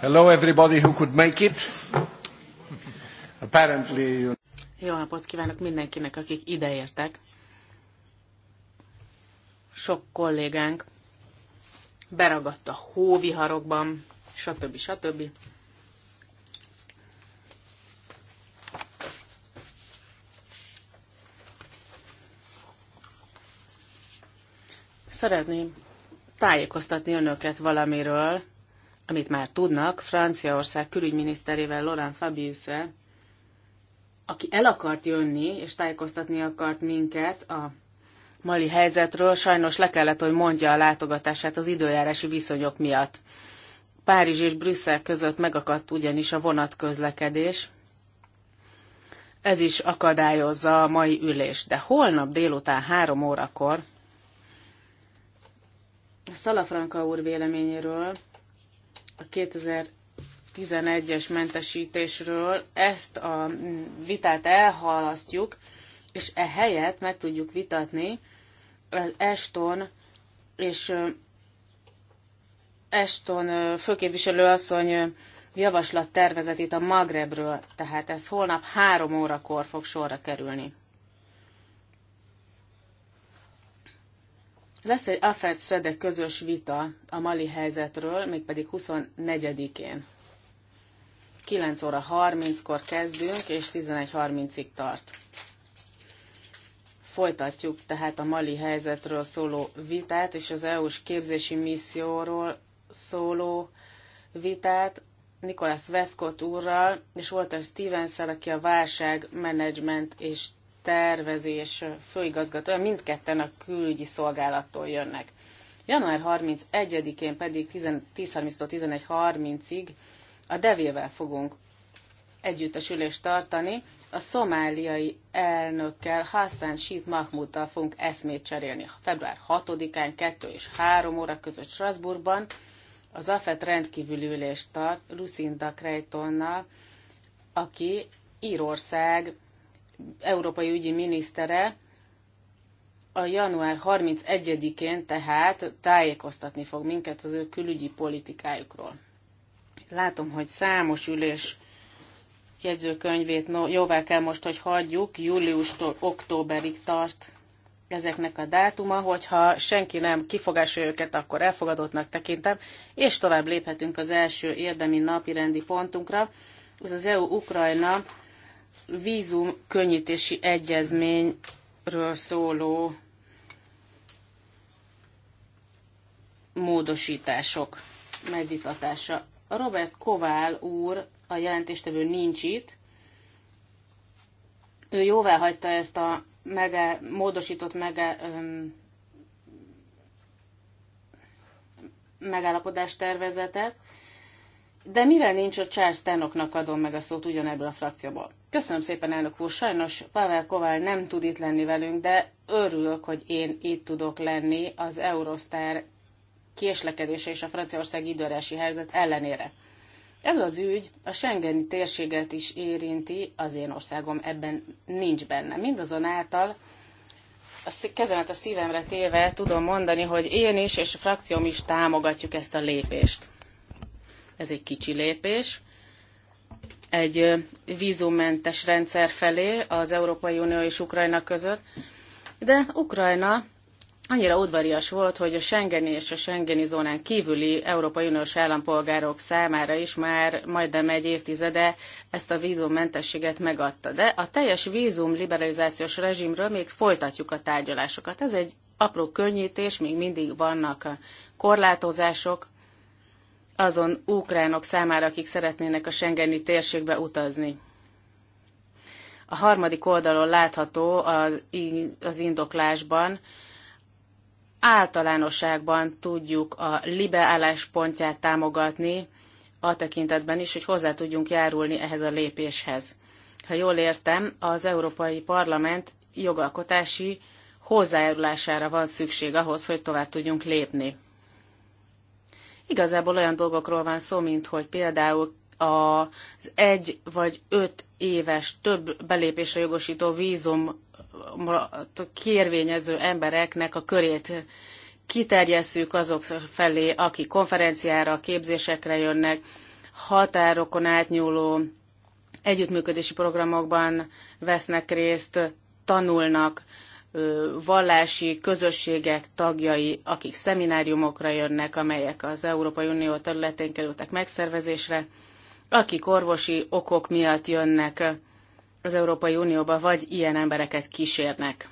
Hello everybody who could make it. Apparently you... Jó napot kívánok mindenkinek, akik ideértek. Sok kollégánk beragadt a hóviharokban, stb. stb. Szeretném tájékoztatni önöket valamiről, amit már tudnak, Franciaország külügyminiszterével Laurent fabius aki el akart jönni, és tájékoztatni akart minket a mali helyzetről, sajnos le kellett, hogy mondja a látogatását az időjárási viszonyok miatt. Párizs és Brüsszel között megakadt ugyanis a vonatközlekedés. Ez is akadályozza a mai ülést, de holnap délután három órakor Szalafranka úr véleményéről a 2011-es mentesítésről ezt a vitát elhalasztjuk, és e helyet meg tudjuk vitatni Eston és Eston főképviselő asszony javaslat tervezetét a Magrebről, tehát ez holnap három órakor fog sorra kerülni. Lesz egy afet szede közös vita a mali helyzetről, mégpedig 24-én. 9 óra 30-kor kezdünk, és 11.30-ig tart. Folytatjuk tehát a mali helyzetről szóló vitát, és az EU-s képzési misszióról szóló vitát Nicholas Veszkott úrral, és Walter stevens aki a válság és tervezés főigazgatója, mindketten a külügyi szolgálattól jönnek. Január 31-én pedig 1030 11.30-ig a devével fogunk együttesülést tartani, a szomáliai elnökkel Hassan Sheet Mahmuttal fogunk eszmét cserélni. Február 6-án 2 és 3 óra között Strasbourgban az AFET rendkívüli ülést tart Lucinda Creightonnal, aki Írország európai ügyi minisztere a január 31-én tehát tájékoztatni fog minket az ő külügyi politikájukról. Látom, hogy számos ülés jegyzőkönyvét no, jóvá kell most, hogy hagyjuk, júliustól októberig tart ezeknek a dátuma, hogyha senki nem kifogásolja őket, akkor elfogadottnak tekintem, és tovább léphetünk az első érdemi napi rendi pontunkra. Ez az EU-Ukrajna vízum könnyítési egyezményről szóló módosítások megvitatása. Robert Kovál úr, a jelentéstevő nincs itt, ő jóvá hagyta ezt a mege, módosított mege, öm, megállapodás tervezetet, de mivel nincs a Charles Stanoknak adom meg a szót ugyanebből a frakcióból. Köszönöm szépen, elnök úr. Sajnos Pavel Kovál nem tud itt lenni velünk, de örülök, hogy én itt tudok lenni az Eurostar késlekedése és a Franciaország időrási helyzet ellenére. Ez az ügy a Schengeni térséget is érinti, az én országom ebben nincs benne. Mindazonáltal a kezemet a szívemre téve tudom mondani, hogy én is és a frakcióm is támogatjuk ezt a lépést. Ez egy kicsi lépés, egy vízummentes rendszer felé az Európai Unió és Ukrajna között, de Ukrajna annyira udvarias volt, hogy a Schengeni és a Schengeni zónán kívüli Európai Uniós állampolgárok számára is már majdnem egy évtizede ezt a vízummentességet megadta. De a teljes vízum liberalizációs rezsimről még folytatjuk a tárgyalásokat. Ez egy apró könnyítés, még mindig vannak korlátozások, azon ukránok számára, akik szeretnének a Schengeni térségbe utazni. A harmadik oldalon látható az indoklásban, általánosságban tudjuk a libe álláspontját támogatni, a tekintetben is, hogy hozzá tudjunk járulni ehhez a lépéshez. Ha jól értem, az Európai Parlament jogalkotási hozzájárulására van szükség ahhoz, hogy tovább tudjunk lépni. Igazából olyan dolgokról van szó, mint hogy például az egy vagy öt éves több belépésre jogosító vízum kérvényező embereknek a körét kiterjesszük azok felé, akik konferenciára, képzésekre jönnek, határokon átnyúló együttműködési programokban vesznek részt, tanulnak, vallási közösségek tagjai, akik szemináriumokra jönnek, amelyek az Európai Unió területén kerültek megszervezésre, akik orvosi okok miatt jönnek az Európai Unióba, vagy ilyen embereket kísérnek.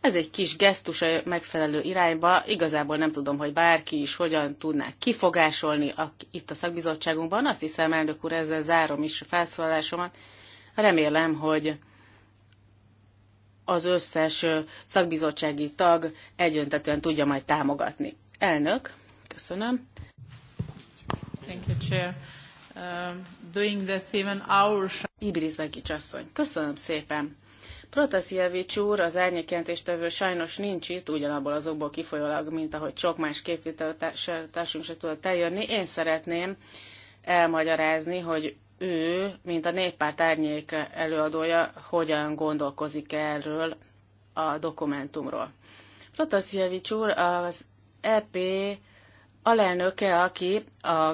Ez egy kis gesztus a megfelelő irányba. Igazából nem tudom, hogy bárki is hogyan tudná kifogásolni a, itt a szakbizottságunkban. Azt hiszem, elnök úr, ezzel zárom is a felszólalásomat. Remélem, hogy az összes szakbizottsági tag egyöntetően tudja majd támogatni. Elnök, köszönöm. Thank you, Chair. Um, doing that even our... Ibirizagics asszony, köszönöm szépen. Protasievics úr, az árnyékjelentéstevő sajnos nincs itt, ugyanabból azokból kifolyólag, mint ahogy sok más képviselőtársunk se tudott eljönni. Én szeretném elmagyarázni, hogy ő, mint a néppárt árnyék előadója, hogyan gondolkozik erről a dokumentumról. Protasievics úr az EP alelnöke, aki a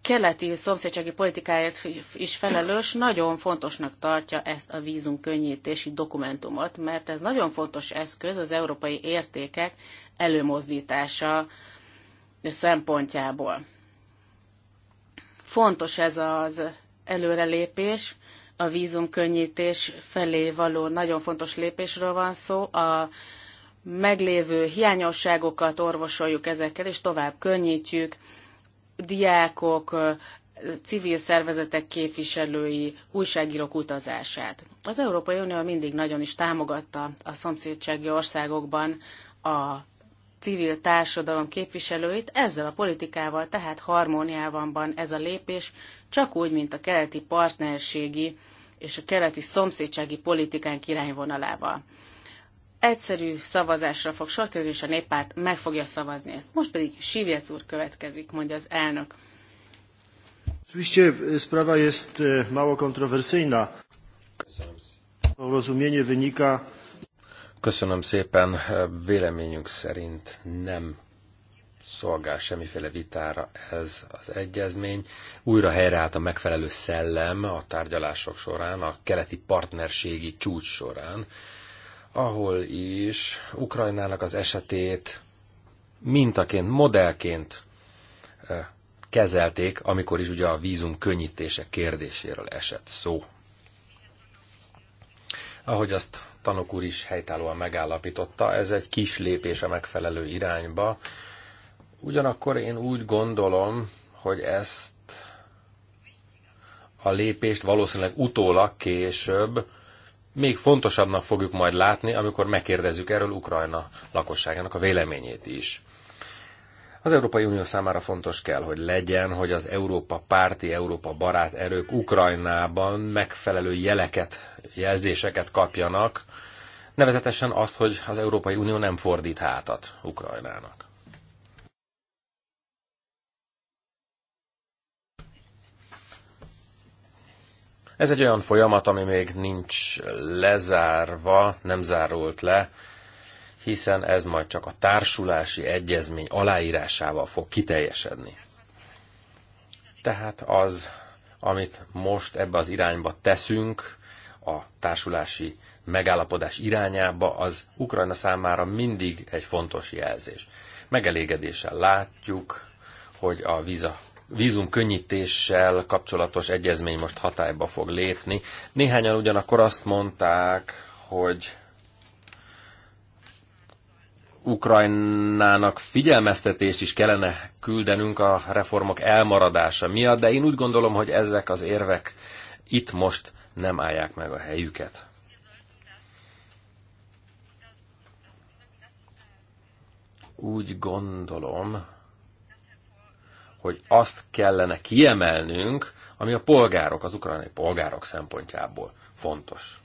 keleti szomszédsági politikáért is felelős, nagyon fontosnak tartja ezt a vízumkönnyítési dokumentumot, mert ez nagyon fontos eszköz az európai értékek előmozdítása szempontjából. Fontos ez az előrelépés, a vízumkönnyítés felé való nagyon fontos lépésről van szó. A meglévő hiányosságokat orvosoljuk ezekkel, és tovább könnyítjük diákok, civil szervezetek képviselői, újságírók utazását. Az Európai Unió mindig nagyon is támogatta a szomszédsági országokban a civil társadalom képviselőit ezzel a politikával, tehát harmóniában van ez a lépés, csak úgy, mint a keleti partnerségi és a keleti szomszédsági politikánk irányvonalával. Egyszerű szavazásra fog sor kerülni, és a néppárt meg fogja szavazni Most pedig Sivjec úr következik, mondja az elnök. Oczywiście e, sprawa jest e, mało kontrowersyjna. Rozumienie wynika Köszönöm szépen, véleményünk szerint nem szolgál semmiféle vitára ez az egyezmény. Újra helyreállt a megfelelő szellem a tárgyalások során, a keleti partnerségi csúcs során, ahol is Ukrajnának az esetét mintaként, modellként kezelték, amikor is ugye a vízum könnyítése kérdéséről esett szó. Ahogy azt tanok úr is helytállóan megállapította, ez egy kis lépés a megfelelő irányba. Ugyanakkor én úgy gondolom, hogy ezt a lépést valószínűleg utólag később még fontosabbnak fogjuk majd látni, amikor megkérdezzük erről Ukrajna lakosságának a véleményét is. Az Európai Unió számára fontos kell, hogy legyen, hogy az Európa párti, Európa barát erők Ukrajnában megfelelő jeleket, jelzéseket kapjanak, nevezetesen azt, hogy az Európai Unió nem fordít hátat Ukrajnának. Ez egy olyan folyamat, ami még nincs lezárva, nem zárult le, hiszen ez majd csak a társulási egyezmény aláírásával fog kiteljesedni. Tehát az, amit most ebbe az irányba teszünk, a társulási megállapodás irányába, az Ukrajna számára mindig egy fontos jelzés. Megelégedéssel látjuk, hogy a víza vízum könnyítéssel kapcsolatos egyezmény most hatályba fog lépni. Néhányan ugyanakkor azt mondták, hogy Ukrajnának figyelmeztetést is kellene küldenünk a reformok elmaradása miatt, de én úgy gondolom, hogy ezek az érvek itt most nem állják meg a helyüket. Úgy gondolom, hogy azt kellene kiemelnünk, ami a polgárok, az ukrajnai polgárok szempontjából fontos.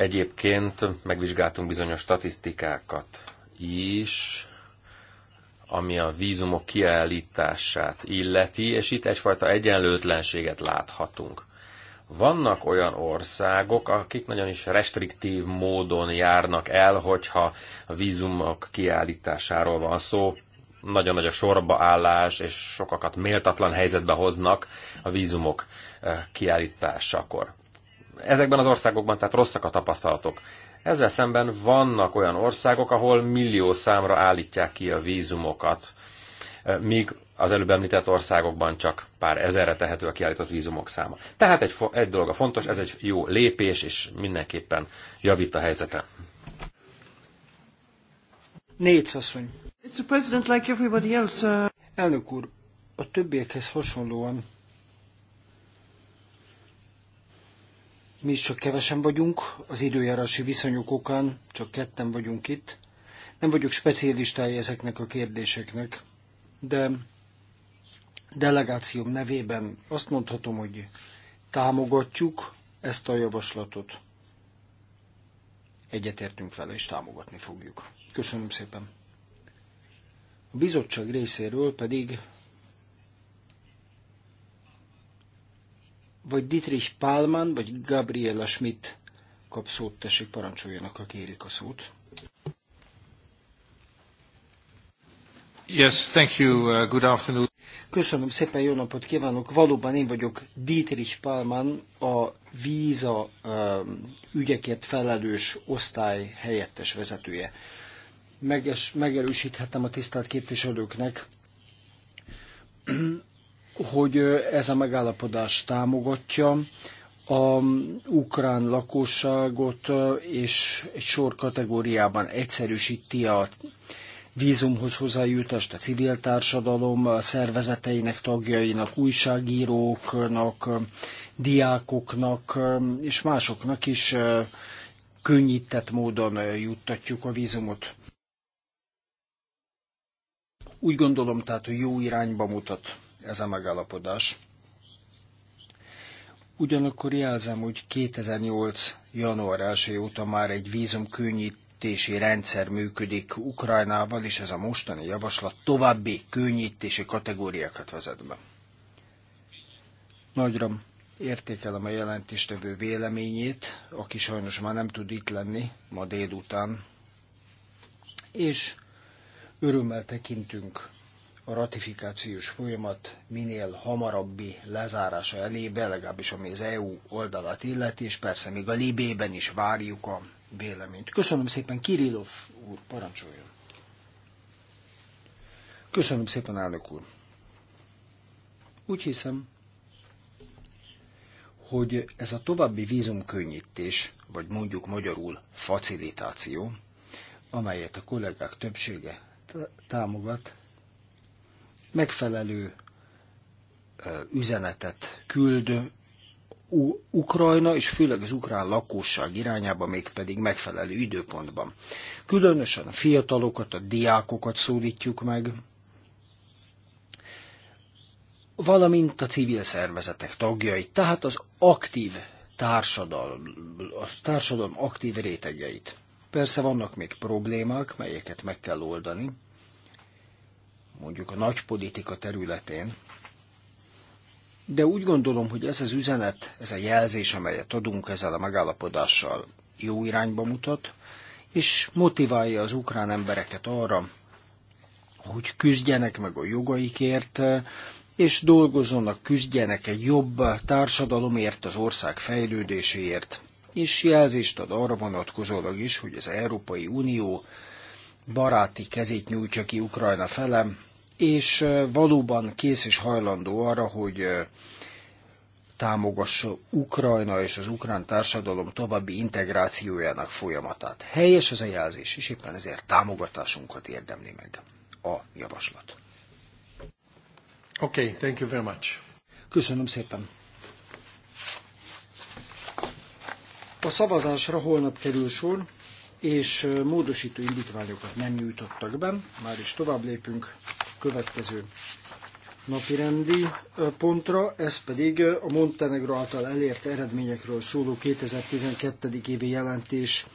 Egyébként megvizsgáltunk bizonyos statisztikákat is, ami a vízumok kiállítását illeti, és itt egyfajta egyenlőtlenséget láthatunk. Vannak olyan országok, akik nagyon is restriktív módon járnak el, hogyha a vízumok kiállításáról van szó, nagyon nagy a állás és sokakat méltatlan helyzetbe hoznak a vízumok eh, kiállításakor ezekben az országokban tehát rosszak a tapasztalatok. Ezzel szemben vannak olyan országok, ahol millió számra állítják ki a vízumokat, míg az előbb említett országokban csak pár ezerre tehető a kiállított vízumok száma. Tehát egy, egy dolog a fontos, ez egy jó lépés, és mindenképpen javít a helyzeten. Négy szaszony. Mr. President, like everybody else, uh... Elnök úr, a többiekhez hasonlóan Mi is csak kevesen vagyunk, az időjárási viszonyok okán csak ketten vagyunk itt. Nem vagyok specialistája ezeknek a kérdéseknek, de delegációm nevében azt mondhatom, hogy támogatjuk ezt a javaslatot. Egyetértünk vele, és támogatni fogjuk. Köszönöm szépen. A bizottság részéről pedig vagy Dietrich Pálman, vagy Gabriela Schmidt kap szót, tessék parancsoljanak, ha kérik a szót. Yes, thank you. Uh, good afternoon. Köszönöm szépen, jó napot kívánok. Valóban én vagyok Dietrich Palman, a víza um, ügyekért felelős osztály helyettes vezetője. Meges, megerősíthetem a tisztelt képviselőknek, hogy ez a megállapodás támogatja a ukrán lakosságot, és egy sor kategóriában egyszerűsíti a vízumhoz hozzájutást a civil társadalom szervezeteinek tagjainak, újságíróknak, diákoknak és másoknak is könnyített módon juttatjuk a vízumot. Úgy gondolom tehát, hogy jó irányba mutat ez a megállapodás. Ugyanakkor jelzem, hogy 2008. január 1 óta már egy vízumkönnyítési rendszer működik Ukrajnával, és ez a mostani javaslat további könnyítési kategóriákat vezet be. Nagyra értékelem a jelentéstevő véleményét, aki sajnos már nem tud itt lenni ma délután, és örömmel tekintünk a ratifikációs folyamat minél hamarabbi lezárása elébe, legalábbis ami az EU oldalát illeti, és persze még a Libében is várjuk a véleményt. Köszönöm szépen, Kirillov úr, parancsoljon. Köszönöm szépen, elnök úr. Úgy hiszem, hogy ez a további vízumkönnyítés, vagy mondjuk magyarul facilitáció, amelyet a kollégák többsége támogat, megfelelő üzenetet küld Ukrajna, és főleg az ukrán lakosság irányába, mégpedig megfelelő időpontban. Különösen a fiatalokat, a diákokat szólítjuk meg, valamint a civil szervezetek tagjait, tehát az aktív társadalom, a társadalom aktív rétegeit. Persze vannak még problémák, melyeket meg kell oldani, mondjuk a nagy politika területén, de úgy gondolom, hogy ez az üzenet, ez a jelzés, amelyet adunk ezzel a megállapodással, jó irányba mutat, és motiválja az ukrán embereket arra, hogy küzdjenek meg a jogaikért, és dolgozzonak küzdjenek egy jobb társadalomért, az ország fejlődéséért, és jelzést ad arra vonatkozólag is, hogy az Európai Unió baráti kezét nyújtja ki Ukrajna felem, és valóban kész és hajlandó arra, hogy támogassa Ukrajna és az ukrán társadalom további integrációjának folyamatát. Helyes az a jelzés, és éppen ezért támogatásunkat érdemli meg a javaslat. Okay, thank you very much. Köszönöm szépen. A szavazásra holnap kerül sor, és módosító indítványokat nem nyújtottak be, már is tovább lépünk következő rendi pontra, ez pedig a Montenegro által elért eredményekről szóló 2012. évi jelentés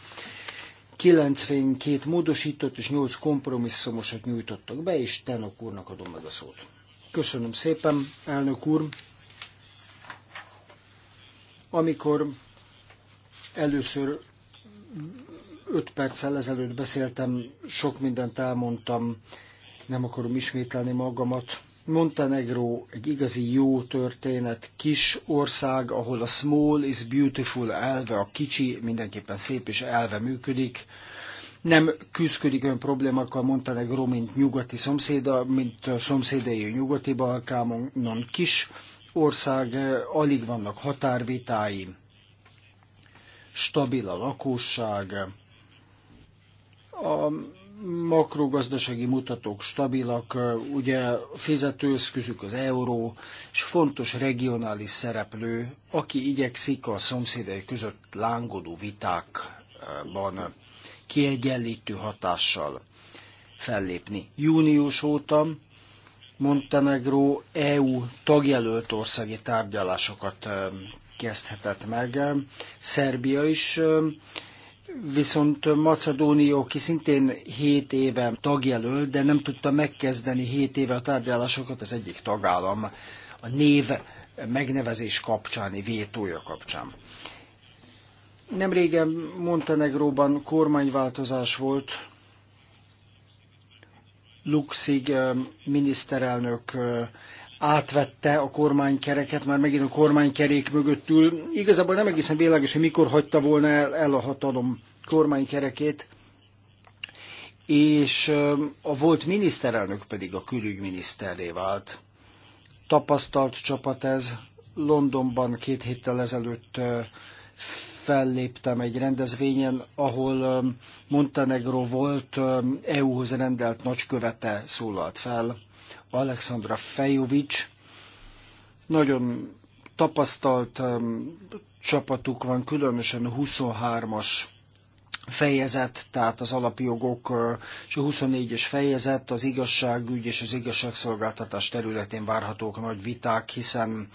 92 módosított és 8 kompromisszumosat nyújtottak be, és Tenok úrnak adom meg a szót. Köszönöm szépen, elnök úr! Amikor először 5 perccel ezelőtt beszéltem, sok mindent elmondtam nem akarom ismételni magamat. Montenegro egy igazi jó történet, kis ország, ahol a small is beautiful elve, a kicsi mindenképpen szép és elve működik. Nem küzdik olyan problémákkal Montenegro, mint nyugati szomszéda, mint szomszédai a nyugati Balkánon kis ország, alig vannak határvitái, stabil a lakosság, a makrogazdasági mutatók stabilak, ugye fizetőeszközük az euró, és fontos regionális szereplő, aki igyekszik a szomszédai között lángodó vitákban kiegyenlítő hatással fellépni. Június óta Montenegro EU tagjelölt országi tárgyalásokat kezdhetett meg. Szerbia is viszont Macedónia, aki szintén 7 éve tagjelölt, de nem tudta megkezdeni 7 éve a tárgyalásokat, az egyik tagállam a név megnevezés kapcsáni vétója kapcsán. Nemrégen Montenegróban kormányváltozás volt, Luxig eh, miniszterelnök eh, átvette a kormánykereket, már megint a kormánykerék mögöttül. Igazából nem egészen világos, hogy mikor hagyta volna el, el a hatalom kormánykerekét, és a volt miniszterelnök pedig a külügyminiszterré vált. Tapasztalt csapat ez. Londonban két héttel ezelőtt felléptem egy rendezvényen, ahol Montenegro volt EU-hoz rendelt nagykövete szólalt fel Alexandra Fejovics. Nagyon tapasztalt um, csapatuk van, különösen a 23-as fejezet, tehát az alapjogok uh, és a 24-es fejezet az igazságügy és az igazságszolgáltatás területén várhatók nagy viták, hiszen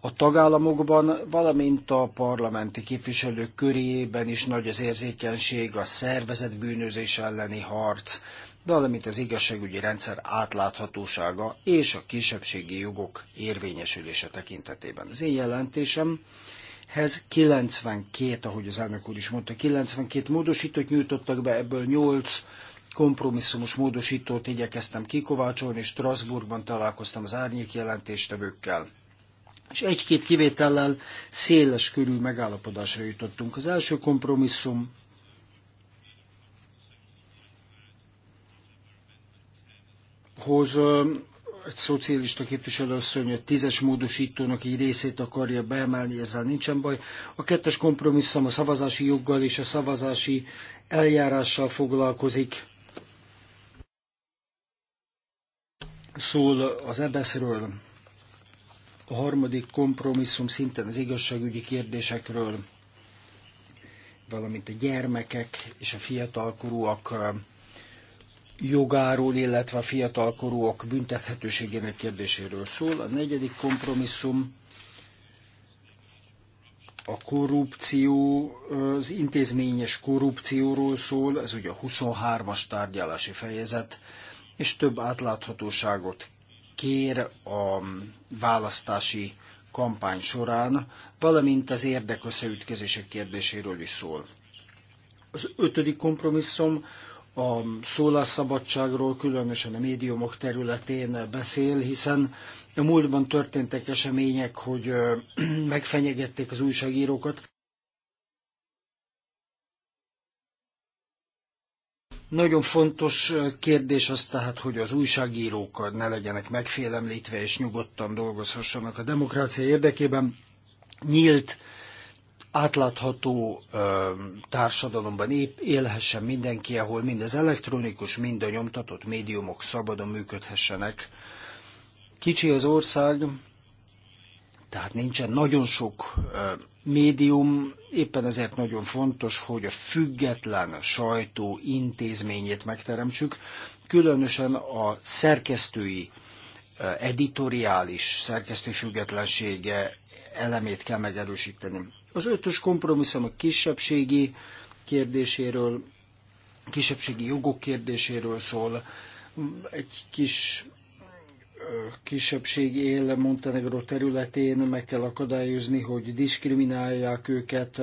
a tagállamokban, valamint a parlamenti képviselők körében is nagy az érzékenység, a szervezet bűnözés elleni harc valamint az igazságügyi rendszer átláthatósága és a kisebbségi jogok érvényesülése tekintetében. Az én jelentésemhez 92, ahogy az elnök úr is mondta, 92 módosítót nyújtottak be, ebből 8 kompromisszumos módosítót igyekeztem kikovácsolni, és Strasbourgban találkoztam az árnyék jelentéstevőkkel. És egy-két kivétellel széles körű megállapodásra jutottunk. Az első kompromisszum hoz egy szocialista képviselőasszony a tízes módosítónak így részét akarja beemelni, ezzel nincsen baj. A kettes kompromisszum a szavazási joggal és a szavazási eljárással foglalkozik. Szól az ebeszről. A harmadik kompromisszum szinten az igazságügyi kérdésekről, valamint a gyermekek és a fiatalkorúak jogáról, illetve a fiatalkorúak büntethetőségének kérdéséről szól. A negyedik kompromisszum a korrupció, az intézményes korrupcióról szól, ez ugye a 23-as tárgyalási fejezet, és több átláthatóságot kér a választási kampány során, valamint az érdekösszeütközések kérdéséről is szól. Az ötödik kompromisszum a szólásszabadságról, különösen a médiumok területén beszél, hiszen a múltban történtek események, hogy megfenyegették az újságírókat. Nagyon fontos kérdés az tehát, hogy az újságírók ne legyenek megfélemlítve és nyugodtan dolgozhassanak a demokrácia érdekében. Nyílt átlátható ö, társadalomban épp élhessen mindenki, ahol mind az elektronikus, mind a nyomtatott médiumok szabadon működhessenek. Kicsi az ország, tehát nincsen nagyon sok ö, médium, éppen ezért nagyon fontos, hogy a független sajtó intézményét megteremtsük, különösen a szerkesztői, editoriális szerkesztő függetlensége elemét kell megerősíteni. Az ötös kompromisszum a kisebbségi kérdéséről, kisebbségi jogok kérdéséről szól. Egy kis kisebbség él Montenegro területén, meg kell akadályozni, hogy diskriminálják őket.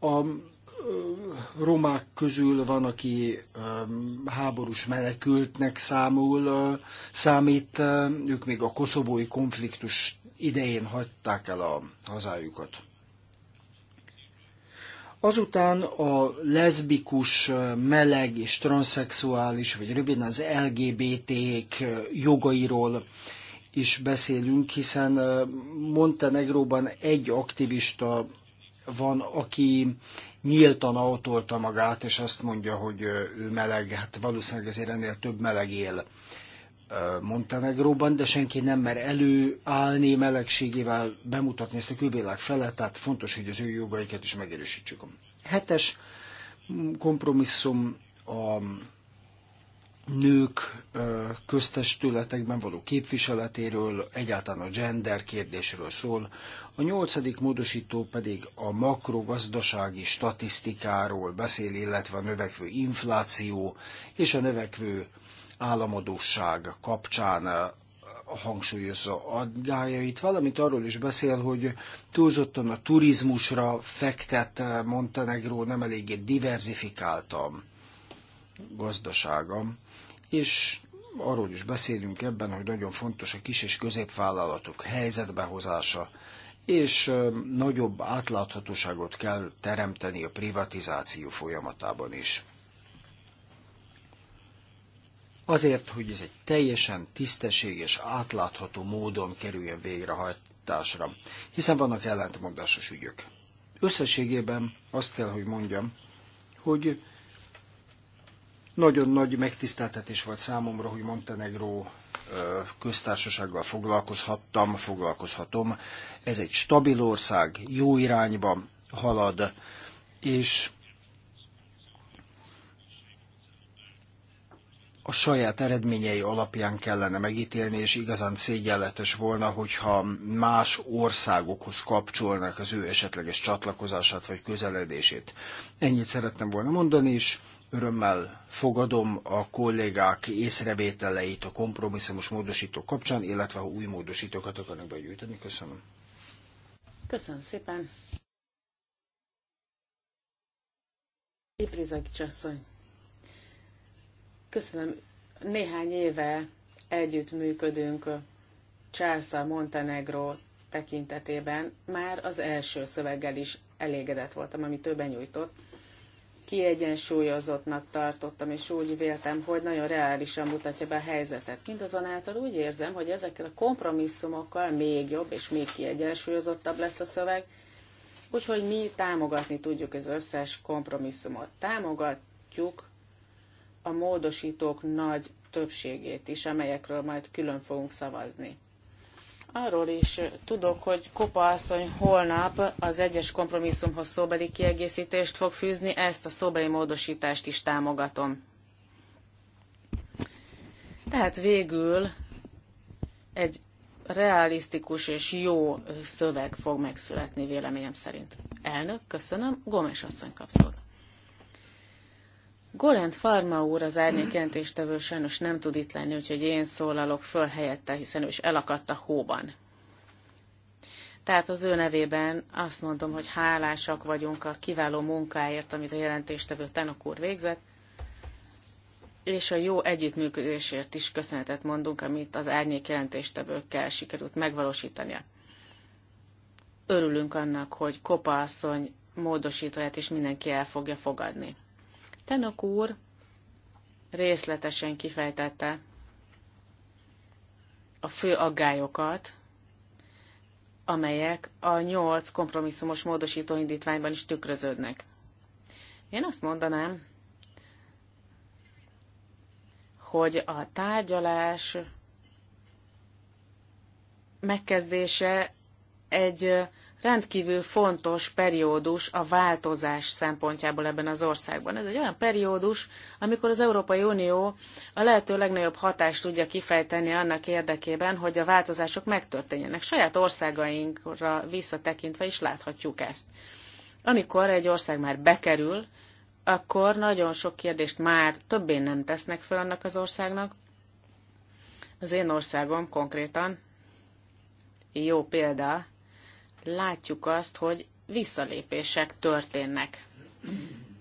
A romák közül van, aki háborús menekültnek számul, számít, ők még a koszovói konfliktus idején hagyták el a hazájukat. Azután a leszbikus, meleg és transzexuális, vagy röviden az LGBT-k jogairól is beszélünk, hiszen Montenegróban egy aktivista van, aki nyíltan autolta magát, és azt mondja, hogy ő meleg, hát valószínűleg ezért ennél több meleg él Montenegróban, de senki nem mer előállni melegségével bemutatni ezt a külvilág felett, tehát fontos, hogy az ő jogaikat is megerősítsük. Hetes kompromisszum a nők köztestületekben való képviseletéről, egyáltalán a gender kérdésről szól, a nyolcadik módosító pedig a makrogazdasági statisztikáról beszél, illetve a növekvő infláció és a növekvő államadóság kapcsán eh, hangsúlyozza adgájait, valamint arról is beszél, hogy túlzottan a turizmusra fektet eh, Montenegró nem eléggé diverzifikáltam gazdasága, és arról is beszélünk ebben, hogy nagyon fontos a kis és középvállalatok helyzetbehozása, és eh, nagyobb átláthatóságot kell teremteni a privatizáció folyamatában is azért, hogy ez egy teljesen tisztességes, átlátható módon kerüljön végrehajtásra, hiszen vannak ellentmondásos ügyök. Összességében azt kell, hogy mondjam, hogy nagyon nagy megtiszteltetés volt számomra, hogy Montenegró köztársasággal foglalkozhattam, foglalkozhatom. Ez egy stabil ország, jó irányba halad, és a saját eredményei alapján kellene megítélni, és igazán szégyenletes volna, hogyha más országokhoz kapcsolnak az ő esetleges csatlakozását vagy közeledését. Ennyit szerettem volna mondani is. Örömmel fogadom a kollégák észrevételeit a kompromisszumos módosítók kapcsán, illetve ha új módosítókat akarnak begyűjteni. Köszönöm. Köszönöm szépen. Épp csasszony. Köszönöm. Néhány éve együttműködünk Csárszal Montenegro tekintetében. Már az első szöveggel is elégedett voltam, amit többen nyújtott. Kiegyensúlyozottnak tartottam, és úgy véltem, hogy nagyon reálisan mutatja be a helyzetet. Mindazonáltal úgy érzem, hogy ezekkel a kompromisszumokkal még jobb és még kiegyensúlyozottabb lesz a szöveg, úgyhogy mi támogatni tudjuk az összes kompromisszumot. Támogatjuk a módosítók nagy többségét is, amelyekről majd külön fogunk szavazni. Arról is tudok, hogy Kopa asszony holnap az egyes kompromisszumhoz szóbeli kiegészítést fog fűzni, ezt a szóbeli módosítást is támogatom. Tehát végül egy realisztikus és jó szöveg fog megszületni véleményem szerint. Elnök, köszönöm. Gomes asszony kap Golent Farma úr az árnyék jelentéstevő sajnos nem tud itt lenni, úgyhogy én szólalok föl helyette, hiszen ő is elakadt a hóban. Tehát az ő nevében azt mondom, hogy hálásak vagyunk a kiváló munkáért, amit a jelentéstevő Tenok úr végzett, és a jó együttműködésért is köszönetet mondunk, amit az árnyék jelentéstevőkkel sikerült megvalósítania. Örülünk annak, hogy Kopa asszony módosítóját is mindenki el fogja fogadni. Tenok úr részletesen kifejtette a fő aggályokat, amelyek a nyolc kompromisszumos módosító indítványban is tükröződnek. Én azt mondanám, hogy a tárgyalás megkezdése egy rendkívül fontos periódus a változás szempontjából ebben az országban. Ez egy olyan periódus, amikor az Európai Unió a lehető legnagyobb hatást tudja kifejteni annak érdekében, hogy a változások megtörténjenek. Saját országainkra visszatekintve is láthatjuk ezt. Amikor egy ország már bekerül, akkor nagyon sok kérdést már többé nem tesznek fel annak az országnak. Az én országom konkrétan jó példa látjuk azt, hogy visszalépések történnek.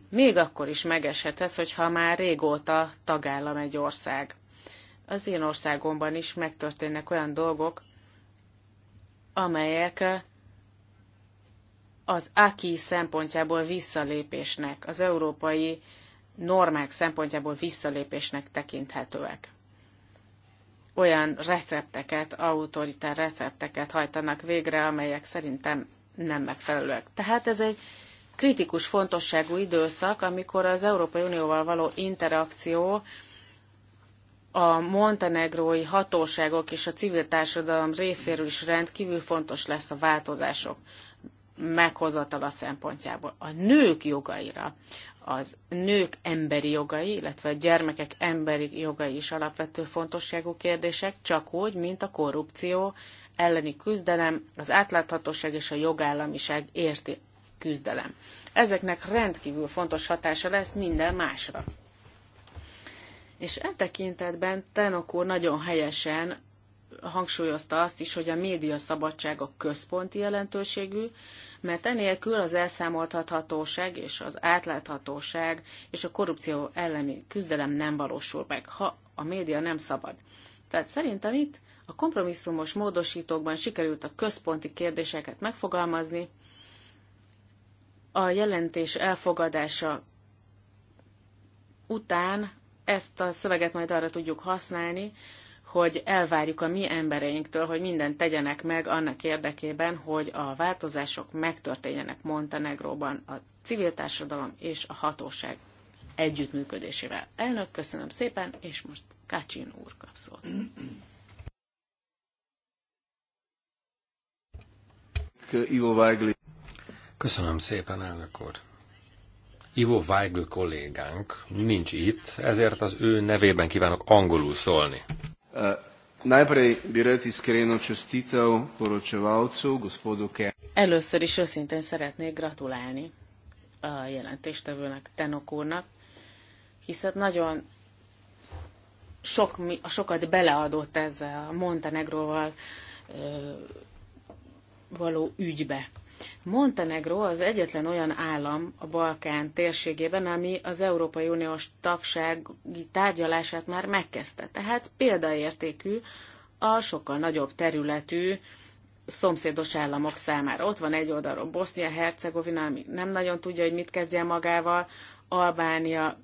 Még akkor is megeshet ez, hogyha már régóta tagállam egy ország. Az én országomban is megtörténnek olyan dolgok, amelyek az AKI szempontjából visszalépésnek, az európai normák szempontjából visszalépésnek tekinthetőek olyan recepteket, autoritár recepteket hajtanak végre, amelyek szerintem nem megfelelőek. Tehát ez egy kritikus fontosságú időszak, amikor az Európai Unióval való interakció a montenegrói hatóságok és a civil társadalom részéről is rendkívül fontos lesz a változások meghozatala szempontjából. A nők jogaira, az nők emberi jogai, illetve a gyermekek emberi jogai is alapvető fontosságú kérdések, csak úgy, mint a korrupció elleni küzdelem, az átláthatóság és a jogállamiság érti küzdelem. Ezeknek rendkívül fontos hatása lesz minden másra. És e tekintetben Tenok úr nagyon helyesen hangsúlyozta azt is, hogy a média szabadsága központi jelentőségű, mert enélkül az elszámoltathatóság és az átláthatóság és a korrupció elleni küzdelem nem valósul meg, ha a média nem szabad. Tehát szerintem itt a kompromisszumos módosítókban sikerült a központi kérdéseket megfogalmazni, a jelentés elfogadása után ezt a szöveget majd arra tudjuk használni, hogy elvárjuk a mi embereinktől, hogy mindent tegyenek meg annak érdekében, hogy a változások megtörténjenek Montenegróban a civil társadalom és a hatóság együttműködésével. Elnök, köszönöm szépen, és most Kácsin úr kap szót. Köszönöm szépen, elnök úr. Ivo Weigl kollégánk nincs itt, ezért az ő nevében kívánok angolul szólni. Eh, najprej bi rad iskreno čestitev poročevalcu, gospodu Ke. Először is őszintén szeretnék gratulálni a jelentéstevőnek, Tenok úrnak, hiszen nagyon sok, sokat beleadott ezzel a Montenegróval eh, való ügybe. Montenegro az egyetlen olyan állam a Balkán térségében, ami az Európai Uniós tagsági tárgyalását már megkezdte. Tehát példaértékű a sokkal nagyobb területű szomszédos államok számára. Ott van egy oldalról Bosznia-Hercegovina, ami nem nagyon tudja, hogy mit kezdje magával, Albánia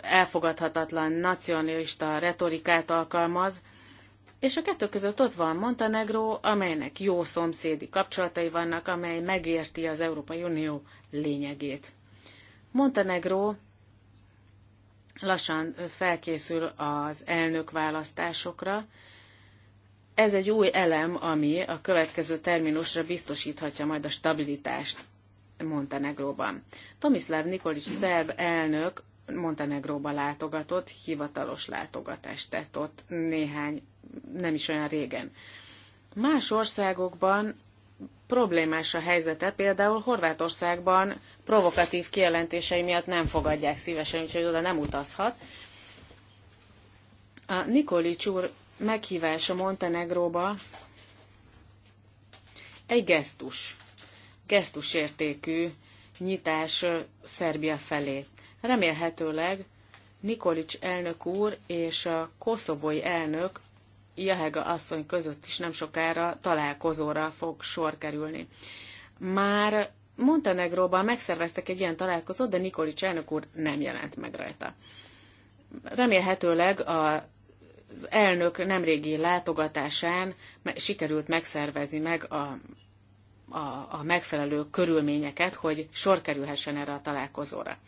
elfogadhatatlan nacionalista retorikát alkalmaz, és a kettő között ott van Montenegro, amelynek jó szomszédi kapcsolatai vannak, amely megérti az Európai Unió lényegét. Montenegro lassan felkészül az elnökválasztásokra. Ez egy új elem, ami a következő terminusra biztosíthatja majd a stabilitást Montenegróban. Tomislav Nikolic szerb elnök Montenegróba látogatott, hivatalos látogatást tett ott néhány nem is olyan régen. Más országokban problémás a helyzete, például Horvátországban provokatív kijelentései miatt nem fogadják szívesen, úgyhogy oda nem utazhat. A Nikolics úr meghívása Montenegróba egy gesztus, gesztusértékű nyitás Szerbia felé. Remélhetőleg Nikolics elnök úr és a koszobói elnök Jahega asszony között is nem sokára találkozóra fog sor kerülni. Már Montenegróban megszerveztek egy ilyen találkozót, de Nikolics elnök úr nem jelent meg rajta. Remélhetőleg a az elnök nemrégi látogatásán sikerült megszervezni meg a, a, a megfelelő körülményeket, hogy sor kerülhessen erre a találkozóra.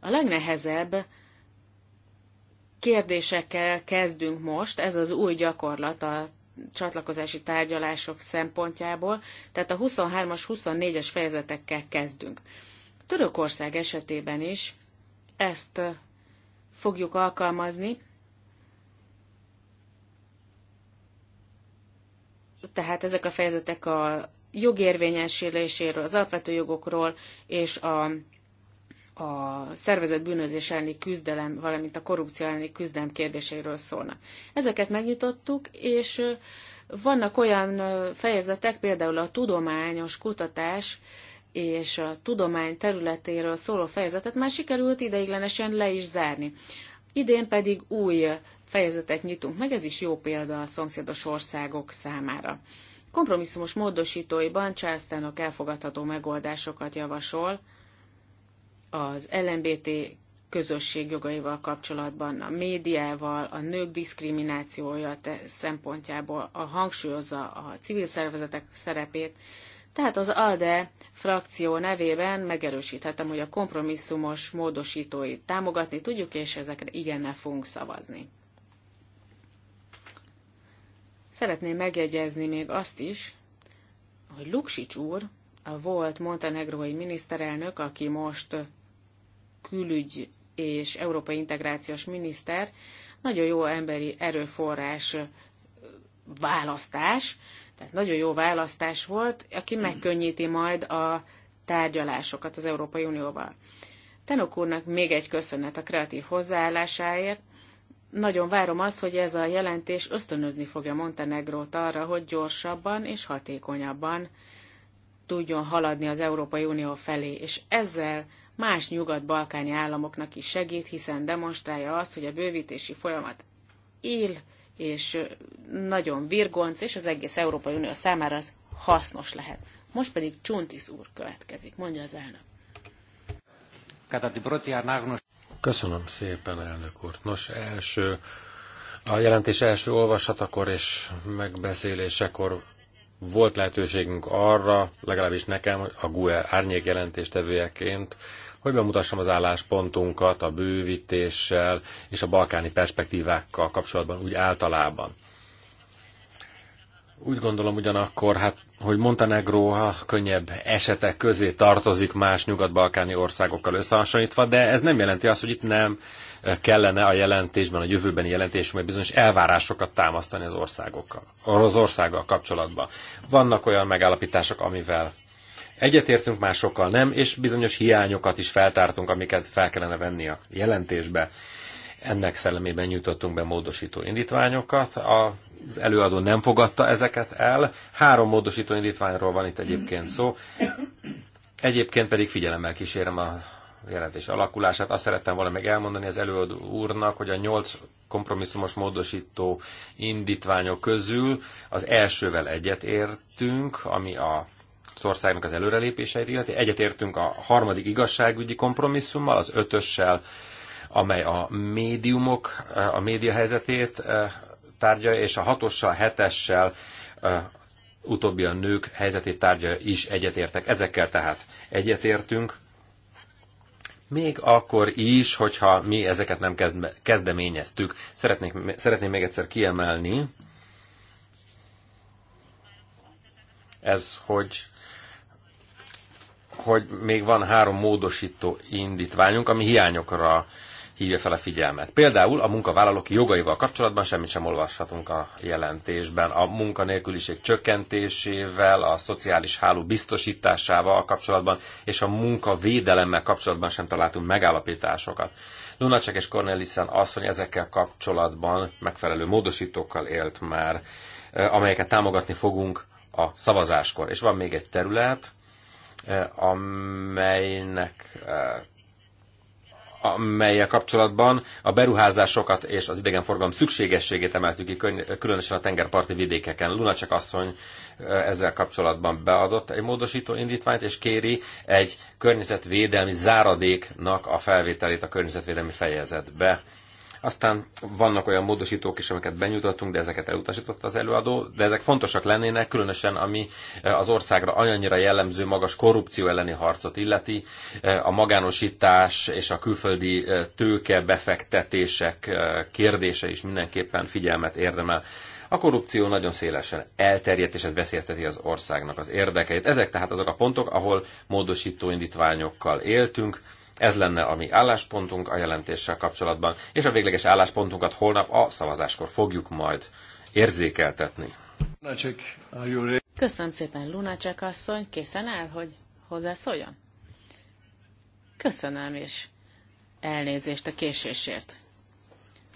A legnehezebb kérdésekkel kezdünk most, ez az új gyakorlat a csatlakozási tárgyalások szempontjából, tehát a 23-as, 24-es fejezetekkel kezdünk. Törökország esetében is ezt fogjuk alkalmazni, tehát ezek a fejezetek a jogérvényesüléséről, az alapvető jogokról és a a szervezett bűnözés elleni küzdelem, valamint a korrupció elleni küzdelem kérdéseiről szólnak. Ezeket megnyitottuk, és vannak olyan fejezetek, például a tudományos kutatás és a tudomány területéről szóló fejezetet már sikerült ideiglenesen le is zárni. Idén pedig új fejezetet nyitunk meg, ez is jó példa a szomszédos országok számára. Kompromisszumos módosítóiban Charles elfogadható megoldásokat javasol, az LMBT közösség jogaival kapcsolatban, a médiával, a nők diszkriminációja szempontjából a hangsúlyozza a civil szervezetek szerepét. Tehát az ALDE frakció nevében megerősíthetem, hogy a kompromisszumos módosítóit támogatni tudjuk, és ezekre igennel fogunk szavazni. Szeretném megjegyezni még azt is, hogy Luksics úr, a volt montenegrói miniszterelnök, aki most külügy és európai integrációs miniszter, nagyon jó emberi erőforrás választás, tehát nagyon jó választás volt, aki megkönnyíti majd a tárgyalásokat az Európai Unióval. Tenok úrnak még egy köszönet a kreatív hozzáállásáért. Nagyon várom azt, hogy ez a jelentés ösztönözni fogja Montenegrót arra, hogy gyorsabban és hatékonyabban tudjon haladni az Európai Unió felé, és ezzel más nyugat-balkáni államoknak is segít, hiszen demonstrálja azt, hogy a bővítési folyamat él, és nagyon virgonc, és az egész Európai Unió számára az hasznos lehet. Most pedig Csuntis úr következik, mondja az elnök. Köszönöm szépen, elnök úr. Nos, első, a jelentés első olvasatakor és megbeszélésekor volt lehetőségünk arra, legalábbis nekem, a GUE árnyék jelentéstevőjeként, hogy bemutassam az álláspontunkat a bővítéssel és a balkáni perspektívákkal kapcsolatban úgy általában. Úgy gondolom ugyanakkor, hát, hogy Montenegro ha könnyebb esetek közé tartozik más nyugat-balkáni országokkal összehasonlítva, de ez nem jelenti azt, hogy itt nem kellene a jelentésben, a jövőbeni jelentésben bizonyos elvárásokat támasztani az országokkal, az országgal kapcsolatban. Vannak olyan megállapítások, amivel egyetértünk, másokkal nem, és bizonyos hiányokat is feltártunk, amiket fel kellene venni a jelentésbe. Ennek szellemében nyújtottunk be módosító indítványokat. A az előadó nem fogadta ezeket el. Három módosító indítványról van itt egyébként szó. Egyébként pedig figyelemmel kísérem a jelentés alakulását. Azt szerettem volna meg elmondani az előadó úrnak, hogy a nyolc kompromisszumos módosító indítványok közül az elsővel egyet értünk, ami a az országnak az előrelépéseit illeti. Egyetértünk a harmadik igazságügyi kompromisszummal, az ötössel, amely a médiumok, a média helyzetét tárgya, és a hatossal, hetessel utóbbi a nők helyzetét tárgya is egyetértek. Ezekkel tehát egyetértünk. Még akkor is, hogyha mi ezeket nem kezdeményeztük. Szeretnék, szeretném még egyszer kiemelni, ez, hogy hogy még van három módosító indítványunk, ami hiányokra hívja fel a figyelmet. Például a munkavállalók jogaival kapcsolatban semmit sem olvashatunk a jelentésben. A munkanélküliség csökkentésével, a szociális háló biztosításával a kapcsolatban, és a munkavédelemmel kapcsolatban sem találtunk megállapításokat. Lunacek és Cornelissen asszony ezekkel kapcsolatban megfelelő módosítókkal élt már, amelyeket támogatni fogunk a szavazáskor. És van még egy terület, amelynek amelyel kapcsolatban a beruházásokat és az idegenforgalom szükségességét emeltük ki, különösen a tengerparti vidékeken. Lunacek asszony ezzel kapcsolatban beadott egy módosító indítványt, és kéri egy környezetvédelmi záradéknak a felvételét a környezetvédelmi fejezetbe. Aztán vannak olyan módosítók is, amiket benyújtottunk, de ezeket elutasította az előadó, de ezek fontosak lennének, különösen ami eh, az országra annyira jellemző magas korrupció elleni harcot illeti, eh, a magánosítás és a külföldi eh, tőke befektetések kérdése is mindenképpen figyelmet érdemel. A korrupció nagyon szélesen elterjedt, és ez veszélyezteti az országnak az érdekeit. Ezek tehát azok a pontok, ahol módosító indítványokkal éltünk, ez lenne a mi álláspontunk a jelentéssel kapcsolatban, és a végleges álláspontunkat holnap a szavazáskor fogjuk majd érzékeltetni. Köszönöm szépen, Lunacek asszony. Készen áll, hogy hozzászóljon? Köszönöm, és elnézést a késésért.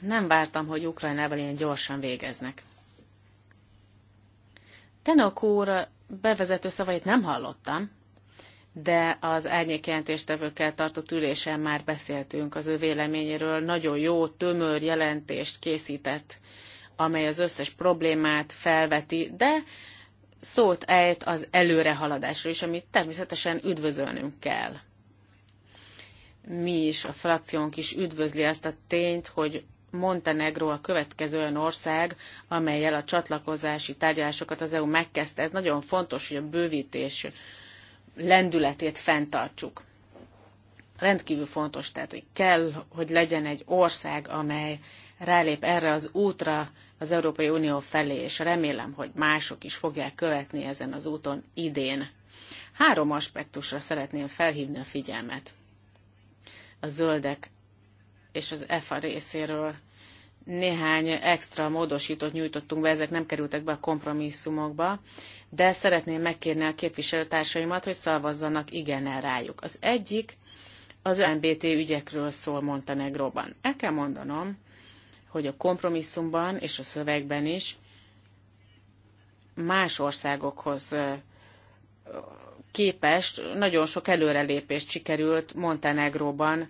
Nem vártam, hogy Ukrajnával ilyen gyorsan végeznek. Tenok úr bevezető szavait nem hallottam, de az árnyékjelentéstevőkkel tartott ülésen már beszéltünk az ő véleményéről. Nagyon jó, tömör jelentést készített, amely az összes problémát felveti, de szót ejt az előrehaladásról is, amit természetesen üdvözölnünk kell. Mi is, a frakciónk is üdvözli ezt a tényt, hogy Montenegro a következő olyan ország, amelyel a csatlakozási tárgyalásokat az EU megkezdte. Ez nagyon fontos, hogy a bővítés lendületét fenntartsuk. Rendkívül fontos, tehát hogy kell, hogy legyen egy ország, amely rálép erre az útra az Európai Unió felé, és remélem, hogy mások is fogják követni ezen az úton idén. Három aspektusra szeretném felhívni a figyelmet. A zöldek és az EFA részéről néhány extra módosítót nyújtottunk be, ezek nem kerültek be a kompromisszumokba, de szeretném megkérni a képviselőtársaimat, hogy szavazzanak igennel rájuk. Az egyik az MBT ügyekről szól Montenegróban. El kell mondanom, hogy a kompromisszumban és a szövegben is más országokhoz képest nagyon sok előrelépést sikerült Montenegróban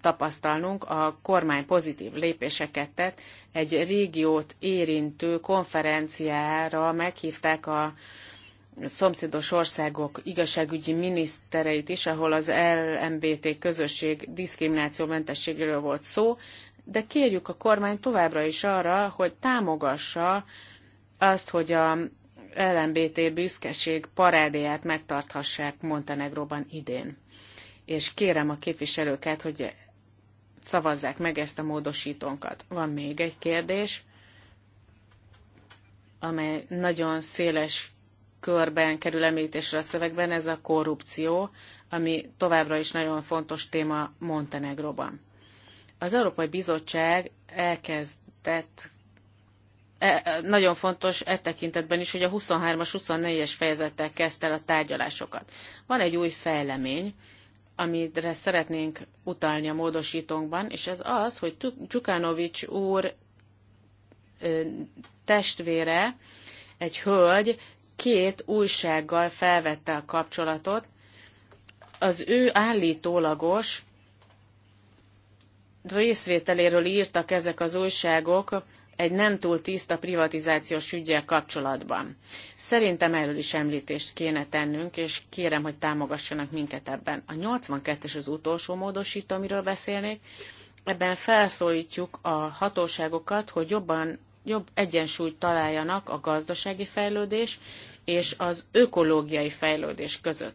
tapasztalnunk. A kormány pozitív lépéseket tett. Egy régiót érintő konferenciára meghívták a szomszédos országok igazságügyi minisztereit is, ahol az LMBT közösség diszkriminációmentességéről volt szó, de kérjük a kormány továbbra is arra, hogy támogassa azt, hogy a LMBT büszkeség parádéját megtarthassák Montenegróban idén és kérem a képviselőket, hogy szavazzák meg ezt a módosítónkat. Van még egy kérdés, amely nagyon széles körben kerül említésre a szövegben, ez a korrupció, ami továbbra is nagyon fontos téma Montenegróban. Az Európai Bizottság elkezdett e, e, nagyon fontos e tekintetben is, hogy a 23-as, 24-es fejezettel kezdte el a tárgyalásokat. Van egy új fejlemény, amire szeretnénk utalni a módosítónkban, és ez az, hogy Csukánovics úr testvére, egy hölgy, két újsággal felvette a kapcsolatot. Az ő állítólagos részvételéről írtak ezek az újságok egy nem túl tiszta privatizációs ügyel kapcsolatban. Szerintem erről is említést kéne tennünk, és kérem, hogy támogassanak minket ebben. A 82-es az utolsó módosító, amiről beszélnék. Ebben felszólítjuk a hatóságokat, hogy jobban, jobb egyensúlyt találjanak a gazdasági fejlődés és az ökológiai fejlődés között.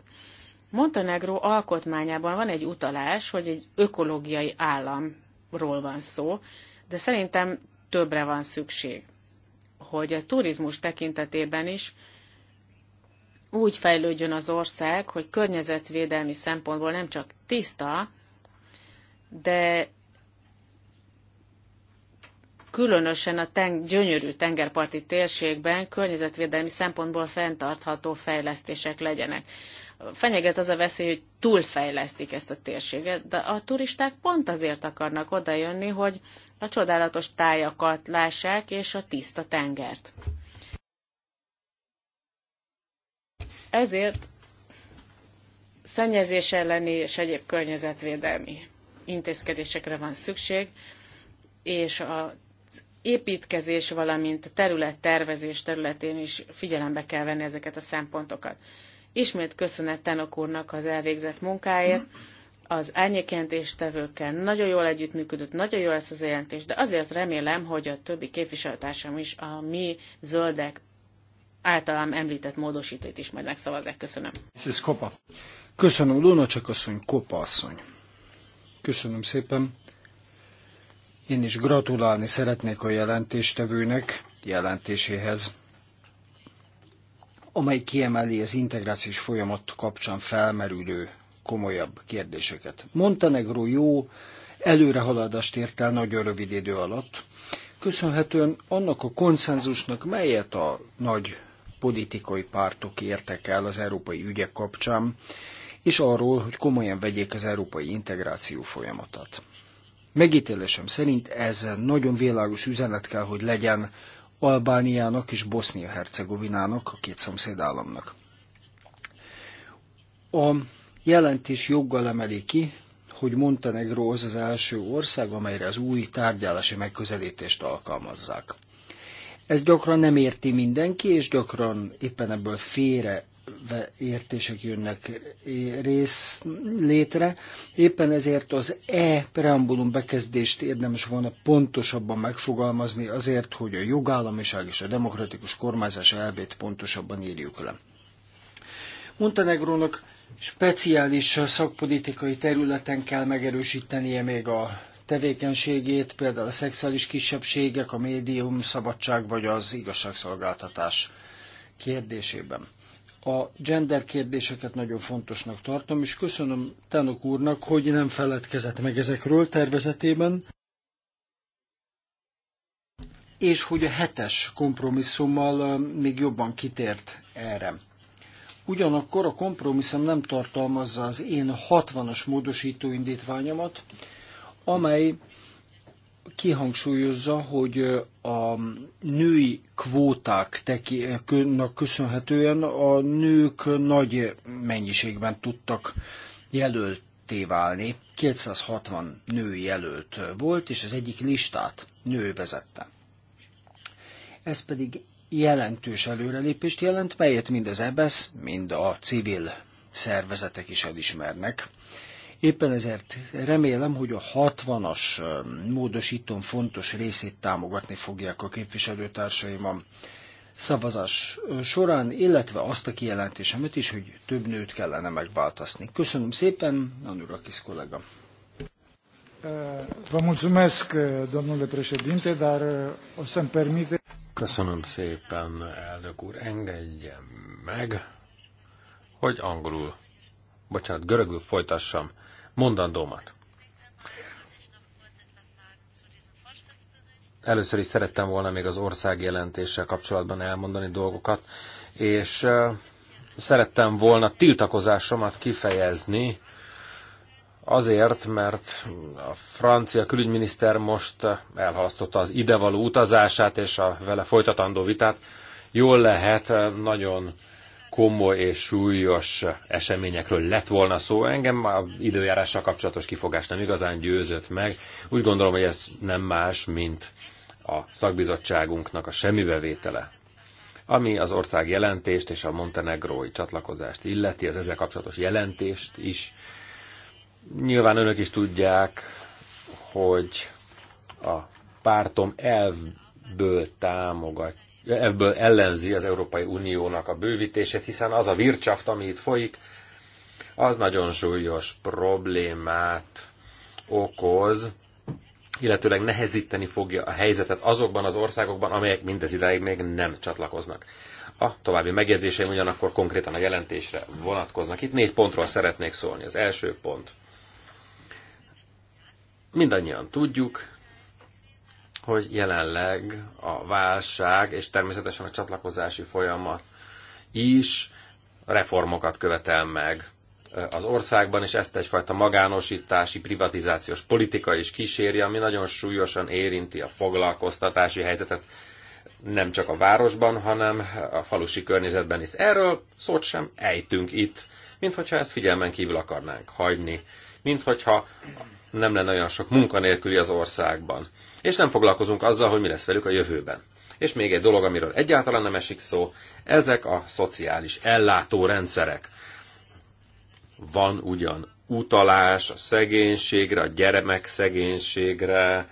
Montenegro alkotmányában van egy utalás, hogy egy ökológiai államról van szó, de szerintem többre van szükség. Hogy a turizmus tekintetében is úgy fejlődjön az ország, hogy környezetvédelmi szempontból nem csak tiszta, de különösen a ten- gyönyörű tengerparti térségben környezetvédelmi szempontból fenntartható fejlesztések legyenek fenyeget az a veszély, hogy túlfejlesztik ezt a térséget, de a turisták pont azért akarnak odajönni, hogy a csodálatos tájakat lássák, és a tiszta tengert. Ezért szennyezés elleni és egyéb környezetvédelmi intézkedésekre van szükség, és a építkezés, valamint a területtervezés területén is figyelembe kell venni ezeket a szempontokat. Ismét köszönet Tenok úrnak az elvégzett munkáért. Az tevőkkel nagyon jól együttműködött, nagyon jó lesz az jelentés, de azért remélem, hogy a többi képviselőtársam is a mi zöldek általam említett módosítóit is majd megszavazzák. Köszönöm. Kopa. Köszönöm, Luna csak asszony, Kopa asszony. Köszönöm szépen. Én is gratulálni szeretnék a jelentéstevőnek jelentéséhez amely kiemeli az integrációs folyamat kapcsán felmerülő komolyabb kérdéseket. Montenegro jó előrehaladást ért el nagyon rövid idő alatt, köszönhetően annak a konszenzusnak, melyet a nagy politikai pártok értek el az európai ügyek kapcsán, és arról, hogy komolyan vegyék az európai integráció folyamatát. Megítélésem szerint ez nagyon világos üzenet kell, hogy legyen Albániának és Bosznia-Hercegovinának, a két szomszédállamnak. A jelentés joggal emeli ki, hogy Montenegro az az első ország, amelyre az új tárgyalási megközelítést alkalmazzák. Ez gyakran nem érti mindenki, és gyakran éppen ebből félre értések jönnek rész létre. Éppen ezért az E preambulum bekezdést érdemes volna pontosabban megfogalmazni azért, hogy a jogállamiság és a demokratikus kormányzás elvét pontosabban írjuk le. Montenegrónak speciális szakpolitikai területen kell megerősítenie még a tevékenységét, például a szexuális kisebbségek, a médium szabadság vagy az igazságszolgáltatás kérdésében a gender kérdéseket nagyon fontosnak tartom, és köszönöm Tenok úrnak, hogy nem feledkezett meg ezekről tervezetében, és hogy a hetes kompromisszummal még jobban kitért erre. Ugyanakkor a kompromisszum nem tartalmazza az én 60-as módosítóindítványomat, amely kihangsúlyozza, hogy a női kvóták köszönhetően a nők nagy mennyiségben tudtak jelölté válni. 260 nő jelölt volt, és az egyik listát nő vezette. Ez pedig jelentős előrelépést jelent, melyet mind az EBSZ, e mind a civil szervezetek is elismernek Éppen ezért remélem, hogy a 60-as módosítón fontos részét támogatni fogják a a szavazás során, illetve azt a kijelentésemet is, hogy több nőt kellene megváltoztatni. Köszönöm szépen, Anurakis kollega. permite... Köszönöm szépen, elnök úr, engedjen meg, hogy angolul, bocsánat, görögül folytassam mondandómat. Először is szerettem volna még az ország jelentéssel kapcsolatban elmondani dolgokat, és szerettem volna tiltakozásomat kifejezni, azért, mert a francia külügyminiszter most elhalasztotta az idevaló utazását és a vele folytatandó vitát. Jól lehet, nagyon komoly és súlyos eseményekről lett volna szó. Engem a időjárással kapcsolatos kifogás nem igazán győzött meg. Úgy gondolom, hogy ez nem más, mint a szakbizottságunknak a semmibevétele ami az ország jelentést és a montenegrói csatlakozást illeti, az ezzel kapcsolatos jelentést is. Nyilván önök is tudják, hogy a pártom elvből támogat, ebből ellenzi az Európai Uniónak a bővítését, hiszen az a vircsaft, ami itt folyik, az nagyon súlyos problémát okoz, illetőleg nehezíteni fogja a helyzetet azokban az országokban, amelyek mindez ideig még nem csatlakoznak. A további megjegyzéseim ugyanakkor konkrétan a jelentésre vonatkoznak. Itt négy pontról szeretnék szólni. Az első pont. Mindannyian tudjuk, hogy jelenleg a válság és természetesen a csatlakozási folyamat is reformokat követel meg az országban, és ezt egyfajta magánosítási, privatizációs politika is kíséri, ami nagyon súlyosan érinti a foglalkoztatási helyzetet nem csak a városban, hanem a falusi környezetben is. Erről szót sem ejtünk itt, mint ezt figyelmen kívül akarnánk hagyni, mint nem lenne olyan sok munkanélküli az országban és nem foglalkozunk azzal, hogy mi lesz velük a jövőben. És még egy dolog, amiről egyáltalán nem esik szó, ezek a szociális ellátórendszerek. Van ugyan utalás a szegénységre, a gyermek szegénységre,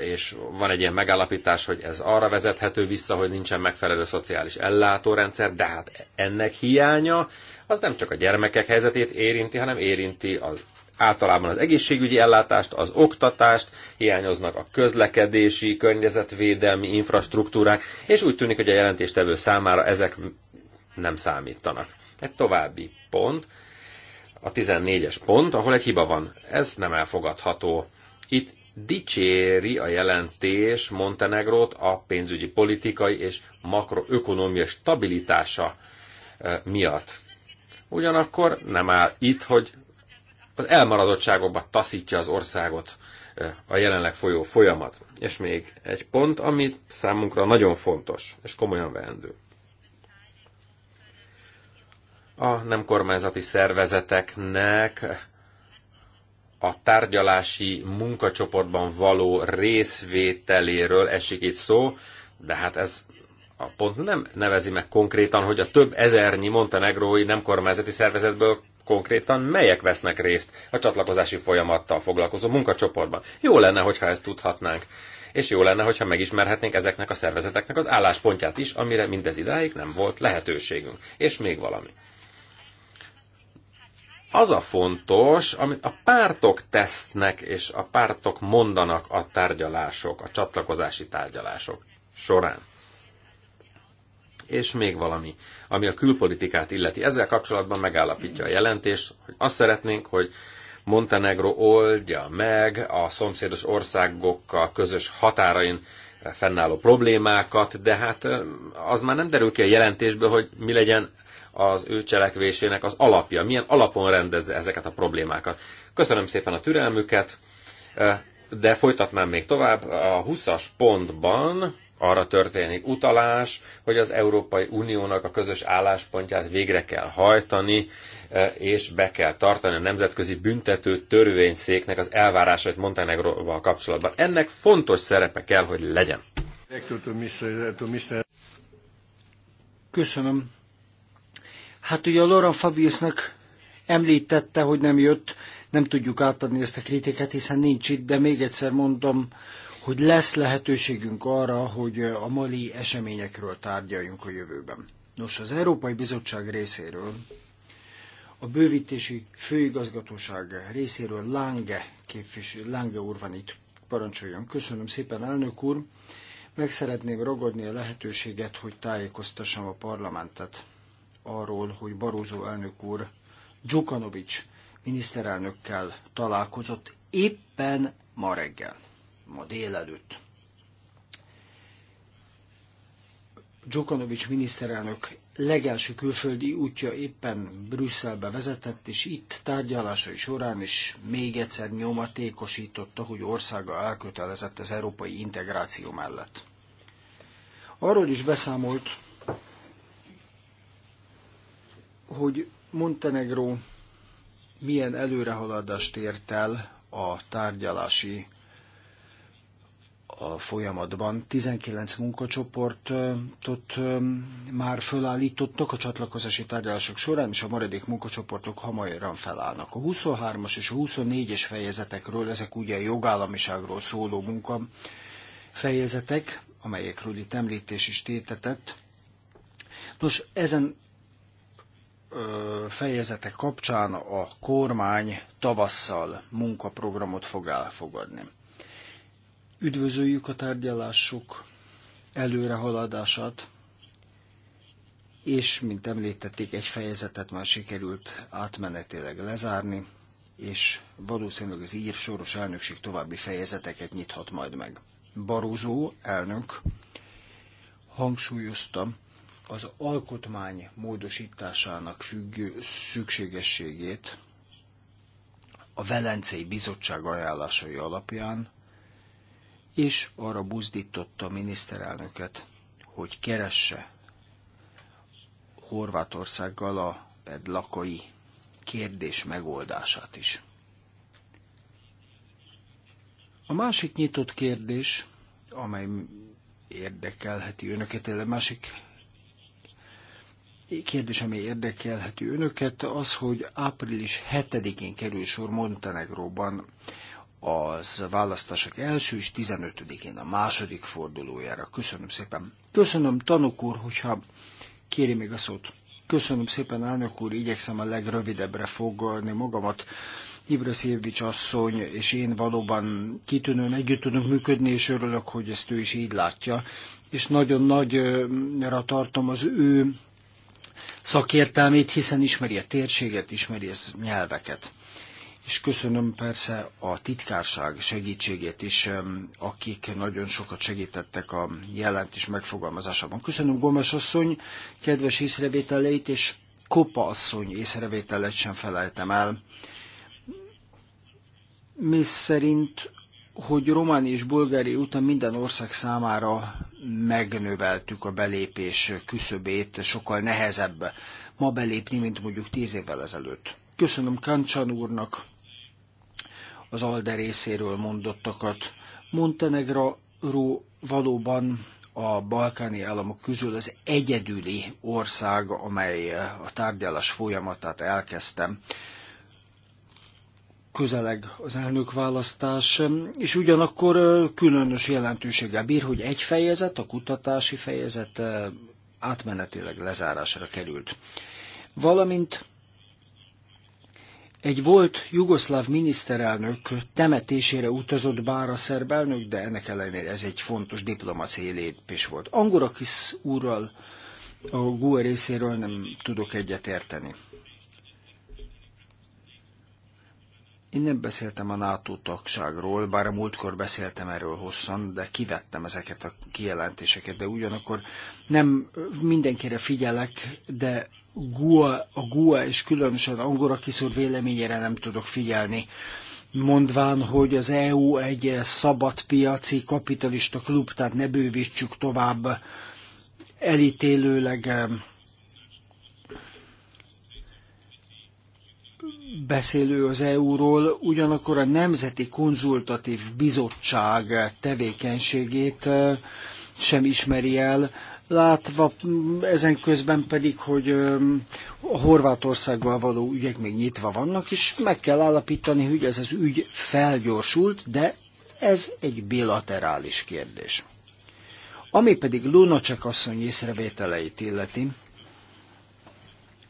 és van egy ilyen megállapítás, hogy ez arra vezethető vissza, hogy nincsen megfelelő szociális ellátórendszer, de hát ennek hiánya az nem csak a gyermekek helyzetét érinti, hanem érinti az általában az egészségügyi ellátást, az oktatást, hiányoznak a közlekedési, környezetvédelmi infrastruktúrák, és úgy tűnik, hogy a jelentéstevő számára ezek nem számítanak. Egy további pont, a 14-es pont, ahol egy hiba van. Ez nem elfogadható. Itt dicséri a jelentés Montenegrót a pénzügyi politikai és makroökonomiai stabilitása eh, miatt. Ugyanakkor nem áll itt, hogy az elmaradottságokba taszítja az országot a jelenleg folyó folyamat. És még egy pont, ami számunkra nagyon fontos és komolyan veendő. A nem kormányzati szervezeteknek a tárgyalási munkacsoportban való részvételéről esik itt szó, de hát ez a pont nem nevezi meg konkrétan, hogy a több ezernyi montenegrói nem kormányzati szervezetből konkrétan melyek vesznek részt a csatlakozási folyamattal foglalkozó munkacsoportban. Jó lenne, hogyha ezt tudhatnánk. És jó lenne, hogyha megismerhetnénk ezeknek a szervezeteknek az álláspontját is, amire mindez idáig nem volt lehetőségünk. És még valami. Az a fontos, amit a pártok tesznek, és a pártok mondanak a tárgyalások, a csatlakozási tárgyalások során. És még valami, ami a külpolitikát illeti. Ezzel kapcsolatban megállapítja a jelentés, hogy azt szeretnénk, hogy Montenegro oldja meg a szomszédos országokkal közös határain fennálló problémákat, de hát az már nem derül ki a jelentésből, hogy mi legyen az ő cselekvésének az alapja, milyen alapon rendezze ezeket a problémákat. Köszönöm szépen a türelmüket, de folytatnám még tovább. A 20-as pontban arra történik utalás, hogy az Európai Uniónak a közös álláspontját végre kell hajtani, e, és be kell tartani a Nemzetközi Büntető Törvényszéknek az elvárásait Montenegróval kapcsolatban. Ennek fontos szerepe kell, hogy legyen. Köszönöm. Hát ugye a Loran Fabiusnak említette, hogy nem jött, nem tudjuk átadni ezt a kritikát, hiszen nincs itt, de még egyszer mondom, hogy lesz lehetőségünk arra, hogy a mali eseményekről tárgyaljunk a jövőben. Nos, az Európai Bizottság részéről, a bővítési főigazgatóság részéről Lange, képviselő, Lange úr van itt, parancsoljon. Köszönöm szépen, elnök úr. Meg szeretném ragadni a lehetőséget, hogy tájékoztassam a parlamentet arról, hogy Barózó elnök úr Dzsukanovics miniszterelnökkel találkozott éppen ma reggel ma délelőtt. Djokanovics miniszterelnök legelső külföldi útja éppen Brüsszelbe vezetett, és itt tárgyalásai során is még egyszer nyomatékosította, hogy országa elkötelezett az európai integráció mellett. Arról is beszámolt, hogy Montenegró milyen előrehaladást ért el a tárgyalási a folyamatban. 19 munkacsoportot már fölállítottak a csatlakozási tárgyalások során, és a maradék munkacsoportok hamarosan felállnak. A 23-as és a 24-es fejezetekről, ezek ugye a jogállamiságról szóló munka fejezetek, amelyekről itt említés is tétetett. Nos, ezen fejezetek kapcsán a kormány tavasszal munkaprogramot fog elfogadni. Üdvözöljük a tárgyalások előrehaladását, és, mint említették, egy fejezetet már sikerült átmenetileg lezárni, és valószínűleg az ír soros elnökség további fejezeteket nyithat majd meg. Barózó elnök hangsúlyozta az alkotmány módosításának függő szükségességét a Velencei Bizottság ajánlásai alapján, és arra buzdította a miniszterelnöket, hogy keresse Horvátországgal a pedlakai kérdés megoldását is. A másik nyitott kérdés, amely érdekelheti önöket, a másik kérdés, ami érdekelheti önöket, az, hogy április 7-én kerül sor Montenegróban az választások első és 15-én a második fordulójára. Köszönöm szépen. Köszönöm, tanok úr, hogyha kéri még a szót. Köszönöm szépen, elnök úr, igyekszem a legrövidebbre fogni magamat. Ibraszévics asszony és én valóban kitűnően együtt tudunk működni, és örülök, hogy ezt ő is így látja. És nagyon nagyra tartom az ő szakértelmét, hiszen ismeri a térséget, ismeri a nyelveket és köszönöm persze a titkárság segítségét is, akik nagyon sokat segítettek a jelentés megfogalmazásában. Köszönöm Gomes asszony kedves észrevételeit, és Kopa asszony észrevételeit sem felejtem el. Mi szerint, hogy Románia és Bulgária után minden ország számára megnöveltük a belépés küszöbét, sokkal nehezebb ma belépni, mint mondjuk tíz évvel ezelőtt. Köszönöm Kancsán úrnak, az ALDE részéről mondottakat. Montenegro valóban a balkáni államok közül az egyedüli ország, amely a tárgyalás folyamatát elkezdte. Közeleg az elnökválasztás, és ugyanakkor különös jelentőséggel bír, hogy egy fejezet, a kutatási fejezet átmenetileg lezárásra került. Valamint egy volt jugoszláv miniszterelnök temetésére utazott bár a szerb elnök, de ennek ellenére ez egy fontos diplomáciai lépés volt. Angorakis úrral a GUE részéről nem tudok egyet érteni. Én nem beszéltem a NATO tagságról, bár a múltkor beszéltem erről hosszan, de kivettem ezeket a kijelentéseket, de ugyanakkor nem mindenkire figyelek, de GUA, a GUA és különösen Angora kiszúr véleményére nem tudok figyelni mondván, hogy az EU egy szabadpiaci kapitalista klub, tehát ne bővítsük tovább elítélőleg beszélő az EU-ról, ugyanakkor a Nemzeti Konzultatív Bizottság tevékenységét eh, sem ismeri el, látva ezen közben pedig, hogy a Horvátországgal való ügyek még nyitva vannak, és meg kell állapítani, hogy ez az ügy felgyorsult, de ez egy bilaterális kérdés. Ami pedig Lunacek asszony észrevételeit illeti,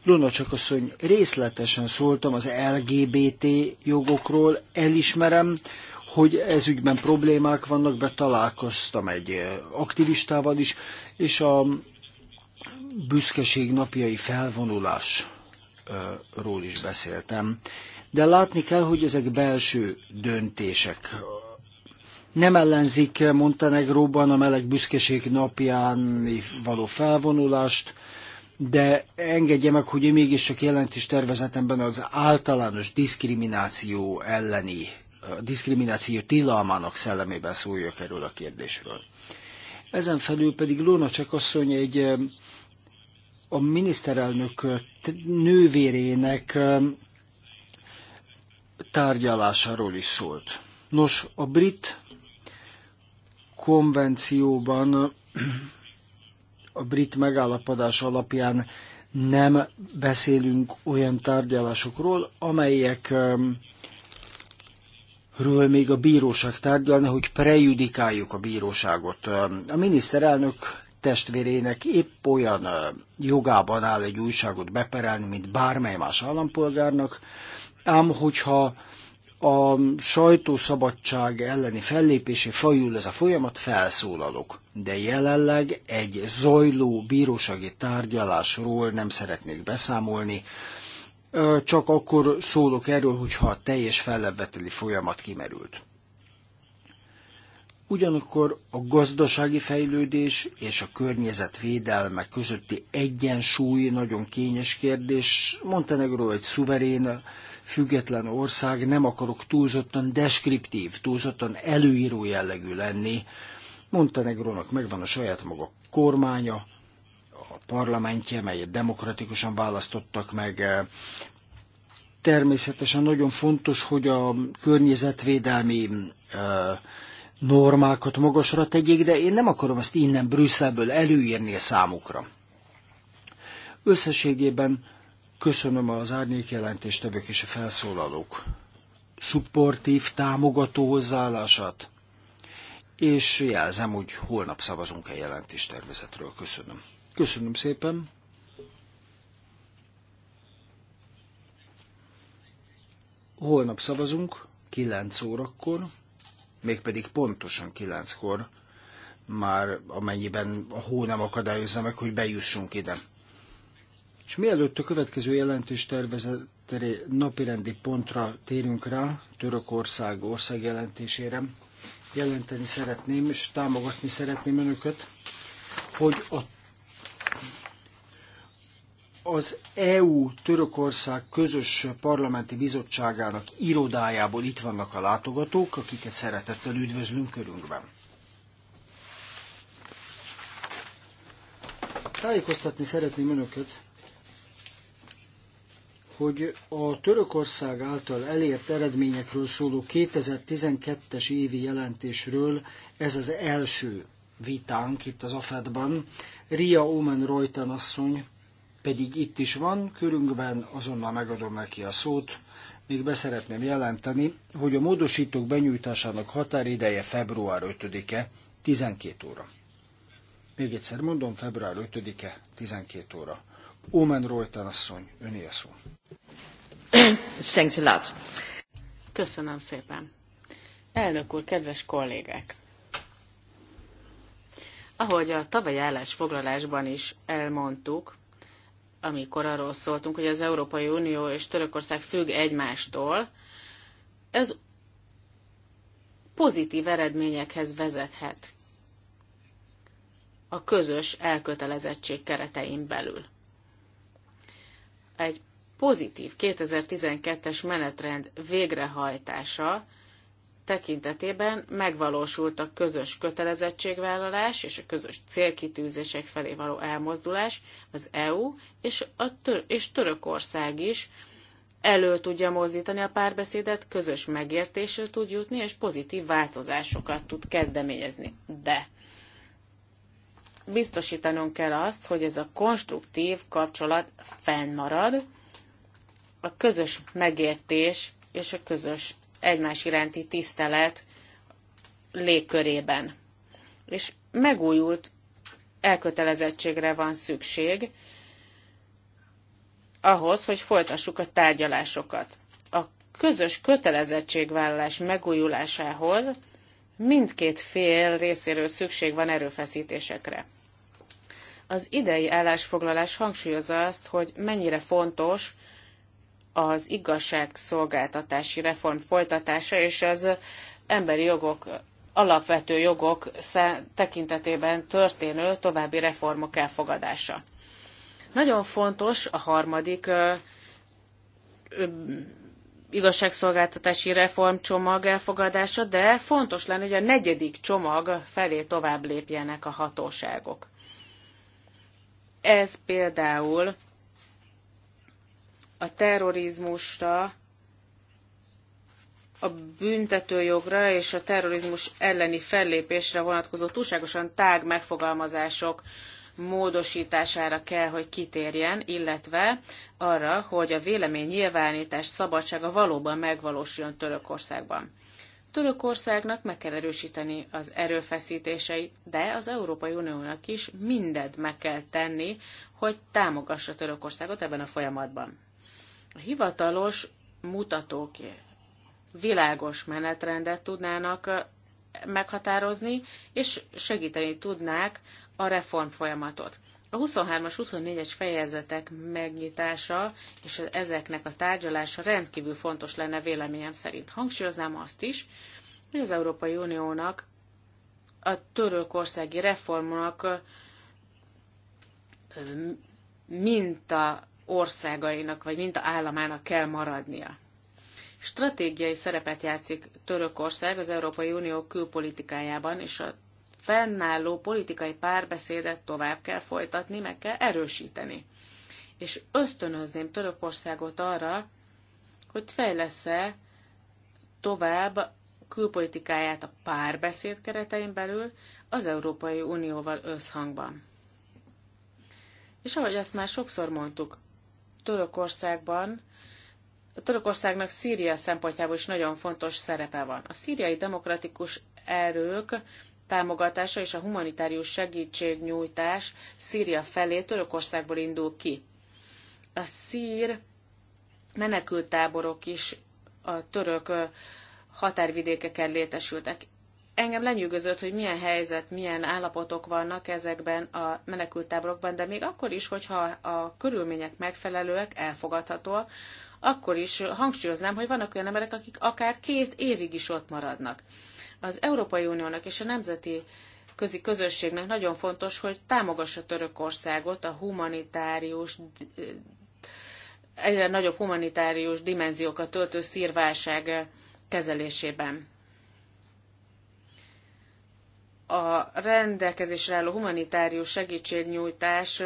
Lunacek asszony részletesen szóltam az LGBT jogokról, elismerem, hogy ez problémák vannak, be találkoztam egy eh, aktivistával is, és a büszkeség napjai felvonulásról is beszéltem. De látni kell, hogy ezek belső döntések. Nem ellenzik Montenegróban a meleg büszkeség napján való felvonulást, de engedje meg, hogy én mégiscsak jelentés tervezetemben az általános diszkrimináció elleni diszkrimináció tilalmának szellemében szóljak erről a kérdésről. Ezen felül pedig Lóna csak asszony egy a miniszterelnök nővérének tárgyalásáról is szólt. Nos, a brit konvencióban a brit megállapodás alapján nem beszélünk olyan tárgyalásokról, amelyek ről még a bíróság tárgyalna, hogy prejudikáljuk a bíróságot. A miniszterelnök testvérének épp olyan jogában áll egy újságot beperelni, mint bármely más állampolgárnak, ám hogyha a sajtószabadság elleni fellépésé fajul ez a folyamat, felszólalok. De jelenleg egy zajló bírósági tárgyalásról nem szeretnék beszámolni, csak akkor szólok erről, hogyha a teljes fellebbeteli folyamat kimerült. Ugyanakkor a gazdasági fejlődés és a környezetvédelme közötti egyensúly nagyon kényes kérdés. Montenegro egy szuverén, független ország, nem akarok túlzottan deskriptív, túlzottan előíró jellegű lenni. Montenegrónak megvan a saját maga kormánya, parlamentje, melyet demokratikusan választottak meg, eh, természetesen nagyon fontos, hogy a környezetvédelmi eh, normákat magasra tegyék, de én nem akarom ezt innen Brüsszelből előírni a számukra. Összességében köszönöm az árnyék jelentéstevők és a felszólalók szupportív, támogató hozzáállását, és jelzem, hogy holnap szavazunk a jelentéstervezetről. Köszönöm. Köszönöm szépen. Holnap szavazunk, 9 órakor, mégpedig pontosan 9-kor, már amennyiben a hó nem akadályozza meg, hogy bejussunk ide. És mielőtt a következő jelentés tervezetre napirendi pontra térünk rá, Törökország ország jelentésére, jelenteni szeretném és támogatni szeretném önöket, hogy a az EU-Törökország közös parlamenti bizottságának irodájából itt vannak a látogatók, akiket szeretettel üdvözlünk körünkben. Tájékoztatni szeretném önöket, hogy a Törökország által elért eredményekről szóló 2012-es évi jelentésről ez az első vitánk itt az afed Ria Omen Reuten asszony pedig itt is van, körünkben azonnal megadom neki a szót. Még beszeretném jelenteni, hogy a módosítók benyújtásának határideje február 5-e, 12 óra. Még egyszer mondom, február 5-e, 12 óra. Omen Reuten asszony, öné a szó. Thanks a lot. Köszönöm szépen. Elnök úr, kedves kollégák! Ahogy a tavalyi állásfoglalásban is elmondtuk, amikor arról szóltunk, hogy az Európai Unió és Törökország függ egymástól, ez pozitív eredményekhez vezethet a közös elkötelezettség keretein belül. Egy pozitív 2012-es menetrend végrehajtása tekintetében megvalósult a közös kötelezettségvállalás és a közös célkitűzések felé való elmozdulás, az EU és, a tör- és Törökország is elő tudja mozdítani a párbeszédet, közös megértésre tud jutni, és pozitív változásokat tud kezdeményezni. De biztosítanunk kell azt, hogy ez a konstruktív kapcsolat fennmarad, a közös megértés és a közös egymás iránti tisztelet légkörében. És megújult elkötelezettségre van szükség ahhoz, hogy folytassuk a tárgyalásokat. A közös kötelezettségvállalás megújulásához mindkét fél részéről szükség van erőfeszítésekre. Az idei állásfoglalás hangsúlyozza azt, hogy mennyire fontos az igazságszolgáltatási reform folytatása és az emberi jogok, alapvető jogok tekintetében történő további reformok elfogadása. Nagyon fontos a harmadik ö, ö, igazságszolgáltatási reformcsomag elfogadása, de fontos lenne, hogy a negyedik csomag felé tovább lépjenek a hatóságok. Ez például a terrorizmusra, a büntetőjogra és a terrorizmus elleni fellépésre vonatkozó túlságosan tág megfogalmazások módosítására kell, hogy kitérjen, illetve arra, hogy a vélemény nyilvánítás szabadsága valóban megvalósuljon Törökországban. Törökországnak meg kell erősíteni az erőfeszítéseit, de az Európai Uniónak is mindent meg kell tenni, hogy támogassa Törökországot ebben a folyamatban a hivatalos mutatók világos menetrendet tudnának meghatározni, és segíteni tudnák a reform folyamatot. A 23-as, 24-es fejezetek megnyitása és ezeknek a tárgyalása rendkívül fontos lenne véleményem szerint. Hangsúlyoznám azt is, hogy az Európai Uniónak a törökországi reformnak minta országainak, vagy a államának kell maradnia. Stratégiai szerepet játszik Törökország az Európai Unió külpolitikájában, és a fennálló politikai párbeszédet tovább kell folytatni, meg kell erősíteni. És ösztönözném Törökországot arra, hogy fejlesz-e tovább külpolitikáját a párbeszéd keretein belül az Európai Unióval összhangban. És ahogy ezt már sokszor mondtuk, Törökországban a Törökországnak Szíria szempontjából is nagyon fontos szerepe van. A szíriai demokratikus erők támogatása és a humanitárius segítségnyújtás Szíria felé Törökországból indul ki. A szír menekülttáborok is a török határvidékeken létesültek engem lenyűgözött, hogy milyen helyzet, milyen állapotok vannak ezekben a menekültáborokban, de még akkor is, hogyha a körülmények megfelelőek, elfogadhatóak, akkor is hangsúlyoznám, hogy vannak olyan emberek, akik akár két évig is ott maradnak. Az Európai Uniónak és a nemzeti közi közösségnek nagyon fontos, hogy támogassa Törökországot a humanitárius egyre nagyobb humanitárius dimenziókat töltő szírválság kezelésében a rendelkezésre álló humanitárius segítségnyújtás,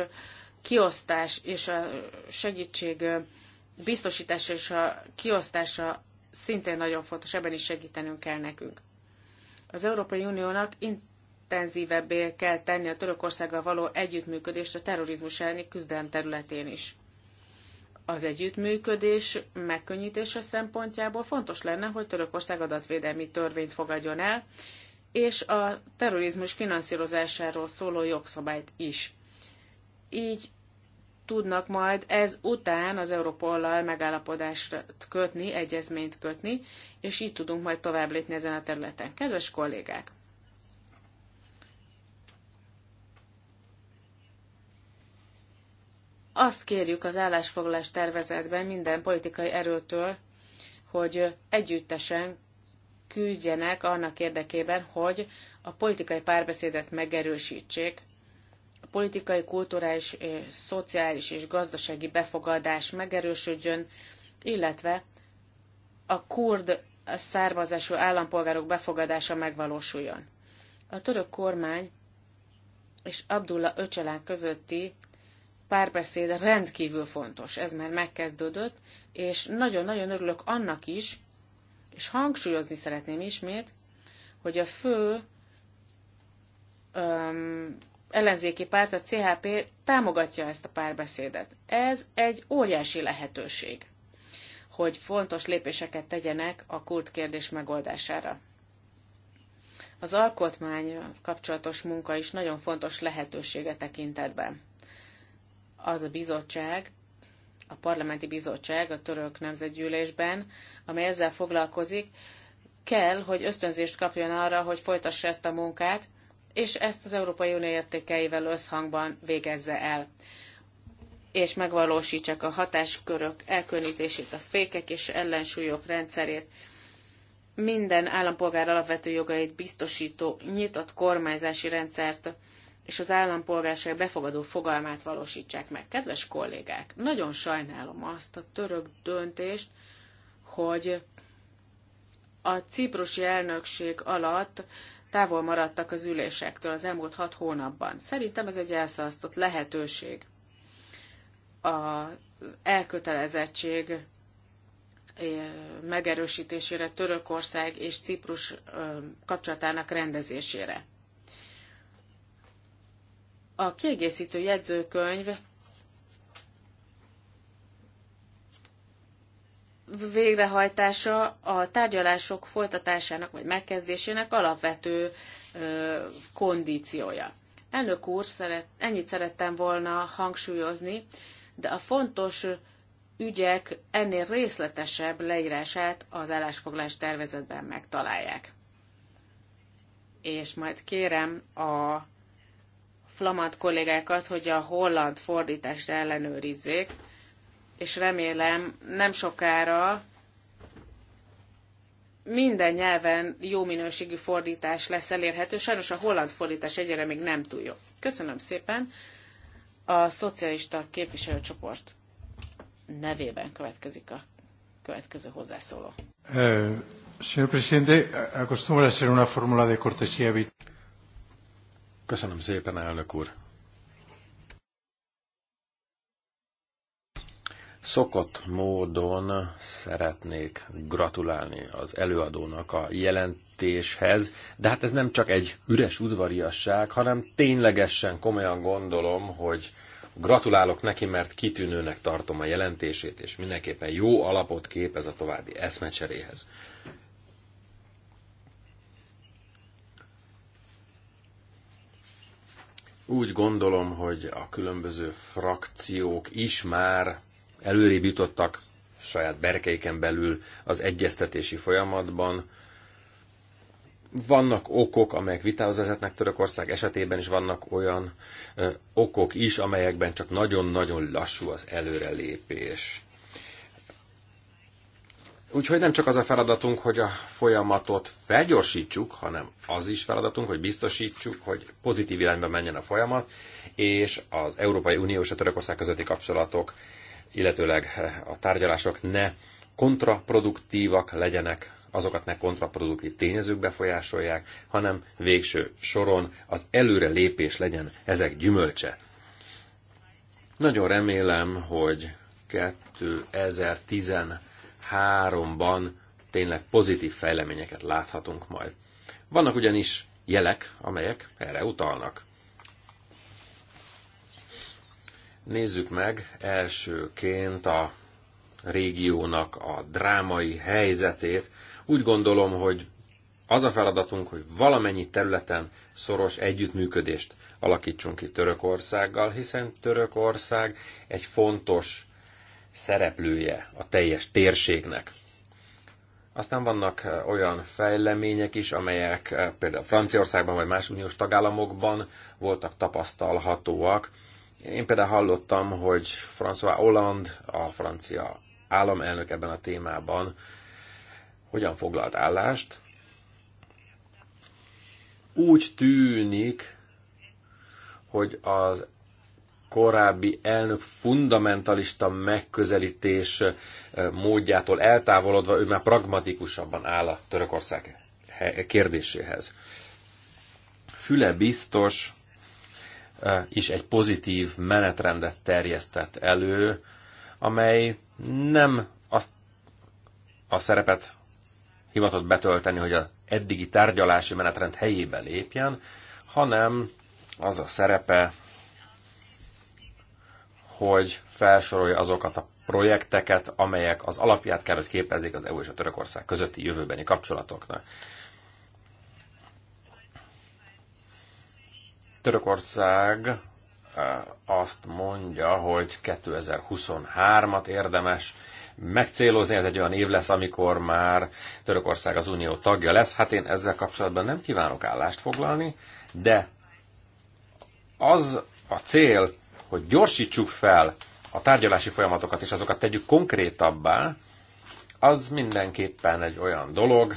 kiosztás és a segítség biztosítása és a kiosztása szintén nagyon fontos, ebben is segítenünk kell nekünk. Az Európai Uniónak intenzívebbé kell tenni a Törökországgal való együttműködést a terrorizmus elleni küzdelem területén is. Az együttműködés megkönnyítése szempontjából fontos lenne, hogy Törökország adatvédelmi törvényt fogadjon el, és a terrorizmus finanszírozásáról szóló jogszabályt is. Így tudnak majd ez után az Európollal megállapodást kötni, egyezményt kötni, és így tudunk majd tovább lépni ezen a területen. Kedves kollégák! Azt kérjük az állásfoglalás tervezetben minden politikai erőtől, hogy együttesen küzdjenek annak érdekében, hogy a politikai párbeszédet megerősítsék, a politikai, kulturális, eh, szociális és gazdasági befogadás megerősödjön, illetve a kurd származású állampolgárok befogadása megvalósuljon. A török kormány és Abdullah Öcsalán közötti párbeszéd rendkívül fontos. Ez már megkezdődött, és nagyon-nagyon örülök annak is, és hangsúlyozni szeretném ismét, hogy a fő öm, ellenzéki párt, a CHP támogatja ezt a párbeszédet. Ez egy óriási lehetőség, hogy fontos lépéseket tegyenek a kult kérdés megoldására. Az alkotmány kapcsolatos munka is nagyon fontos lehetősége tekintetben. Az a bizottság, a parlamenti bizottság a török nemzetgyűlésben, amely ezzel foglalkozik, kell, hogy ösztönzést kapjon arra, hogy folytassa ezt a munkát, és ezt az Európai Unió értékeivel összhangban végezze el és megvalósítsák a hatáskörök elkülönítését, a fékek és ellensúlyok rendszerét, minden állampolgár alapvető jogait biztosító nyitott kormányzási rendszert és az állampolgárság befogadó fogalmát valósítsák meg. Kedves kollégák, nagyon sajnálom azt a török döntést, hogy a ciprusi elnökség alatt távol maradtak az ülésektől az elmúlt hat hónapban. Szerintem ez egy elszalasztott lehetőség. Az elkötelezettség eh, megerősítésére Törökország és Ciprus eh, kapcsolatának rendezésére. A kiegészítő jegyzőkönyv végrehajtása a tárgyalások folytatásának vagy megkezdésének alapvető ö, kondíciója. Elnök úr, szeret, ennyit szerettem volna hangsúlyozni, de a fontos ügyek ennél részletesebb leírását az állásfoglás tervezetben megtalálják. És majd kérem a flamand kollégákat, hogy a holland fordítást ellenőrizzék, és remélem nem sokára minden nyelven jó minőségű fordítás lesz elérhető. Sajnos a holland fordítás egyre még nem túl jó. Köszönöm szépen. A szocialista képviselőcsoport nevében következik a következő hozzászóló. Uh, señor presidente, acostumbra ser una fórmula de cortesía Köszönöm szépen, elnök úr. Szokott módon szeretnék gratulálni az előadónak a jelentéshez, de hát ez nem csak egy üres udvariasság, hanem ténylegesen komolyan gondolom, hogy gratulálok neki, mert kitűnőnek tartom a jelentését, és mindenképpen jó alapot képez a további eszmecseréhez. Úgy gondolom, hogy a különböző frakciók is már előrébb jutottak saját berkeiken belül az egyeztetési folyamatban. Vannak okok, amelyek vitához vezetnek Törökország esetében, is vannak olyan ö, okok is, amelyekben csak nagyon-nagyon lassú az előrelépés. Úgyhogy nem csak az a feladatunk, hogy a folyamatot felgyorsítsuk, hanem az is feladatunk, hogy biztosítsuk, hogy pozitív irányba menjen a folyamat, és az Európai Unió és a Törökország közötti kapcsolatok, illetőleg eh, a tárgyalások ne kontraproduktívak legyenek, azokat ne kontraproduktív tényezők befolyásolják, hanem végső soron az előre lépés legyen ezek gyümölcse. Nagyon remélem, hogy 2010 2013-ban tényleg pozitív fejleményeket láthatunk majd. Vannak ugyanis jelek, amelyek erre utalnak. Nézzük meg elsőként a régiónak a drámai helyzetét. Úgy gondolom, hogy az a feladatunk, hogy valamennyi területen szoros együttműködést alakítsunk ki Törökországgal, hiszen Törökország egy fontos szereplője a teljes térségnek. Aztán vannak eh, olyan fejlemények is, amelyek eh, például Franciaországban vagy más uniós tagállamokban voltak tapasztalhatóak. Én például hallottam, hogy François Hollande, a francia államelnök ebben a témában hogyan foglalt állást. Úgy tűnik, hogy az korábbi elnök fundamentalista megközelítés eh, módjától eltávolodva, ő már pragmatikusabban áll a Törökország kérdéséhez. Füle biztos eh, is egy pozitív menetrendet terjesztett elő, amely nem azt a szerepet hivatott betölteni, hogy az eddigi tárgyalási menetrend helyébe lépjen, hanem az a szerepe, hogy felsorolja azokat a projekteket, amelyek az alapját kell, hogy képezzék az EU és a Törökország közötti jövőbeni kapcsolatoknak. Törökország eh, azt mondja, hogy 2023-at érdemes megcélozni, ez egy olyan év lesz, amikor már Törökország az unió tagja lesz. Hát én ezzel kapcsolatban nem kívánok állást foglalni, de az a cél, hogy gyorsítsuk fel a tárgyalási folyamatokat, és azokat tegyük konkrétabbá, az mindenképpen egy olyan dolog,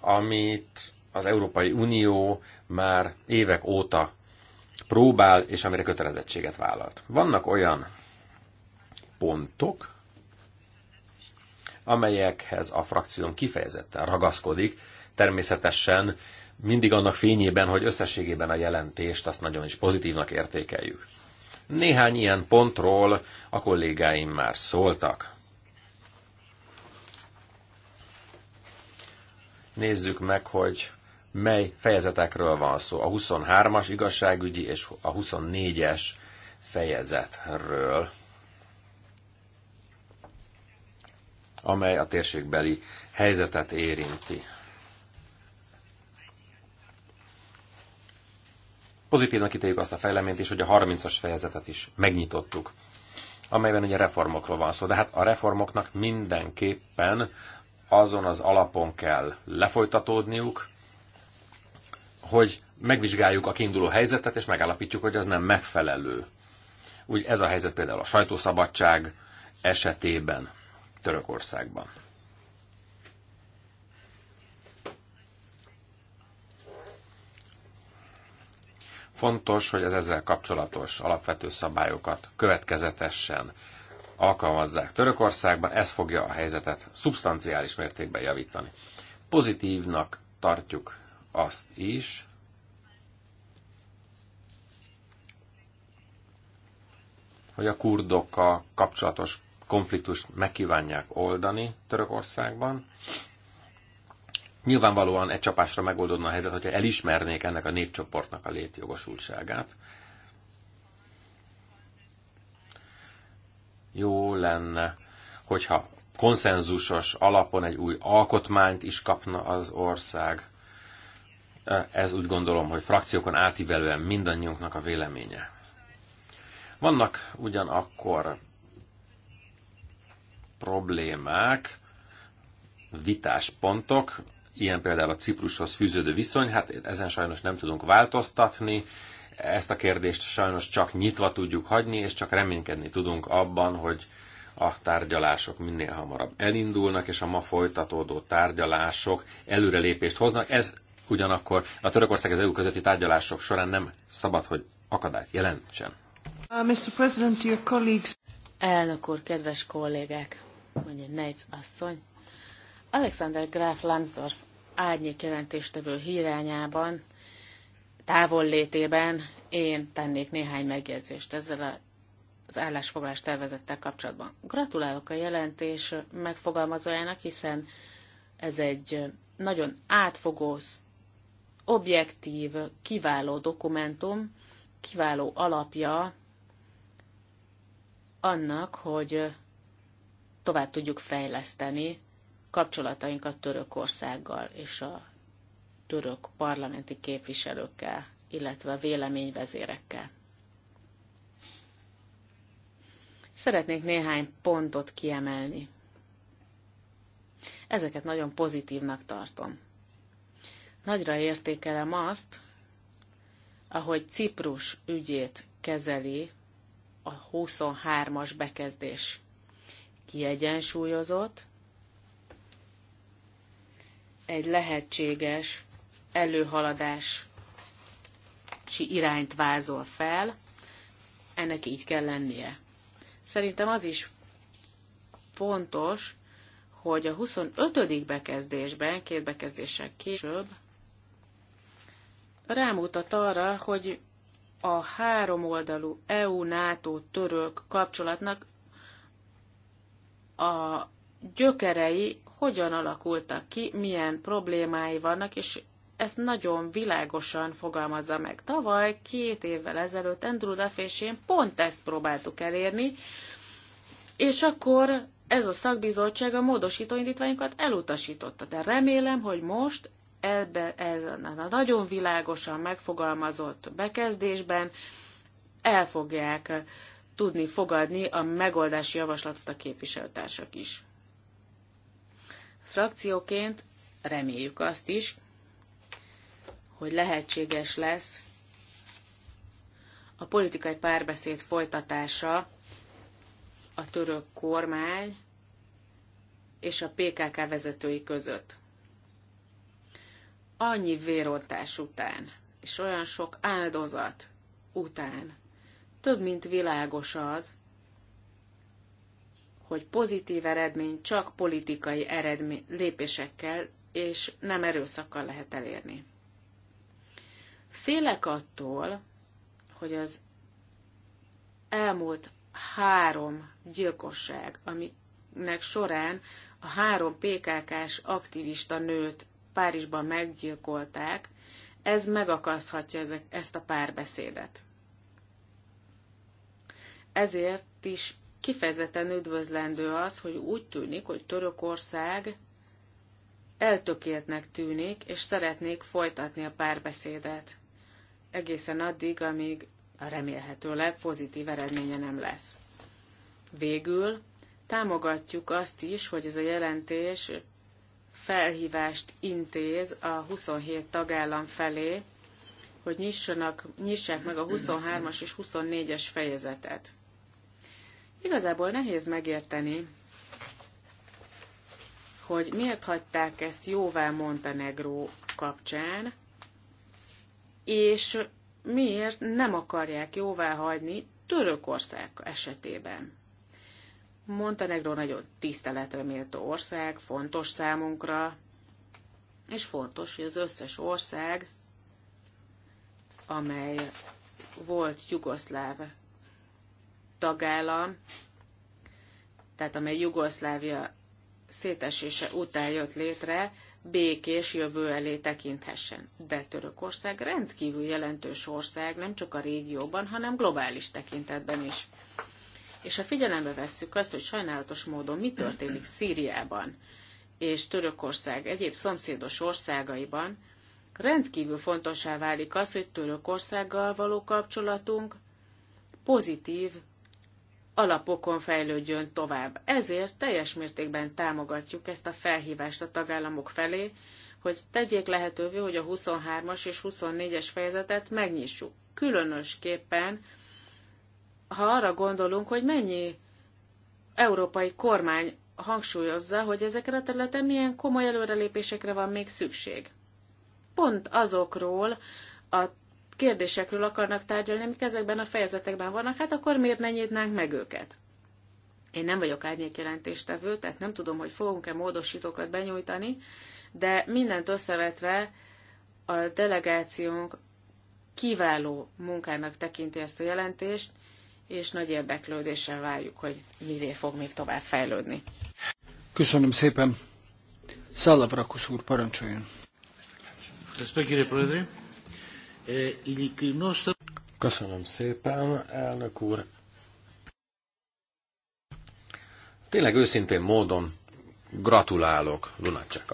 amit az Európai Unió már évek óta próbál, és amire kötelezettséget vállalt. Vannak olyan pontok, amelyekhez a frakción kifejezetten ragaszkodik, természetesen mindig annak fényében, hogy összességében a jelentést azt nagyon is pozitívnak értékeljük. Néhány ilyen pontról a kollégáim már szóltak. Nézzük meg, hogy mely fejezetekről van szó. A 23-as igazságügyi és a 24-es fejezetről, amely a térségbeli helyzetet érinti. Pozitívnak ítéljük azt a fejleményt is, hogy a 30-as fejezetet is megnyitottuk, amelyben ugye reformokról van szó. De hát a reformoknak mindenképpen azon az alapon kell lefolytatódniuk, hogy megvizsgáljuk a kiinduló helyzetet, és megállapítjuk, hogy ez nem megfelelő. Úgy ez a helyzet például a sajtószabadság esetében Törökországban. Fontos, hogy az ezzel kapcsolatos alapvető szabályokat következetesen alkalmazzák Törökországban, ez fogja a helyzetet szubstanciális mértékben javítani. Pozitívnak tartjuk azt is, hogy a kurdokkal kapcsolatos konfliktust megkívánják oldani Törökországban, Nyilvánvalóan egy csapásra megoldódna a helyzet, hogyha elismernék ennek a népcsoportnak a létjogosultságát. Jó lenne, hogyha konszenzusos alapon egy új alkotmányt is kapna az ország. Ez úgy gondolom, hogy frakciókon átívelően mindannyiunknak a véleménye. Vannak ugyanakkor problémák, vitás pontok, ilyen például a Ciprushoz fűződő viszony, hát ezen sajnos nem tudunk változtatni, ezt a kérdést sajnos csak nyitva tudjuk hagyni, és csak reménykedni tudunk abban, hogy a tárgyalások minél hamarabb elindulnak, és a ma folytatódó tárgyalások előrelépést hoznak. Ez ugyanakkor a Törökország az EU közötti tárgyalások során nem szabad, hogy akadályt jelentsen. Uh, Mr. President, your colleagues. Elnök úr, kedves kollégák, mondja Nejc asszony. Alexander Graf Lansdorf árnyék jelentéstevő hírányában, távollétében én tennék néhány megjegyzést ezzel a az állásfoglalás tervezettel kapcsolatban. Gratulálok a jelentés megfogalmazójának, hiszen ez egy nagyon átfogó, objektív, kiváló dokumentum, kiváló alapja annak, hogy tovább tudjuk fejleszteni kapcsolatainkat Törökországgal és a török parlamenti képviselőkkel, illetve véleményvezérekkel. Szeretnék néhány pontot kiemelni. Ezeket nagyon pozitívnak tartom. Nagyra értékelem azt, ahogy Ciprus ügyét kezeli a 23-as bekezdés. Kiegyensúlyozott, egy lehetséges előhaladási irányt vázol fel, ennek így kell lennie. Szerintem az is fontos, hogy a 25. bekezdésben, két bekezdéssel később, rámutat arra, hogy a háromoldalú EU-NATO-török kapcsolatnak a gyökerei hogyan alakultak ki, milyen problémái vannak, és ezt nagyon világosan fogalmazza meg. Tavaly, két évvel ezelőtt Andrew Duff és én pont ezt próbáltuk elérni, és akkor ez a szakbizottság a módosítóindítványokat indítványokat elutasította. De remélem, hogy most ebbe, a nagyon világosan megfogalmazott bekezdésben el fogják tudni fogadni a megoldási javaslatot a képviselőtársak is. Frakcióként reméljük azt is, hogy lehetséges lesz a politikai párbeszéd folytatása a török kormány és a PKK vezetői között. Annyi vérontás után, és olyan sok áldozat után, több mint világos az, hogy pozitív eredmény csak politikai eredmény, lépésekkel és nem erőszakkal lehet elérni. Félek attól, hogy az elmúlt három gyilkosság, aminek során a három PKK-s aktivista nőt Párizsban meggyilkolták, ez megakaszthatja ezek, ezt a párbeszédet. Ezért is Kifejezetten üdvözlendő az, hogy úgy tűnik, hogy Törökország eltökéltnek tűnik, és szeretnék folytatni a párbeszédet. Egészen addig, amíg remélhetőleg pozitív eredménye nem lesz. Végül támogatjuk azt is, hogy ez a jelentés felhívást intéz a 27 tagállam felé, hogy nyissanak, nyissák meg a 23-as és 24-es fejezetet. Igazából nehéz megérteni, hogy miért hagyták ezt jóvá Montenegro kapcsán, és miért nem akarják jóvá hagyni Törökország esetében. Montenegro nagyon tiszteletre méltó ország, fontos számunkra, és fontos, hogy az összes ország, amely volt jugoszláv tagállam, tehát amely Jugoszlávia szétesése után jött létre, békés jövő elé tekinthessen. De Törökország rendkívül jelentős ország, nem csak a régióban, hanem globális tekintetben is. És ha figyelembe vesszük azt, hogy sajnálatos módon mi történik Szíriában és Törökország egyéb szomszédos országaiban, rendkívül fontossá válik az, hogy Törökországgal való kapcsolatunk pozitív alapokon fejlődjön tovább. Ezért teljes mértékben támogatjuk ezt a felhívást a tagállamok felé, hogy tegyék lehetővé, hogy a 23-as és 24-es fejezetet megnyissuk. Különösképpen, ha arra gondolunk, hogy mennyi európai kormány hangsúlyozza, hogy ezekre a területen milyen komoly előrelépésekre van még szükség. Pont azokról a kérdésekről akarnak tárgyalni, amik ezekben a fejezetekben vannak, hát akkor miért ne nyitnánk meg őket? Én nem vagyok árnyékjelentéstevő, tehát nem tudom, hogy fogunk-e módosítókat benyújtani, de mindent összevetve a delegációnk kiváló munkának tekinti ezt a jelentést, és nagy érdeklődéssel várjuk, hogy mivé fog még tovább fejlődni. Köszönöm szépen. Szalabrakusz úr, parancsoljon. Köszönöm, Eh, Köszönöm szépen, elnök úr. Tényleg őszintén módon gratulálok Lunacek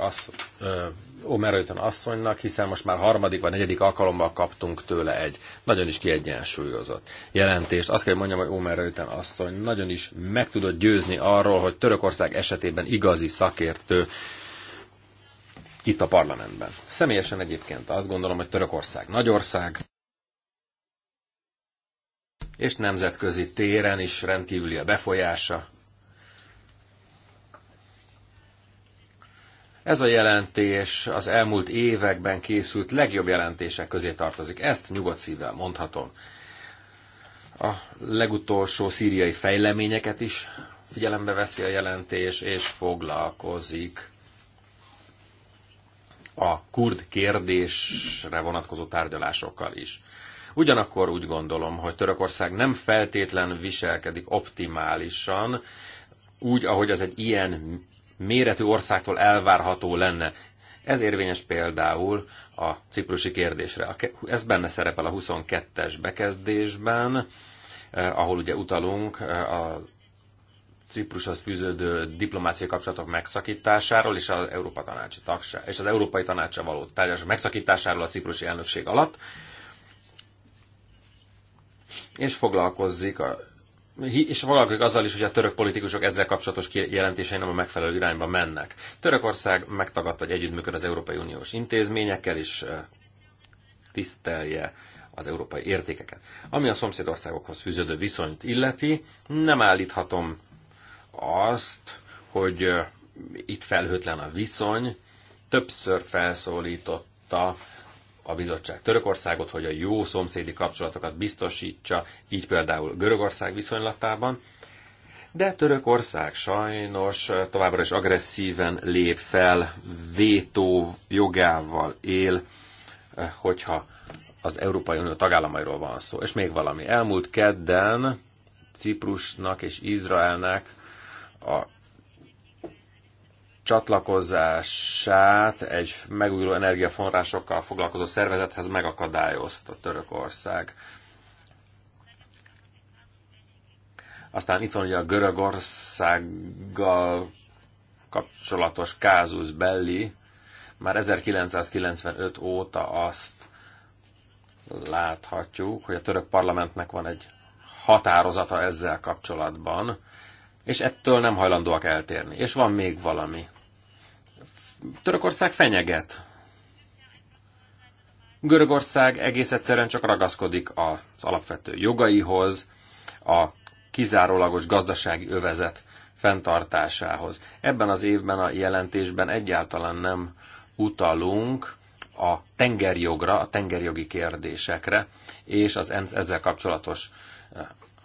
Omerőten asszonynak, hiszen most már harmadik vagy negyedik alkalommal kaptunk tőle egy nagyon is kiegyensúlyozott jelentést. Azt kell, hogy mondjam, hogy Omerőten asszony nagyon is meg tudott győzni arról, hogy Törökország esetében igazi szakértő itt a parlamentben. Személyesen egyébként azt gondolom, hogy Törökország nagy ország, és nemzetközi téren is rendkívüli a befolyása. Ez a jelentés az elmúlt években készült legjobb jelentések közé tartozik. Ezt nyugodt szívvel mondhatom. A legutolsó szíriai fejleményeket is figyelembe veszi a jelentés, és foglalkozik a kurd kérdésre vonatkozó tárgyalásokkal is. Ugyanakkor úgy gondolom, hogy Törökország nem feltétlen viselkedik optimálisan, úgy, ahogy az egy ilyen méretű országtól elvárható lenne. Ez érvényes például a ciprusi kérdésre. Ez benne szerepel a 22-es bekezdésben, eh, ahol ugye utalunk eh, a Ciprushoz fűződő diplomáciai kapcsolatok megszakításáról és az, Európa tanácsa tagsá, és az Európai Tanácsa való tárgyalás megszakításáról a ciprusi elnökség alatt, és foglalkozik a és foglalkozik azzal is, hogy a török politikusok ezzel kapcsolatos jelentései nem a megfelelő irányba mennek. Törökország megtagadta, hogy együttműköd az Európai Uniós intézményekkel, és tisztelje az európai értékeket. Ami a szomszédországokhoz fűződő viszonyt illeti, nem állíthatom azt, hogy itt felhőtlen a viszony. Többször felszólította a bizottság Törökországot, hogy a jó szomszédi kapcsolatokat biztosítsa, így például Görögország viszonylatában. De Törökország sajnos továbbra is agresszíven lép fel, vétó jogával él, hogyha az Európai Unió tagállamairól van szó. És még valami. Elmúlt kedden Ciprusnak és Izraelnek a csatlakozását egy megújuló energiaforrásokkal foglalkozó szervezethez megakadályozta Törökország. Aztán itt van ugye a Görögországgal kapcsolatos kázus belli. Már 1995 óta azt láthatjuk, hogy a török parlamentnek van egy határozata ezzel kapcsolatban, és ettől nem hajlandóak eltérni. És van még valami. Törökország fenyeget. Görögország egész egyszerűen csak ragaszkodik az alapvető jogaihoz, a kizárólagos gazdasági övezet fenntartásához. Ebben az évben a jelentésben egyáltalán nem utalunk a tengerjogra, a tengerjogi kérdésekre, és az ENSZ ezzel kapcsolatos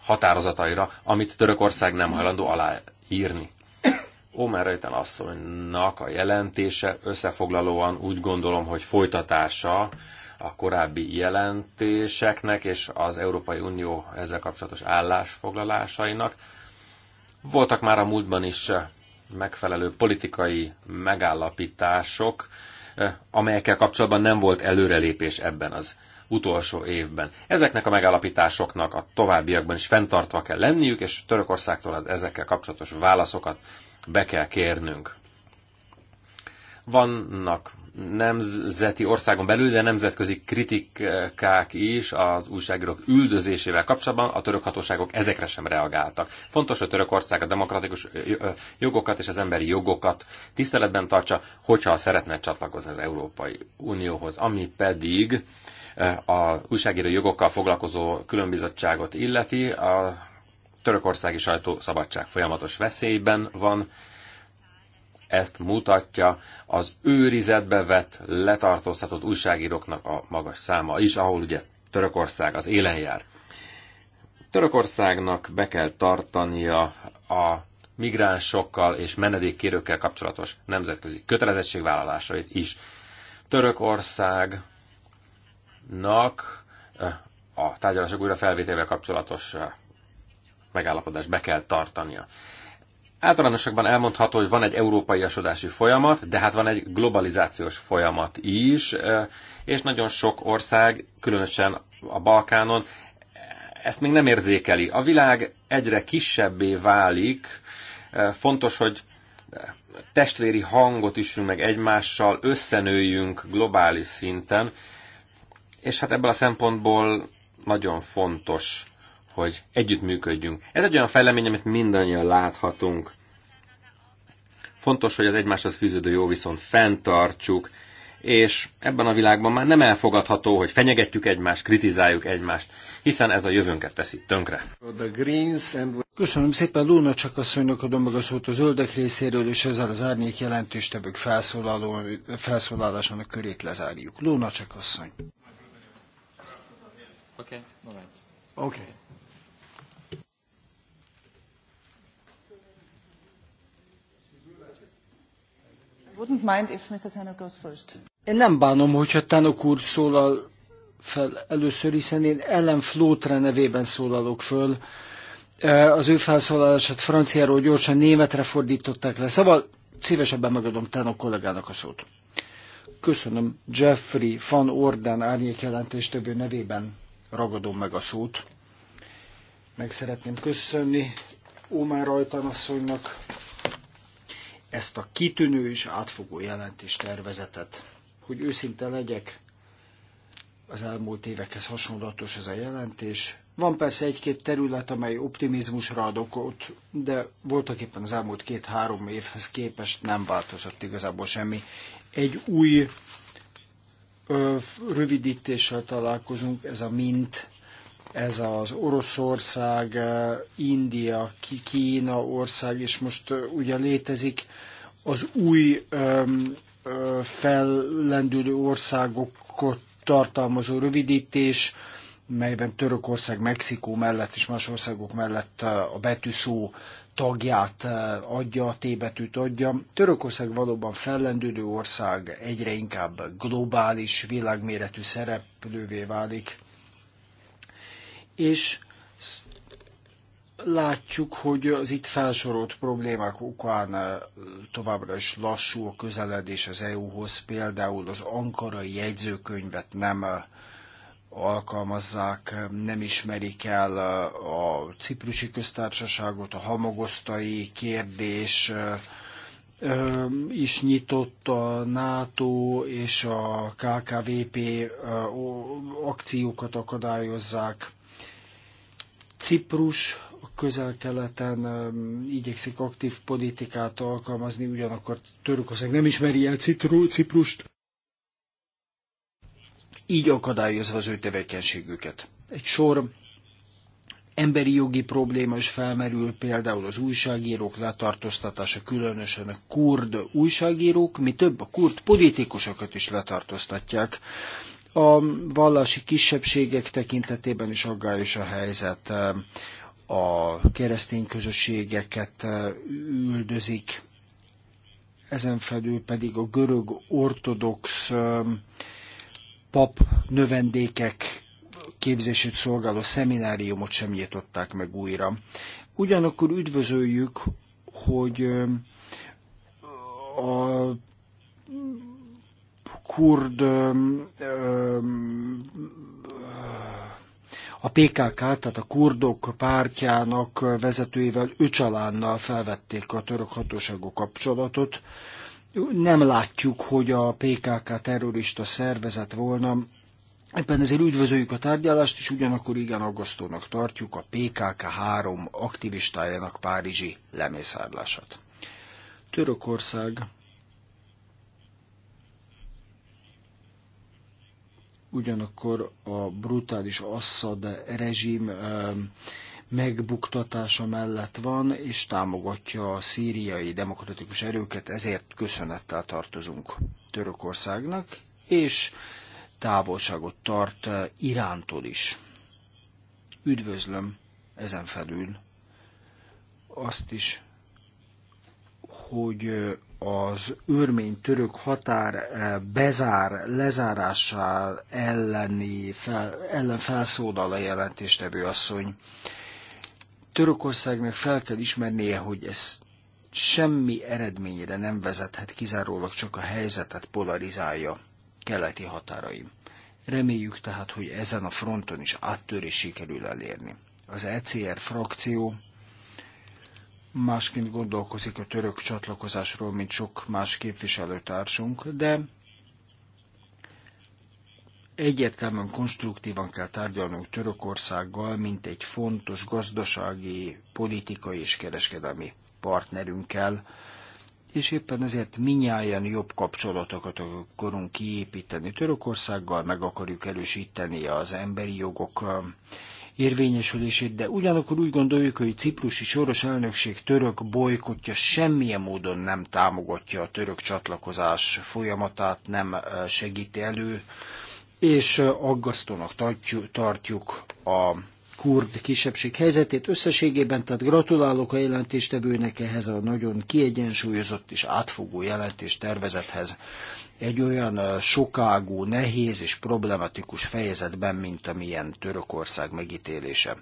határozataira, amit Törökország nem hajlandó aláírni. Omer Rejten asszonynak a jelentése összefoglalóan úgy gondolom, hogy folytatása a korábbi jelentéseknek és az Európai Unió ezzel kapcsolatos állásfoglalásainak. Voltak már a múltban is megfelelő politikai megállapítások, amelyekkel kapcsolatban nem volt előrelépés ebben az utolsó évben. Ezeknek a megállapításoknak a továbbiakban is fenntartva kell lenniük, és Törökországtól az ezekkel kapcsolatos válaszokat be kell kérnünk. Vannak nemzeti országon belül, de nemzetközi kritikák is az újságírók üldözésével kapcsolatban a török hatóságok ezekre sem reagáltak. Fontos, hogy Törökország a demokratikus jogokat és az emberi jogokat tiszteletben tartsa, hogyha szeretne csatlakozni az Európai Unióhoz, ami pedig a újságíró jogokkal foglalkozó különbizottságot illeti, a törökországi sajtószabadság folyamatos veszélyben van, ezt mutatja az őrizetbe vett, letartóztatott újságíróknak a magas száma is, ahol ugye Törökország az élen jár. Törökországnak be kell tartania a migránsokkal és menedékkérőkkel kapcsolatos nemzetközi kötelezettségvállalásait is. Törökország Nak eh, a tárgyalások újra felvételével kapcsolatos eh, megállapodást be kell tartania. Általánosakban elmondható, hogy van egy európai asodási folyamat, de hát van egy globalizációs folyamat is, eh, és nagyon sok ország, különösen a Balkánon, ezt még nem érzékeli. A világ egyre kisebbé válik, fontos, hogy testvéri hangot isünk meg egymással, összenőjünk globális szinten, és hát ebből a szempontból nagyon fontos, hogy együttműködjünk. Ez egy olyan fejlemény, amit mindannyian láthatunk. Fontos, hogy az egymáshoz fűződő jó viszont fenntartsuk, és ebben a világban már nem elfogadható, hogy fenyegetjük egymást, kritizáljuk egymást, hiszen ez a jövőnket teszi tönkre. Köszönöm szépen Luna csak asszonynak adom meg a szót a zöldek részéről, és ezzel az árnyék jelentéstevők felszólalásának körét lezárjuk. Luna csak asszony. Okay, all right. Okay. Wouldn't mind if Mr. Tanner goes first. Én nem bánom, hogyha Tanok úr szólal fel először, hiszen én Ellen Flótra nevében szólalok föl. Az ő felszólalását franciáról gyorsan németre fordították le, szóval szívesebben megadom Tanok kollégának a szót. Köszönöm Jeffrey Van Orden árnyék jelentéstevő nevében ragadom meg a szót. Meg szeretném köszönni Ómár Ajtanasszonynak ezt a kitűnő és átfogó jelentést tervezetet. Hogy őszinte legyek, az elmúlt évekhez hasonlatos ez a jelentés. Van persze egy-két terület, amely optimizmusra ad okot, de voltak éppen az elmúlt két-három évhez képest nem változott igazából semmi. Egy új rövidítéssel találkozunk, ez a mint, ez az Oroszország, India, Kína ország, és most ugye létezik az új fellendülő országokat tartalmazó rövidítés, melyben Törökország, Mexikó mellett és más országok mellett a betűszó tagját eh, adja, a tébetűt adja. Törökország valóban fellendődő ország, egyre inkább globális, világméretű szereplővé válik. És látjuk, hogy az itt felsorolt problémák okán eh, továbbra is lassú a közeledés az EU-hoz, például az ankarai jegyzőkönyvet nem eh, alkalmazzák, nem ismerik el a ciprusi köztársaságot, a hamogosztai kérdés is nyitott a NATO és a KKVP akciókat akadályozzák. Ciprus a közel-keleten igyekszik aktív politikát alkalmazni, ugyanakkor Törökország nem ismeri el Ciprust, így akadályozva az ő tevékenységüket. Egy sor emberi jogi probléma is felmerül, például az újságírók letartóztatása, különösen a kurd újságírók, mi több a kurd politikusokat is letartóztatják. A vallási kisebbségek tekintetében is aggályos a helyzet. A keresztény közösségeket üldözik, ezen felül pedig a görög ortodox pap növendékek képzését szolgáló szemináriumot sem nyitották meg újra. Ugyanakkor üdvözöljük, hogy a kurd a PKK, tehát a kurdok pártjának vezetőivel Öcsalánnal felvették a török hatóságok kapcsolatot, nem látjuk, hogy a PKK terrorista szervezet volna. Ebben ezért üdvözöljük a tárgyalást, és ugyanakkor igen aggasztónak tartjuk a PKK három aktivistájának párizsi lemészárlását. Törökország ugyanakkor a brutális Assad rezsim megbuktatása mellett van, és támogatja a szíriai demokratikus erőket, ezért köszönettel tartozunk Törökországnak, és távolságot tart eh, Irántól is. Üdvözlöm ezen felül azt is, hogy eh, az örmény-török határ eh, bezár, lezárásá elleni fel, ellen felszólal a jelentéstevő asszony. Törökországnak fel kell ismernie, hogy ez semmi eredményre nem vezethet, kizárólag csak a helyzetet polarizálja keleti határaim. Reméljük tehát, hogy ezen a fronton is áttörés sikerül elérni. Az ECR frakció másként gondolkozik a török csatlakozásról, mint sok más képviselőtársunk, de egyértelműen konstruktívan kell tárgyalnunk Törökországgal, mint egy fontos gazdasági, politikai és kereskedelmi partnerünkkel, és éppen ezért minnyáján jobb kapcsolatokat akarunk kiépíteni Törökországgal, meg akarjuk erősíteni az emberi jogok érvényesülését, de ugyanakkor úgy gondoljuk, hogy ciprusi soros elnökség török bolykotja semmilyen módon nem támogatja a török csatlakozás folyamatát, nem segíti elő, és aggasztónak tartjuk a kurd kisebbség helyzetét összességében, tehát gratulálok a jelentéstevőnek ehhez a nagyon kiegyensúlyozott és átfogó jelentés tervezethez. Egy olyan sokágú, nehéz és problematikus fejezetben, mint amilyen Törökország megítélése.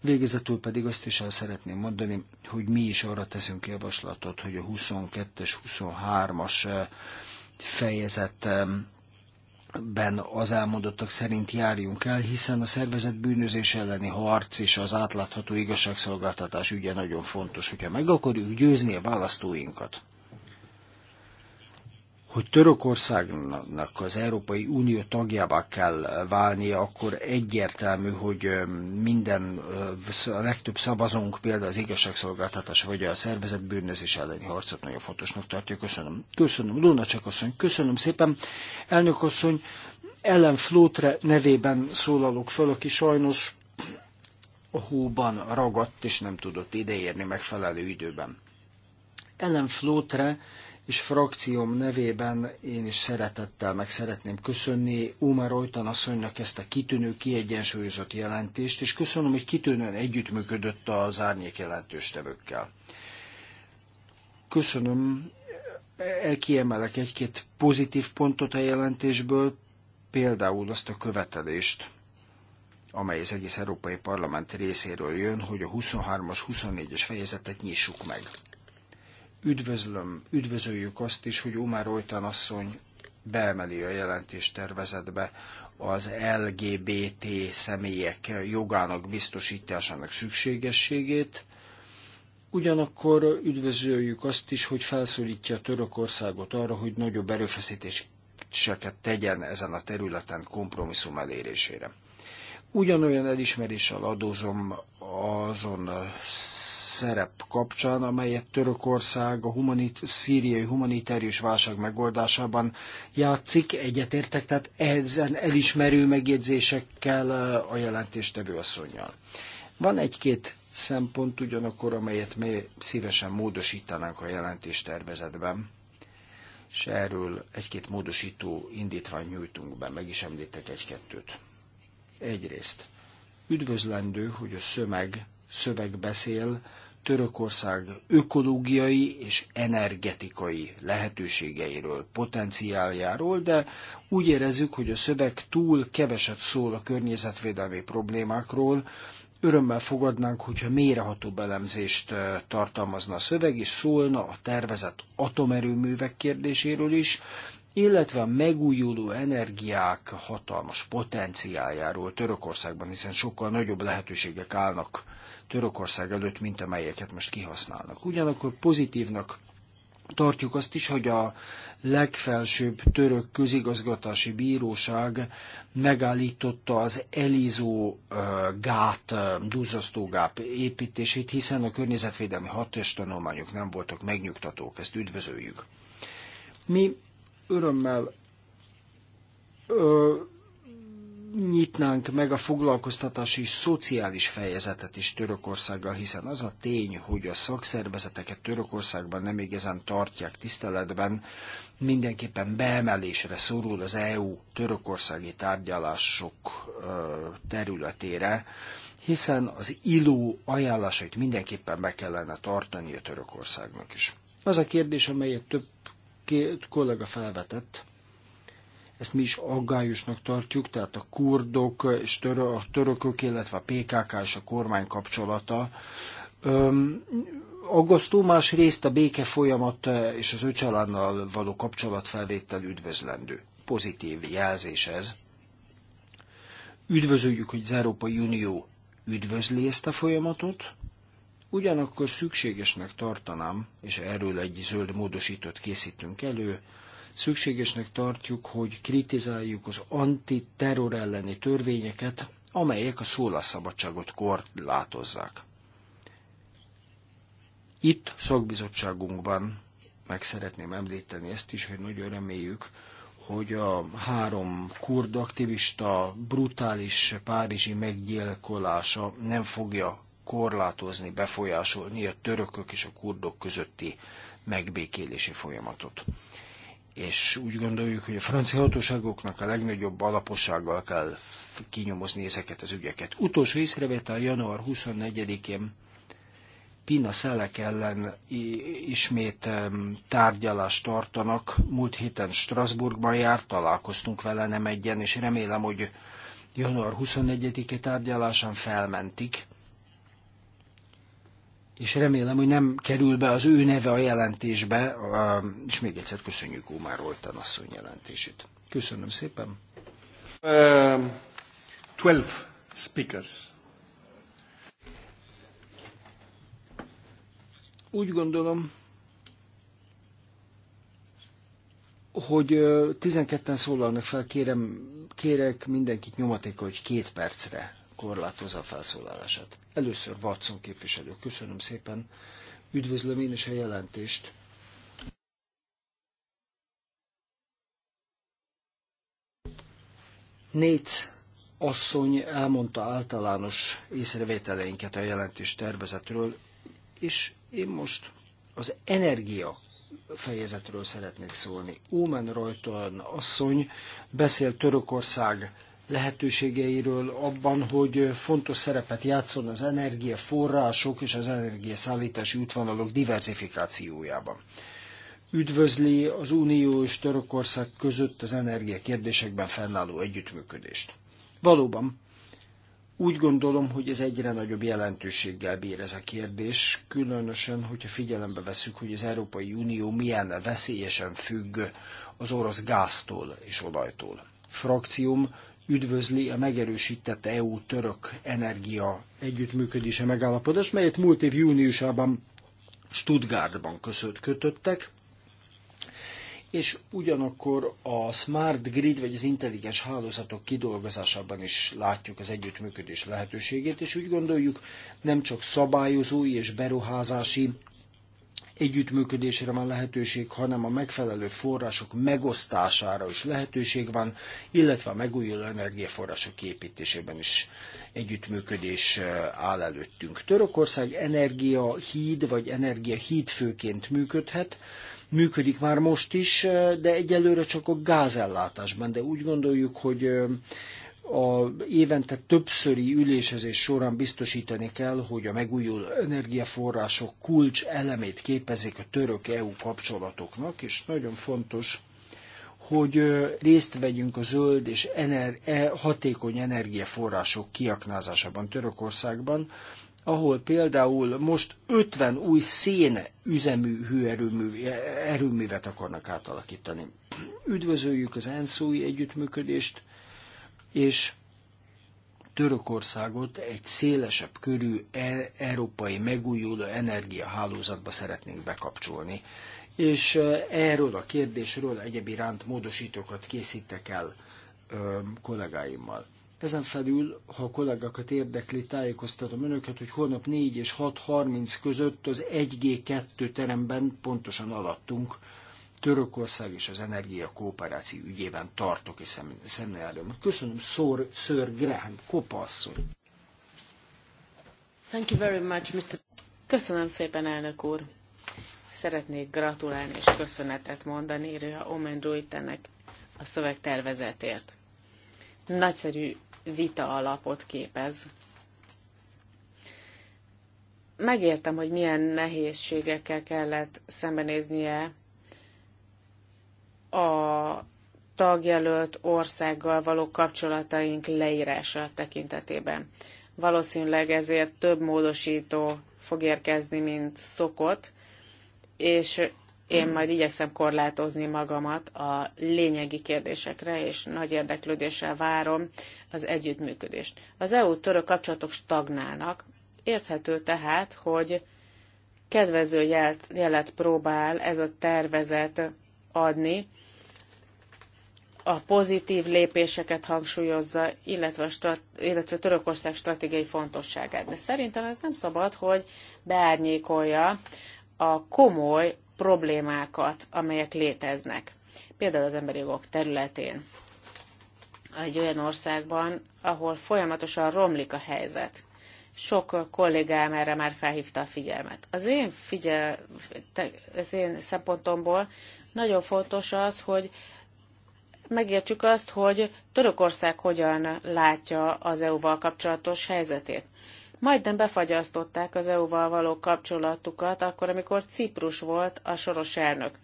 Végezetül pedig azt is el szeretném mondani, hogy mi is arra teszünk javaslatot, hogy a 22-es, 23-as fejezet ben az elmondottak szerint járjunk el, hiszen a szervezet bűnözés elleni harc és az átlátható igazságszolgáltatás ügye nagyon fontos, hogyha meg akarjuk győzni a választóinkat hogy Törökországnak az Európai Unió tagjává kell válnia, akkor egyértelmű, hogy minden, a legtöbb szavazónk például az igazságszolgáltatás vagy a szervezet bűnözés elleni harcot nagyon fontosnak tartja. Köszönöm. Köszönöm, Luna csak asszony. Köszönöm szépen. Elnök asszony, Ellen Flótre nevében szólalok föl, aki sajnos a hóban ragadt, és nem tudott ideérni megfelelő időben. Ellen Flótre és frakcióm nevében én is szeretettel meg szeretném köszönni Uma Rojtan asszonynak ezt a kitűnő, kiegyensúlyozott jelentést, és köszönöm, hogy kitűnően együttműködött az árnyék jelentőstevőkkel. Köszönöm, elkiemelek egy-két pozitív pontot a jelentésből, például azt a követelést, amely az egész Európai Parlament részéről jön, hogy a 23-as, 24-es fejezetet nyissuk meg. Üdvözlöm, üdvözöljük azt is, hogy Umar Ojtan asszony beemeli a jelentés tervezetbe az LGBT személyek jogának biztosításának szükségességét. Ugyanakkor üdvözöljük azt is, hogy felszólítja Törökországot arra, hogy nagyobb erőfeszítéseket tegyen ezen a területen kompromisszum elérésére. Ugyanolyan elismeréssel adózom azon szerep kapcsán, amelyet Törökország a humanit- szíriai humanitárius válság megoldásában játszik. Egyetértek, tehát ezen elismerő megjegyzésekkel eh, a jelentéstevő asszonyjal. Van egy-két szempont ugyanakkor, amelyet mi szívesen módosítanánk a tervezetben, és erről egy-két módosító indítvány nyújtunk be, meg is említek egy-kettőt. Egyrészt üdvözlendő, hogy a szömeg, szöveg beszél Törökország ökológiai és energetikai lehetőségeiről, potenciáljáról, de úgy érezzük, hogy a szöveg túl keveset szól a környezetvédelmi problémákról, Örömmel fogadnánk, hogyha mérehatóbb elemzést tartalmazna a szöveg, és szólna a tervezett atomerőművek kérdéséről is, illetve a megújuló energiák hatalmas potenciáljáról Törökországban, hiszen sokkal nagyobb lehetőségek állnak Törökország előtt, mint amelyeket most kihasználnak. Ugyanakkor pozitívnak tartjuk azt is, hogy a legfelsőbb török közigazgatási bíróság megállította az Elizó gát, duzzasztógáp építését, hiszen a környezetvédelmi hatás tanulmányok nem voltak megnyugtatók, ezt üdvözöljük. Mi örömmel ö, nyitnánk meg a foglalkoztatási és szociális fejezetet is Törökországgal, hiszen az a tény, hogy a szakszervezeteket Törökországban nem igazán tartják tiszteletben, mindenképpen beemelésre szorul az EU-törökországi tárgyalások területére, hiszen az ILO ajánlásait mindenképpen be kellene tartani a Törökországnak is. Az a kérdés, amelyet több két kollega felvetett, ezt mi is aggályosnak tartjuk, tehát a kurdok és törö, a törökök, illetve a PKK és a kormány kapcsolata. Öm, aggasztó másrészt a béke folyamat és az ő családdal való kapcsolatfelvétel üdvözlendő. Pozitív jelzés ez. Üdvözöljük, hogy az Európai Unió üdvözli ezt a folyamatot, ugyanakkor szükségesnek tartanám, és erről egy zöld módosítót készítünk elő, Szükségesnek tartjuk, hogy kritizáljuk az antiterror elleni törvényeket, amelyek a szólásszabadságot korlátozzák. Itt szakbizottságunkban meg szeretném említeni ezt is, hogy nagyon reméljük, hogy a három kurd aktivista brutális párizsi meggyilkolása nem fogja korlátozni, befolyásolni a törökök és a kurdok közötti megbékélési folyamatot és úgy gondoljuk, hogy a francia hatóságoknak a legnagyobb alapossággal kell kinyomozni ezeket az ügyeket. Utolsó észrevétel január 24-én Pina Szelek ellen ismét tárgyalást tartanak. Múlt héten Strasbourgban járt, találkoztunk vele nem egyen, és remélem, hogy január 24-i tárgyalásán felmentik és remélem, hogy nem kerül be az ő neve a jelentésbe, és még egyszer köszönjük Ómár Oltan asszony jelentését. Köszönöm szépen. Uh, um, 12 speakers. Úgy gondolom, hogy 12-en szólalnak fel, kérem, kérek mindenkit nyomatéka, hogy két percre korlátozza a felszólalását. Először Watson képviselő, köszönöm szépen, üdvözlöm én is a jelentést. Négy asszony elmondta általános észrevételeinket a jelentés tervezetről, és én most az energia fejezetről szeretnék szólni. Ómen Rajton asszony beszél Törökország lehetőségeiről abban, hogy fontos szerepet játszon az energiaforrások és az energiaszállítási útvonalok diversifikációjában. Üdvözli az Unió és Törökország között az energiakérdésekben fennálló együttműködést. Valóban, úgy gondolom, hogy ez egyre nagyobb jelentőséggel bír ez a kérdés, különösen, hogyha figyelembe veszük, hogy az Európai Unió milyen veszélyesen függ az orosz gáztól és olajtól. Frakcióm üdvözli a megerősített EU-török energia együttműködése megállapodás, melyet múlt év júniusában Stuttgartban köszönt kötöttek, és ugyanakkor a smart grid, vagy az intelligens hálózatok kidolgozásában is látjuk az együttműködés lehetőségét, és úgy gondoljuk, nem csak szabályozói és beruházási együttműködésre van lehetőség, hanem a megfelelő források megosztására is lehetőség van, illetve a megújuló energiaforrások építésében is együttműködés eh, áll előttünk. Törökország energia híd vagy energia híd főként működhet, működik már most is, eh, de egyelőre csak a gázellátásban, de úgy gondoljuk, hogy eh, a évente többszöri ülésezés során biztosítani kell, hogy a megújuló energiaforrások kulcs elemét képezik a török-EU kapcsolatoknak, és nagyon fontos, hogy részt vegyünk a zöld és ener- e, hatékony energiaforrások kiaknázásában Törökországban, ahol például most 50 új szén üzemű hőerőmű, e, erőművet akarnak átalakítani. Üdvözöljük az ENSZ új együttműködést, és Törökországot egy szélesebb körű e- európai megújuló energiahálózatba szeretnénk bekapcsolni. És erről a kérdésről egyéb iránt módosítókat készítek el ö, kollégáimmal. Ezen felül, ha a kollégákat érdekli, tájékoztatom önöket, hogy holnap 4 és 6.30 között az 1G2 teremben pontosan alattunk Törökország és az energiakooperáció ügyében tartok és előm. Köszönöm Sir, Sir Graham Kopasszony. Thank you very much, Mr. Köszönöm szépen, elnök úr. Szeretnék gratulálni és köszönetet mondani Rőha Omen Ruitennek a szövegtervezetért. Nagyszerű vita alapot képez. Megértem, hogy milyen nehézségekkel kellett szembenéznie a tagjelölt országgal való kapcsolataink leírása tekintetében. Valószínűleg ezért több módosító fog érkezni, mint szokott, és én majd igyekszem korlátozni magamat a lényegi kérdésekre, és nagy érdeklődéssel várom az együttműködést. Az EU-török kapcsolatok stagnálnak, érthető tehát, hogy kedvező jelet, próbál ez a tervezet adni a pozitív lépéseket hangsúlyozza, illetve, a strat, illetve Törökország stratégiai fontosságát. De szerintem ez nem szabad, hogy beárnyékolja a komoly problémákat, amelyek léteznek. Például az emberi jogok területén. Egy olyan országban, ahol folyamatosan romlik a helyzet. Sok kollégám erre már felhívta a figyelmet. Az én, figyel, az én szempontomból nagyon fontos az, hogy megértsük azt, hogy Törökország hogyan látja az EU-val kapcsolatos helyzetét. Majdnem befagyasztották az EU-val való kapcsolatukat akkor, amikor Ciprus volt a soros elnök.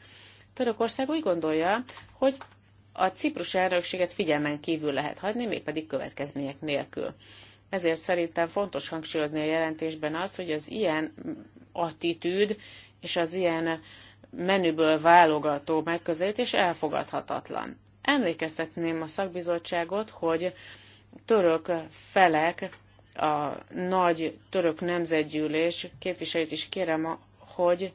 Törökország úgy gondolja, hogy a ciprus elnökséget figyelmen kívül lehet hagyni, mégpedig következmények nélkül. Ezért szerintem fontos hangsúlyozni a jelentésben azt, hogy az ilyen attitűd és az ilyen menüből válogató megközelítés elfogadhatatlan. Emlékeztetném a szakbizottságot, hogy török felek, a nagy török nemzetgyűlés képviselőt is kérem, hogy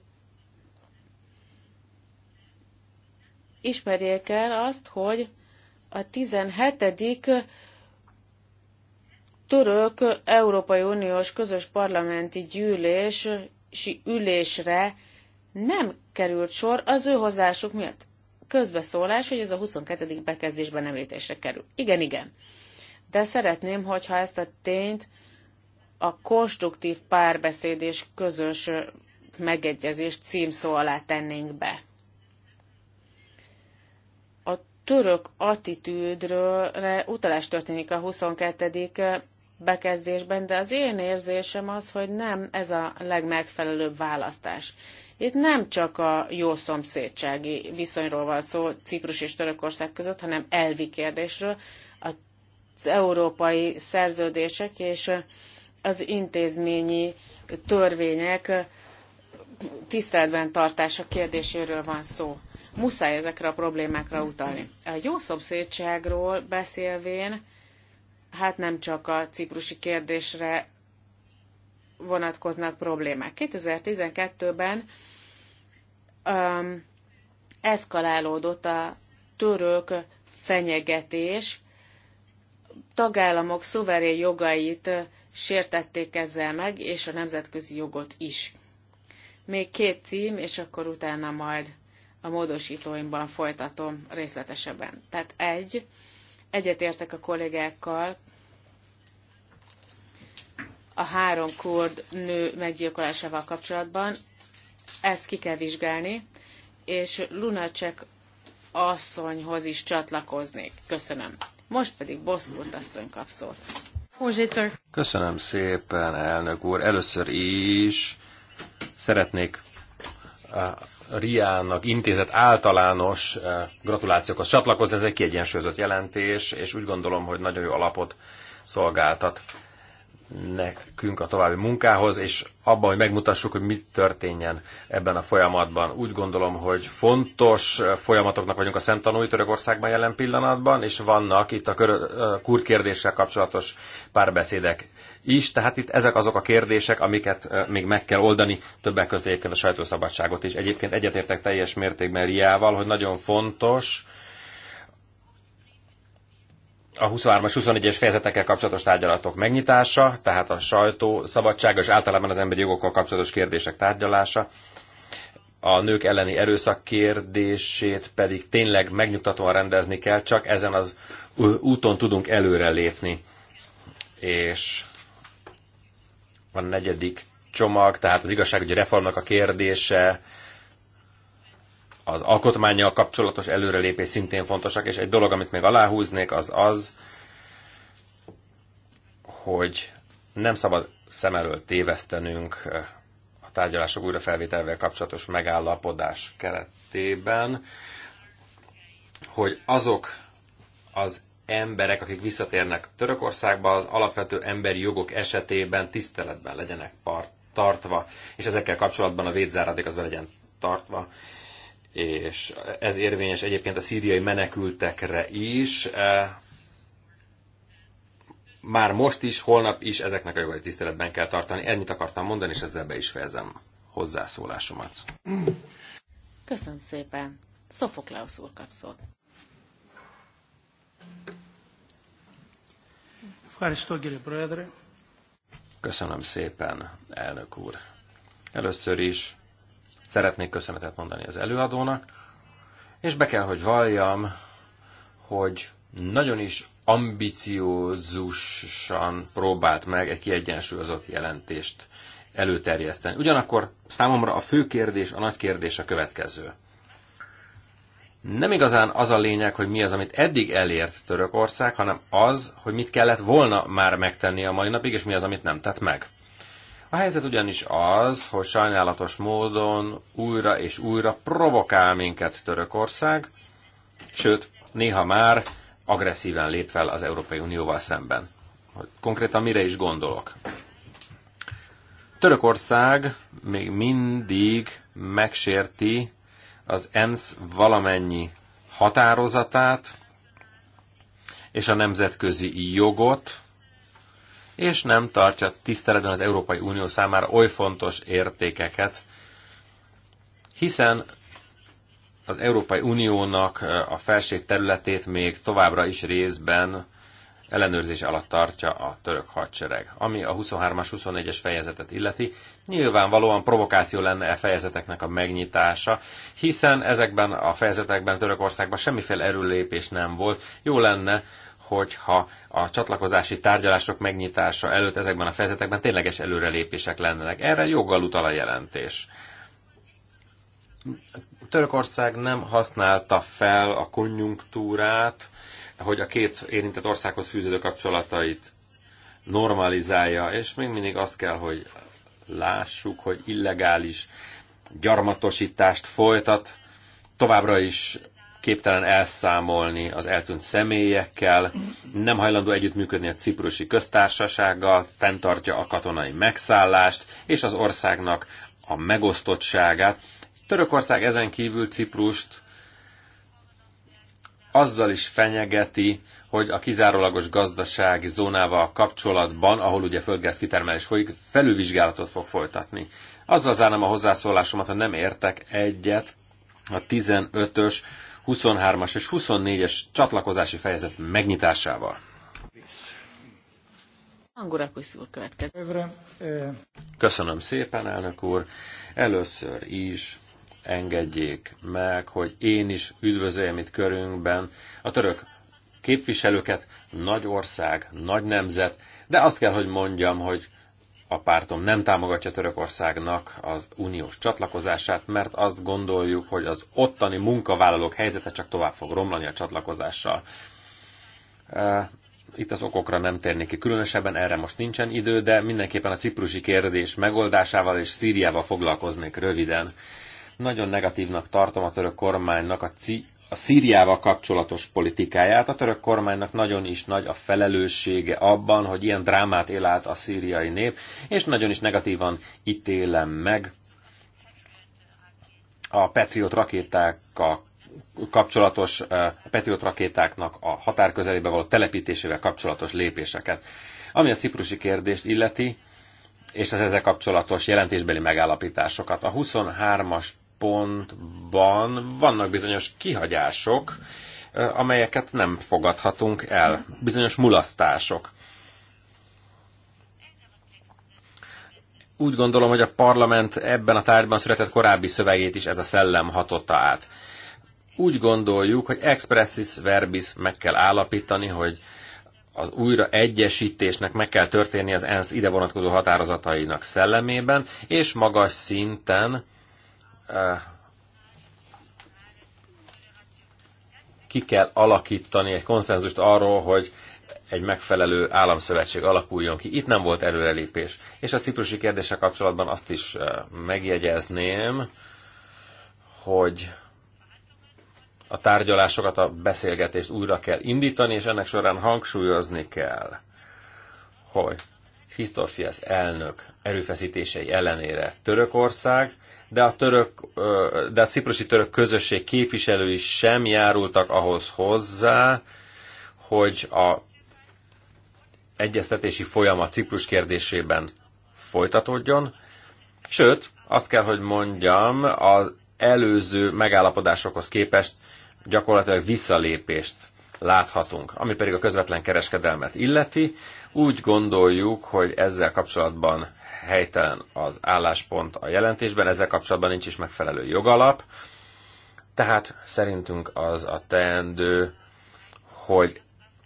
ismerjék el azt, hogy a 17 török Európai Uniós közös parlamenti gyűlési ülésre nem került sor az ő hozásuk miatt közbeszólás, hogy ez a 22. bekezdésben említésre kerül. Igen, igen. De szeretném, hogyha ezt a tényt a konstruktív párbeszéd és közös megegyezés címszó alá tennénk be. A török attitűdről utalás történik a 22. bekezdésben, de az én érzésem az, hogy nem ez a legmegfelelőbb választás. Itt nem csak a jó szomszédsági viszonyról van szó Ciprus és Törökország között, hanem elvi kérdésről, az európai szerződések és az intézményi törvények tiszteletben tartása kérdéséről van szó. Muszáj ezekre a problémákra utalni. A jó szomszédságról beszélvén, hát nem csak a ciprusi kérdésre vonatkoznak problémák. 2012-ben um, eszkalálódott a török fenyegetés, tagállamok szuverén jogait uh, sértették ezzel meg, és a nemzetközi jogot is. Még két cím, és akkor utána majd a módosítóimban folytatom részletesebben. Tehát egy, egyetértek a kollégákkal a három kurd nő meggyilkolásával kapcsolatban. Ezt ki kell vizsgálni, és Lunacek asszonyhoz is csatlakoznék. Köszönöm. Most pedig Boszkurt asszony kap szót. Köszönöm szépen, elnök úr. Először is szeretnék a Riának intézet általános eh, gratulációkhoz csatlakozni. Ez egy kiegyensúlyozott jelentés, és úgy gondolom, hogy nagyon jó alapot szolgáltat nekünk a további munkához, és abban, hogy megmutassuk, hogy mit történjen ebben a folyamatban. Úgy gondolom, hogy fontos folyamatoknak vagyunk a Tanúi Törökországban jelen pillanatban, és vannak itt a kurd kérdéssel kapcsolatos párbeszédek is, tehát itt ezek azok a kérdések, amiket még meg kell oldani, többek között egyébként a sajtószabadságot is. Egyébként egyetértek teljes mértékben Riával, hogy nagyon fontos, a 23-as, 24-es fejezetekkel kapcsolatos tárgyalatok megnyitása, tehát a sajtó szabadság és általában az emberi jogokkal kapcsolatos kérdések tárgyalása, a nők elleni erőszak kérdését pedig tényleg megnyugtatóan rendezni kell, csak ezen az úton tudunk előrelépni. És a negyedik csomag, tehát az igazságügyi reformnak a kérdése, az alkotmányjal kapcsolatos előrelépés szintén fontosak, és egy dolog, amit még aláhúznék, az az, hogy nem szabad szem elől tévesztenünk eh, a tárgyalások újrafelvételvel kapcsolatos megállapodás keretében, hogy azok az emberek, akik visszatérnek Törökországba, az alapvető emberi jogok esetében tiszteletben legyenek part, tartva, és ezekkel kapcsolatban a védzáradék az be legyen tartva és ez érvényes egyébként a szíriai menekültekre is. E, már most is, holnap is ezeknek a jogait tiszteletben kell tartani. Ennyit akartam mondani, és ezzel be is fejezem hozzászólásomat. Köszönöm szépen. Szofokleusz úr kap Köszönöm szépen, elnök úr. Először is Szeretnék köszönetet mondani az előadónak, és be kell, hogy valljam, hogy nagyon is ambiciózusan próbált meg egy kiegyensúlyozott jelentést előterjeszteni. Ugyanakkor számomra a fő kérdés, a nagy kérdés a következő. Nem igazán az a lényeg, hogy mi az, amit eddig elért Törökország, hanem az, hogy mit kellett volna már megtenni a mai napig, és mi az, amit nem tett meg. A helyzet ugyanis az, hogy sajnálatos módon újra és újra provokál minket Törökország, sőt, néha már agresszíven lép fel az Európai Unióval szemben. konkrétan mire is gondolok? Törökország még mindig megsérti az ENSZ valamennyi határozatát és a nemzetközi jogot, és nem tartja tiszteletben az Európai Unió számára oly fontos értékeket, hiszen az Európai Uniónak a felség területét még továbbra is részben ellenőrzés alatt tartja a török hadsereg. Ami a 23-as, 24-es fejezetet illeti, nyilvánvalóan provokáció lenne e fejezeteknek a megnyitása, hiszen ezekben a fejezetekben Törökországban semmiféle erőlépés nem volt. Jó lenne, hogyha a csatlakozási tárgyalások megnyitása előtt ezekben a fejezetekben tényleges előrelépések lennének. Erre joggal utal a jelentés. Törökország nem használta fel a konjunktúrát, hogy a két érintett országhoz fűződő kapcsolatait normalizálja, és még mindig azt kell, hogy lássuk, hogy illegális gyarmatosítást folytat, továbbra is képtelen elszámolni az eltűnt személyekkel, nem hajlandó együttműködni a ciprusi köztársasággal, fenntartja a katonai megszállást és az országnak a megosztottságát. Törökország ezen kívül Ciprust azzal is fenyegeti, hogy a kizárólagos gazdasági zónával kapcsolatban, ahol ugye földgáz kitermelés folyik, felülvizsgálatot fog folytatni. Azzal zárnám a hozzászólásomat, ha nem értek egyet a 15-ös 23-as és 24-es csatlakozási fejezet megnyitásával. következő. Köszönöm szépen, elnök úr. Először is engedjék meg, hogy én is üdvözöljem itt körünkben a török képviselőket, nagy ország, nagy nemzet, de azt kell, hogy mondjam, hogy a pártom nem támogatja Törökországnak az uniós csatlakozását, mert azt gondoljuk, hogy az ottani munkavállalók helyzete csak tovább fog romlani a csatlakozással. Itt az okokra nem térnék ki különösebben, erre most nincsen idő, de mindenképpen a ciprusi kérdés megoldásával és Szíriával foglalkoznék röviden. Nagyon negatívnak tartom a török kormánynak a, ci- a Szíriával kapcsolatos politikáját. A török kormánynak nagyon is nagy a felelőssége abban, hogy ilyen drámát él át a szíriai nép, és nagyon is negatívan ítélem meg a Patriot rakétákkal kapcsolatos, a Patriot rakétáknak a határ közelébe való telepítésével kapcsolatos lépéseket. Ami a ciprusi kérdést illeti, és az ezzel kapcsolatos jelentésbeli megállapításokat. A 23-as pontban vannak bizonyos kihagyások, amelyeket nem fogadhatunk el, bizonyos mulasztások. Úgy gondolom, hogy a parlament ebben a tárgyban született korábbi szövegét is ez a szellem hatotta át. Úgy gondoljuk, hogy expressis verbis meg kell állapítani, hogy az újra egyesítésnek meg kell történni az ENSZ ide vonatkozó határozatainak szellemében, és magas szinten Eh, ki kell alakítani egy konszenzust arról, hogy egy megfelelő államszövetség alakuljon ki. Itt nem volt előrelépés. És a ciprusi kérdése kapcsolatban azt is eh, megjegyezném, hogy a tárgyalásokat, a beszélgetést újra kell indítani, és ennek során hangsúlyozni kell, hogy Christofias elnök erőfeszítései ellenére Törökország, de a, török, de a ciprusi török közösség képviselői sem járultak ahhoz hozzá, hogy a egyeztetési folyamat Ciprus kérdésében folytatódjon. Sőt, azt kell, hogy mondjam, az előző megállapodásokhoz képest gyakorlatilag visszalépést láthatunk. Ami pedig a közvetlen kereskedelmet illeti, úgy gondoljuk, hogy ezzel kapcsolatban helytelen az álláspont a jelentésben, ezzel kapcsolatban nincs is megfelelő jogalap, tehát szerintünk az a teendő, hogy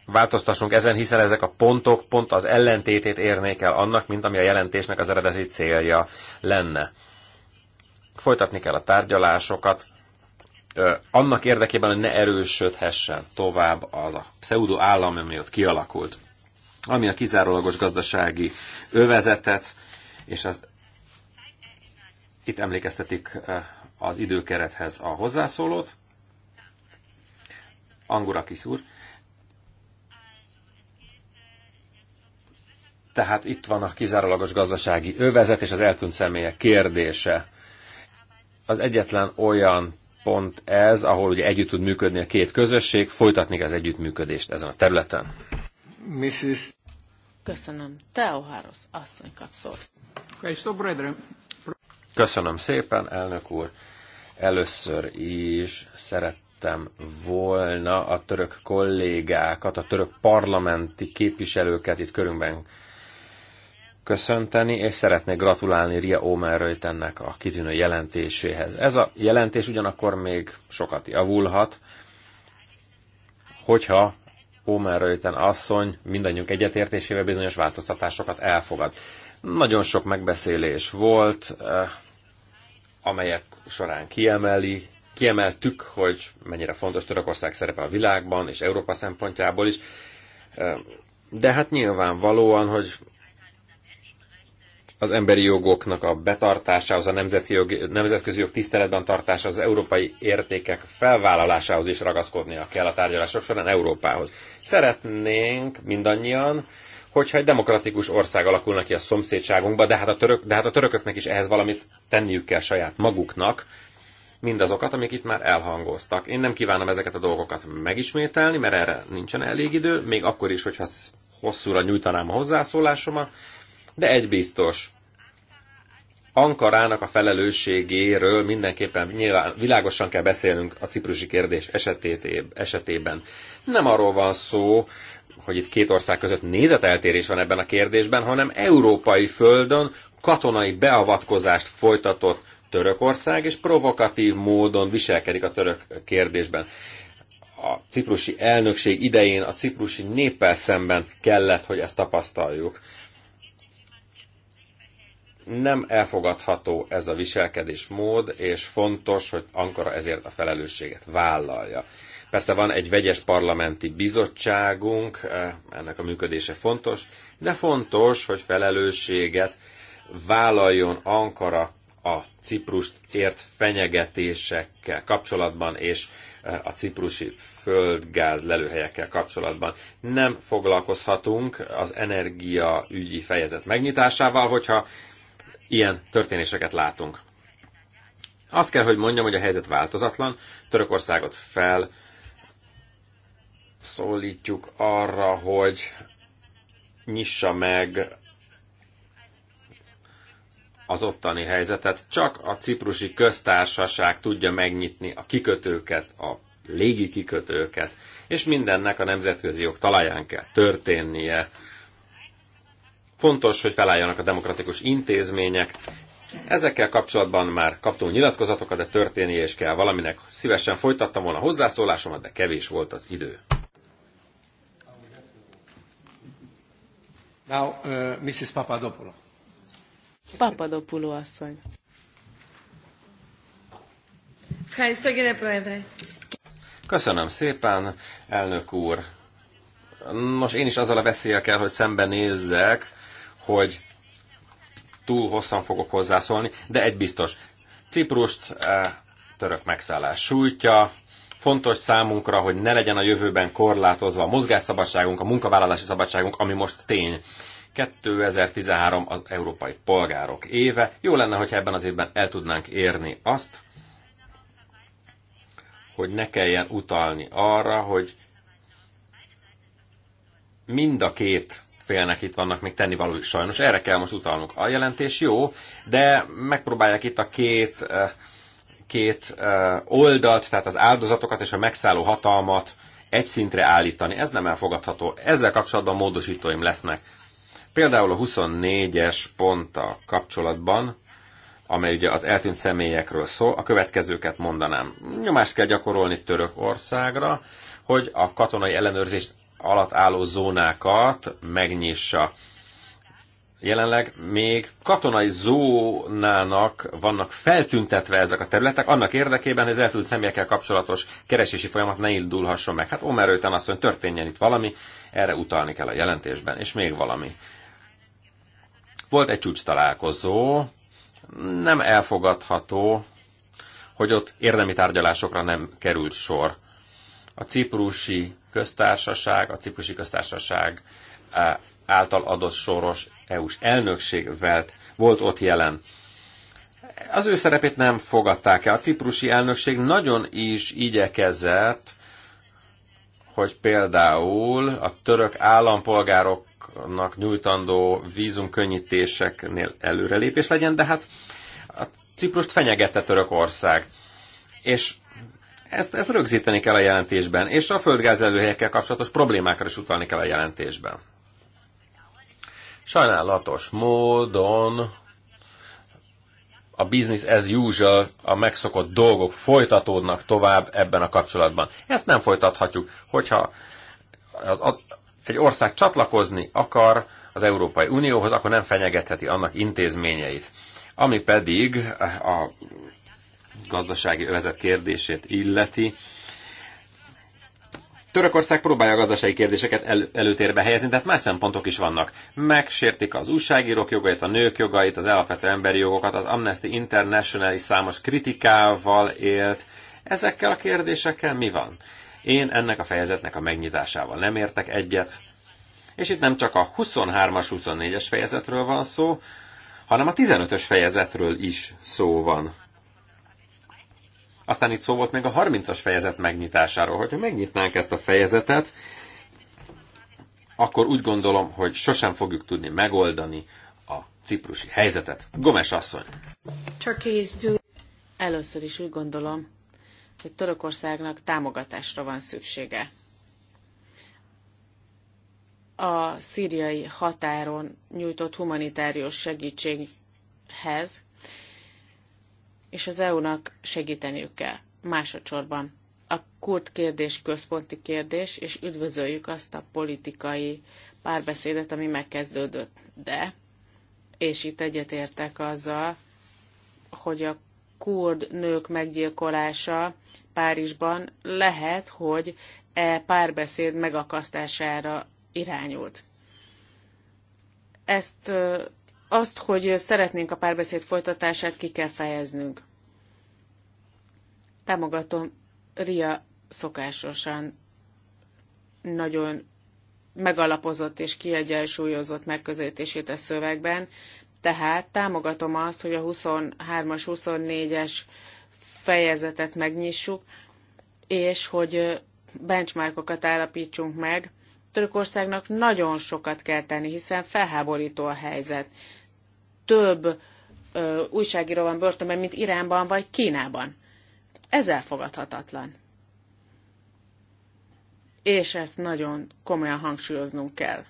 változtassunk ezen, hiszen ezek a pontok pont az ellentétét érnék el annak, mint ami a jelentésnek az eredeti célja lenne. Folytatni kell a tárgyalásokat annak érdekében, hogy ne erősödhessen tovább az a pseudo állam, ami ott kialakult. Ami a kizárólagos gazdasági övezetet, és az, itt emlékeztetik az időkerethez a hozzászólót, Angurakis úr. Tehát itt van a kizárólagos gazdasági övezet és az eltűnt személyek kérdése. Az egyetlen olyan pont ez, ahol ugye együtt tud működni a két közösség, folytatni az együttműködést ezen a területen. Mrs. Köszönöm. Teo Háros, asszony kapszolt. Köszönöm szépen, elnök úr. Először is szerettem volna a török kollégákat, a török parlamenti képviselőket itt körünkben köszönteni, és szeretnék gratulálni Ria Omerrőt ennek a kitűnő jelentéséhez. Ez a jelentés ugyanakkor még sokat javulhat, hogyha Omerrőten asszony mindannyiunk egyetértésével bizonyos változtatásokat elfogad. Nagyon sok megbeszélés volt, eh, amelyek során kiemeli, kiemeltük, hogy mennyire fontos Törökország szerepe a világban és Európa szempontjából is, eh, de hát nyilvánvalóan, hogy az emberi jogoknak a betartásához, a nemzeti jog, nemzetközi jog tiszteletben tartásához, az európai értékek felvállalásához is ragaszkodnia kell a tárgyalások során Európához. Szeretnénk mindannyian, hogyha egy demokratikus ország alakulna ki a szomszédságunkba, de hát a, török, de hát a törököknek is ehhez valamit tenniük kell saját maguknak, mindazokat, amik itt már elhangoztak. Én nem kívánom ezeket a dolgokat megismételni, mert erre nincsen elég idő, még akkor is, hogyha hosszúra nyújtanám a hozzászólásomat, de egy biztos, Ankarának a felelősségéről mindenképpen nyilván világosan kell beszélnünk a ciprusi kérdés esetében. Nem arról van szó, hogy itt két ország között nézeteltérés van ebben a kérdésben, hanem európai földön katonai beavatkozást folytatott Törökország, és provokatív módon viselkedik a török kérdésben. A ciprusi elnökség idején a ciprusi néppel szemben kellett, hogy ezt tapasztaljuk nem elfogadható ez a viselkedésmód, és fontos, hogy Ankara ezért a felelősséget vállalja. Persze van egy vegyes parlamenti bizottságunk, eh, ennek a működése fontos, de fontos, hogy felelősséget vállaljon Ankara a Ciprust ért fenyegetésekkel kapcsolatban, és eh, a ciprusi földgáz lelőhelyekkel kapcsolatban. Nem foglalkozhatunk az energiaügyi fejezet megnyitásával, hogyha ilyen történéseket látunk. Azt kell, hogy mondjam, hogy a helyzet változatlan. Törökországot fel szólítjuk arra, hogy nyissa meg az ottani helyzetet. Csak a ciprusi köztársaság tudja megnyitni a kikötőket, a légi kikötőket, és mindennek a nemzetközi jog talaján kell történnie. Fontos, hogy felálljanak a demokratikus intézmények. Ezekkel kapcsolatban már kaptunk nyilatkozatokat, de történni is kell valaminek. Szívesen folytattam volna hozzászólásomat, de kevés volt az idő. Now, uh, Mrs. Papadopoulou. Papadopoulou asszony. Köszönöm szépen, elnök úr. Nos, én is azzal a veszélyel kell, hogy szembenézzek, hogy túl hosszan fogok hozzászólni, de egy biztos. Ciprust eh, török megszállás sújtja, fontos számunkra, hogy ne legyen a jövőben korlátozva a mozgásszabadságunk, a munkavállalási szabadságunk, ami most tény. 2013 az európai polgárok éve. Jó lenne, hogyha ebben az évben el tudnánk érni azt, hogy ne kelljen utalni arra, hogy mind a két félnek itt vannak még tennivalójuk sajnos. Erre kell most utalnunk. A jelentés jó, de megpróbálják itt a két, eh, két eh, oldalt, tehát az áldozatokat és a megszálló hatalmat egy szintre állítani. Ez nem elfogadható. Ezzel kapcsolatban módosítóim lesznek. Például a 24-es ponttal kapcsolatban, amely ugye az eltűnt személyekről szól, a következőket mondanám. Nyomást kell gyakorolni Törökországra, hogy a katonai ellenőrzést alatt álló zónákat megnyissa. Jelenleg még katonai zónának vannak feltüntetve ezek a területek, annak érdekében, hogy az eltűnt személyekkel kapcsolatos keresési folyamat ne indulhasson meg. Hát omerőten azt mondja, történjen itt valami, erre utalni kell a jelentésben, és még valami. Volt egy csúcs találkozó, nem elfogadható, hogy ott érdemi tárgyalásokra nem került sor. A ciprusi köztársaság, a ciprusi köztársaság eh, által adott soros EU-s elnökség velt, volt ott jelen. Az ő szerepét nem fogadták el. A ciprusi elnökség nagyon is igyekezett, hogy például a török állampolgároknak nyújtandó vízumkönnyítéseknél előrelépés legyen, de hát a Ciprust fenyegette Törökország. És ezt, ezt rögzíteni kell a jelentésben, és a földgázelőhelyekkel kapcsolatos problémákra is utalni kell a jelentésben. Sajnálatos módon a business as usual, a megszokott dolgok folytatódnak tovább ebben a kapcsolatban. Ezt nem folytathatjuk, hogyha az, egy ország csatlakozni akar az Európai Unióhoz, akkor nem fenyegetheti annak intézményeit. Ami pedig a gazdasági övezet kérdését illeti. Törökország próbálja a gazdasági kérdéseket el, előtérbe helyezni, tehát más szempontok is vannak. Megsértik az újságírók jogait, a nők jogait, az alapvető emberi jogokat, az Amnesty International is számos kritikával élt. Ezekkel a kérdésekkel mi van? Én ennek a fejezetnek a megnyitásával nem értek egyet. És itt nem csak a 23-as, 24-es fejezetről van szó, hanem a 15-ös fejezetről is szó van. Aztán itt szó volt még a 30-as fejezet megnyitásáról. Hogyha megnyitnánk ezt a fejezetet, akkor úgy gondolom, hogy sosem fogjuk tudni megoldani a ciprusi helyzetet. Gomes asszony. Először is úgy gondolom, hogy Törökországnak támogatásra van szüksége. A szíriai határon nyújtott humanitárius segítséghez és az EU-nak segíteniük kell. Másodszorban a kurt kérdés központi kérdés, és üdvözöljük azt a politikai párbeszédet, ami megkezdődött. De, és itt egyetértek azzal, hogy a kurd nők meggyilkolása Párizsban lehet, hogy e párbeszéd megakasztására irányult. Ezt azt, hogy szeretnénk a párbeszéd folytatását ki kell fejeznünk. Támogatom Ria szokásosan nagyon megalapozott és kiegyensúlyozott megközelítését a szövegben, tehát támogatom azt, hogy a 23-as, 24-es fejezetet megnyissuk, és hogy benchmarkokat állapítsunk meg. Törökországnak nagyon sokat kell tenni, hiszen felháborító a helyzet több ö, újságíró van börtönben, mint Iránban vagy Kínában. Ez elfogadhatatlan. És ezt nagyon komolyan hangsúlyoznunk kell.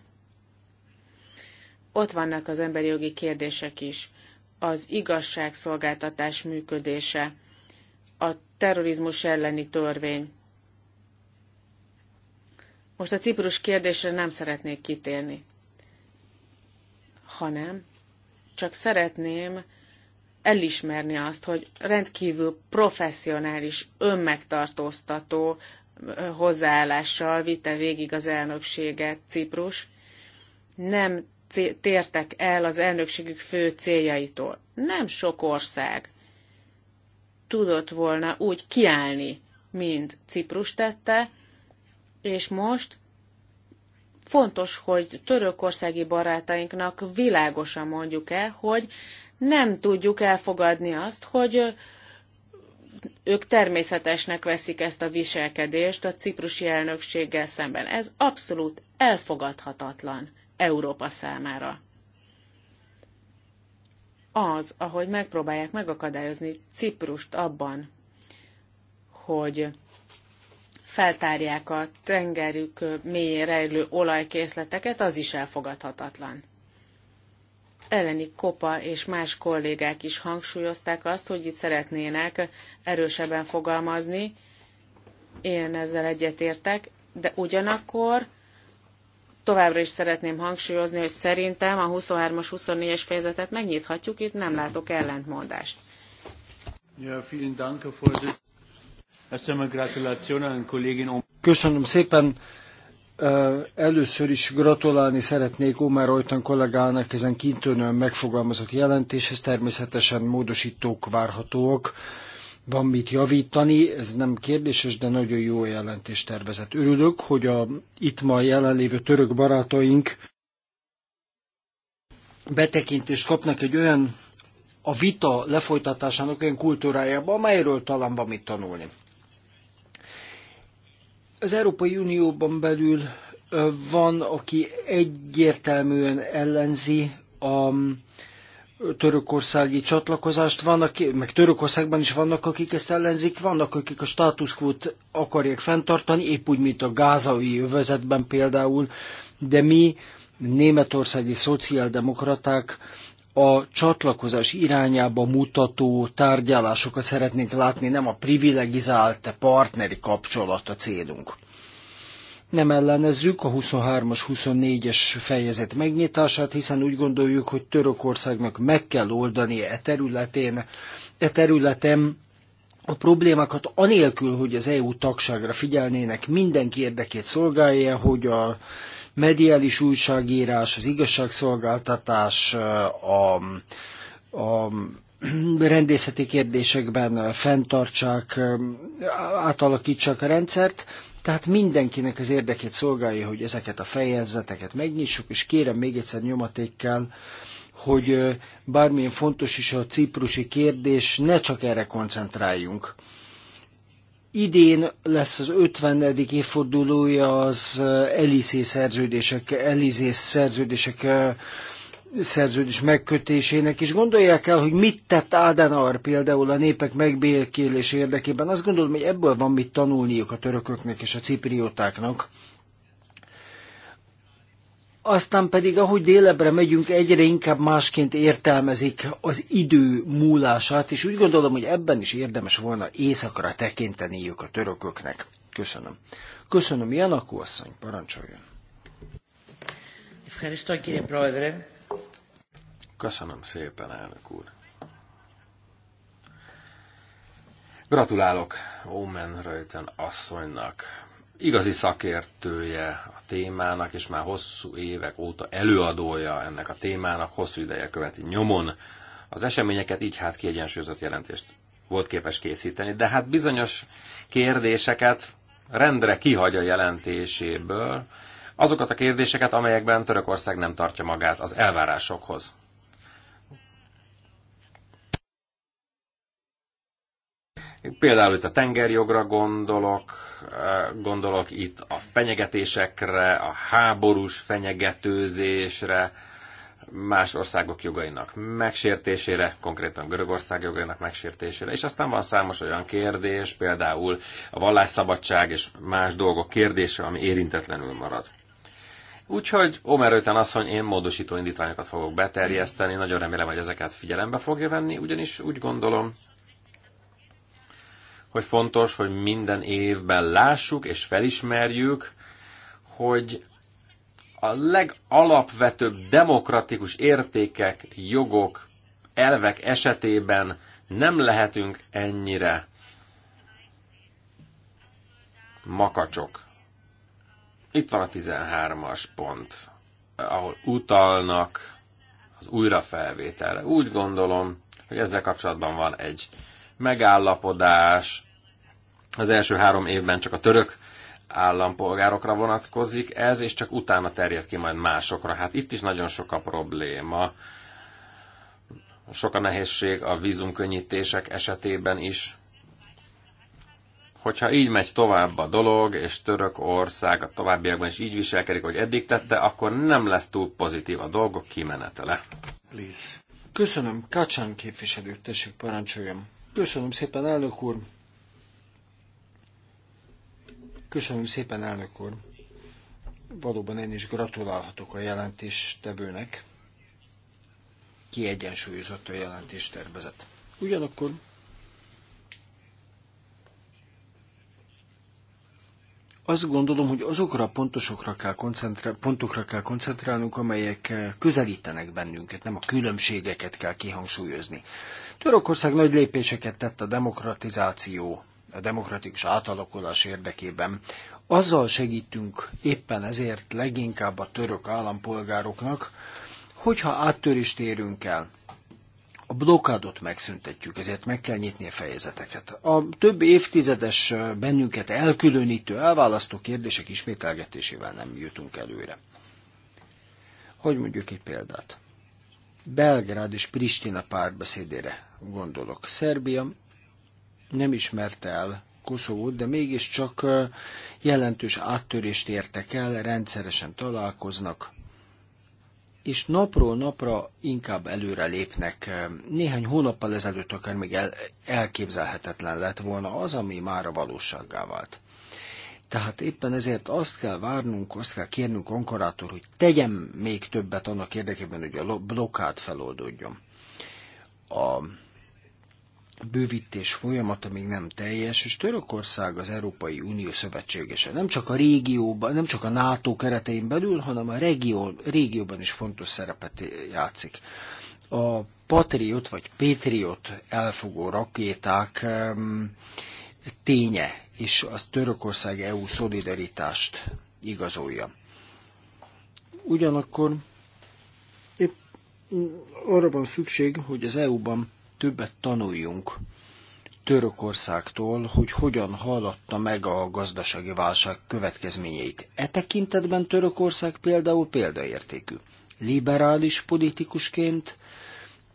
Ott vannak az emberi jogi kérdések is, az igazságszolgáltatás működése, a terrorizmus elleni törvény. Most a ciprus kérdésre nem szeretnék kitérni, hanem csak szeretném elismerni azt, hogy rendkívül professzionális, önmegtartóztató hozzáállással vitte végig az elnökséget Ciprus. Nem tértek el az elnökségük fő céljaitól. Nem sok ország tudott volna úgy kiállni, mint Ciprus tette, és most Fontos, hogy törökországi barátainknak világosan mondjuk el, hogy nem tudjuk elfogadni azt, hogy ők természetesnek veszik ezt a viselkedést a ciprusi elnökséggel szemben. Ez abszolút elfogadhatatlan Európa számára. Az, ahogy megpróbálják megakadályozni Ciprust abban, hogy feltárják a tengerük mélyén rejlő olajkészleteket, az is elfogadhatatlan. Elleni Kopa és más kollégák is hangsúlyozták azt, hogy itt szeretnének erősebben fogalmazni. Én ezzel egyetértek, de ugyanakkor továbbra is szeretném hangsúlyozni, hogy szerintem a 23-as, 24-es fejezetet megnyithatjuk, itt nem látok ellentmondást. Ja, vielen Dank, Herr Köszönöm szépen. Először is gratulálni szeretnék Omer Rajtan kollégának ezen kintőnően megfogalmazott jelentéshez. Természetesen módosítók várhatóak. Van mit javítani, ez nem kérdéses, de nagyon jó jelentéstervezet. Örülök, hogy a itt ma jelenlévő török barátaink betekintést kapnak egy olyan a vita lefolytatásának olyan kultúrájába, amelyről talán van mit tanulni. Az Európai Unióban belül van, aki egyértelműen ellenzi a törökországi csatlakozást, vannak, meg Törökországban is vannak, akik ezt ellenzik, vannak, akik a státuszkvót akarják fenntartani, épp úgy, mint a gázai övezetben például, de mi, németországi szociáldemokraták a csatlakozás irányába mutató tárgyalásokat szeretnénk látni, nem a privilegizált partneri kapcsolat a célunk. Nem ellenezzük a 23-as, 24-es fejezet megnyitását, hiszen úgy gondoljuk, hogy Törökországnak meg kell oldani e területén, e területen a problémákat anélkül, hogy az EU tagságra figyelnének, mindenki érdekét szolgálja, hogy a mediális újságírás, az igazságszolgáltatás, a, a rendészeti kérdésekben fenntartsák, átalakítsák a rendszert, tehát mindenkinek az érdekét szolgálja, hogy ezeket a fejezeteket megnyissuk, és kérem még egyszer nyomatékkel, hogy bármilyen fontos is a ciprusi kérdés, ne csak erre koncentráljunk. Idén lesz az 50. évfordulója az eh, Elizé szerződések, Elizé szerződések eh, szerződés megkötésének, és gondolják el, hogy mit tett Adenauer például a népek megbékélés érdekében. Azt gondolom, hogy ebből van mit tanulniuk a törököknek és a ciprióták aztán pedig, ahogy délebre megyünk, egyre inkább másként értelmezik az idő múlását, és úgy gondolom, hogy ebben is érdemes volna éjszakra tekinteniük a törököknek. Köszönöm. Köszönöm, Janakó asszony, parancsoljon. Köszönöm szépen, elnök úr. Gratulálok Omen Röjten asszonynak. Igazi szakértője a témának, és már hosszú évek óta előadója ennek a témának, hosszú ideje követi nyomon az eseményeket, így hát kiegyensúlyozott jelentést volt képes készíteni, de hát bizonyos kérdéseket rendre kihagy a jelentéséből, azokat a kérdéseket, amelyekben Törökország nem tartja magát az elvárásokhoz. Például itt a tengerjogra gondolok, eh, gondolok itt a fenyegetésekre, a háborús fenyegetőzésre, más országok jogainak megsértésére, konkrétan Görögország jogainak megsértésére, és aztán van számos olyan kérdés, például a vallásszabadság és más dolgok kérdése, ami érintetlenül marad. Úgyhogy Omer Öten asszony, én módosító indítványokat fogok beterjeszteni, nagyon remélem, hogy ezeket figyelembe fogja venni, ugyanis úgy gondolom, hogy fontos, hogy minden évben lássuk és felismerjük, hogy a legalapvetőbb demokratikus értékek, jogok, elvek esetében nem lehetünk ennyire makacsok. Itt van a 13-as pont, ahol utalnak az újrafelvételre. Úgy gondolom, hogy ezzel kapcsolatban van egy megállapodás az első három évben csak a török állampolgárokra vonatkozik ez, és csak utána terjed ki majd másokra. Hát itt is nagyon sok a probléma. Sok a nehézség a vízumkönnyítések esetében is. Hogyha így megy tovább a dolog, és török ország a továbbiakban is így viselkedik, hogy eddig tette, akkor nem lesz túl pozitív a dolgok kimenetele. Please. Köszönöm, Kacsán képviselő, tessék parancsoljam. Köszönöm szépen, elnök úr! Köszönöm szépen, elnök úr! Valóban én is gratulálhatok a jelentéstevőnek. Kiegyensúlyozott a jelentéstervezet. Ugyanakkor azt gondolom, hogy azokra a pontosokra kell koncentrál, pontokra kell koncentrálnunk, amelyek eh, közelítenek bennünket, nem a különbségeket kell kihangsúlyozni. Törökország nagy lépéseket tett a demokratizáció, a demokratikus átalakulás érdekében. Azzal segítünk éppen ezért leginkább a török állampolgároknak, hogyha áttörést érünk el, a blokádot megszüntetjük, ezért meg kell nyitni a fejezeteket. A több évtizedes bennünket elkülönítő, elválasztó kérdések ismételgetésével nem jutunk előre. Hogy mondjuk egy példát? Belgrád és Pristina párbeszédére gondolok. Szerbia nem ismerte el Koszovót, de mégiscsak jelentős áttörést értek el, rendszeresen találkoznak, és napról napra inkább előre lépnek. Néhány hónappal ezelőtt akár még el, elképzelhetetlen lett volna az, ami már a valósággá vált. Tehát éppen ezért azt kell várnunk, azt kell kérnünk Ankarától, hogy tegyen még többet annak érdekében, hogy a blokkát feloldódjon. A bővítés folyamata még nem teljes, és Törökország az Európai Unió szövetségese. Nem csak a régióban, nem csak a NATO keretein belül, hanem a régió, régióban is fontos szerepet játszik. A Patriot vagy Patriot elfogó rakéták ténye és az Törökország EU szolidaritást igazolja. Ugyanakkor épp arra van szükség, hogy az EU-ban többet tanuljunk Törökországtól, hogy hogyan hallatta meg a gazdasági válság következményeit. E tekintetben Törökország például példaértékű. Liberális politikusként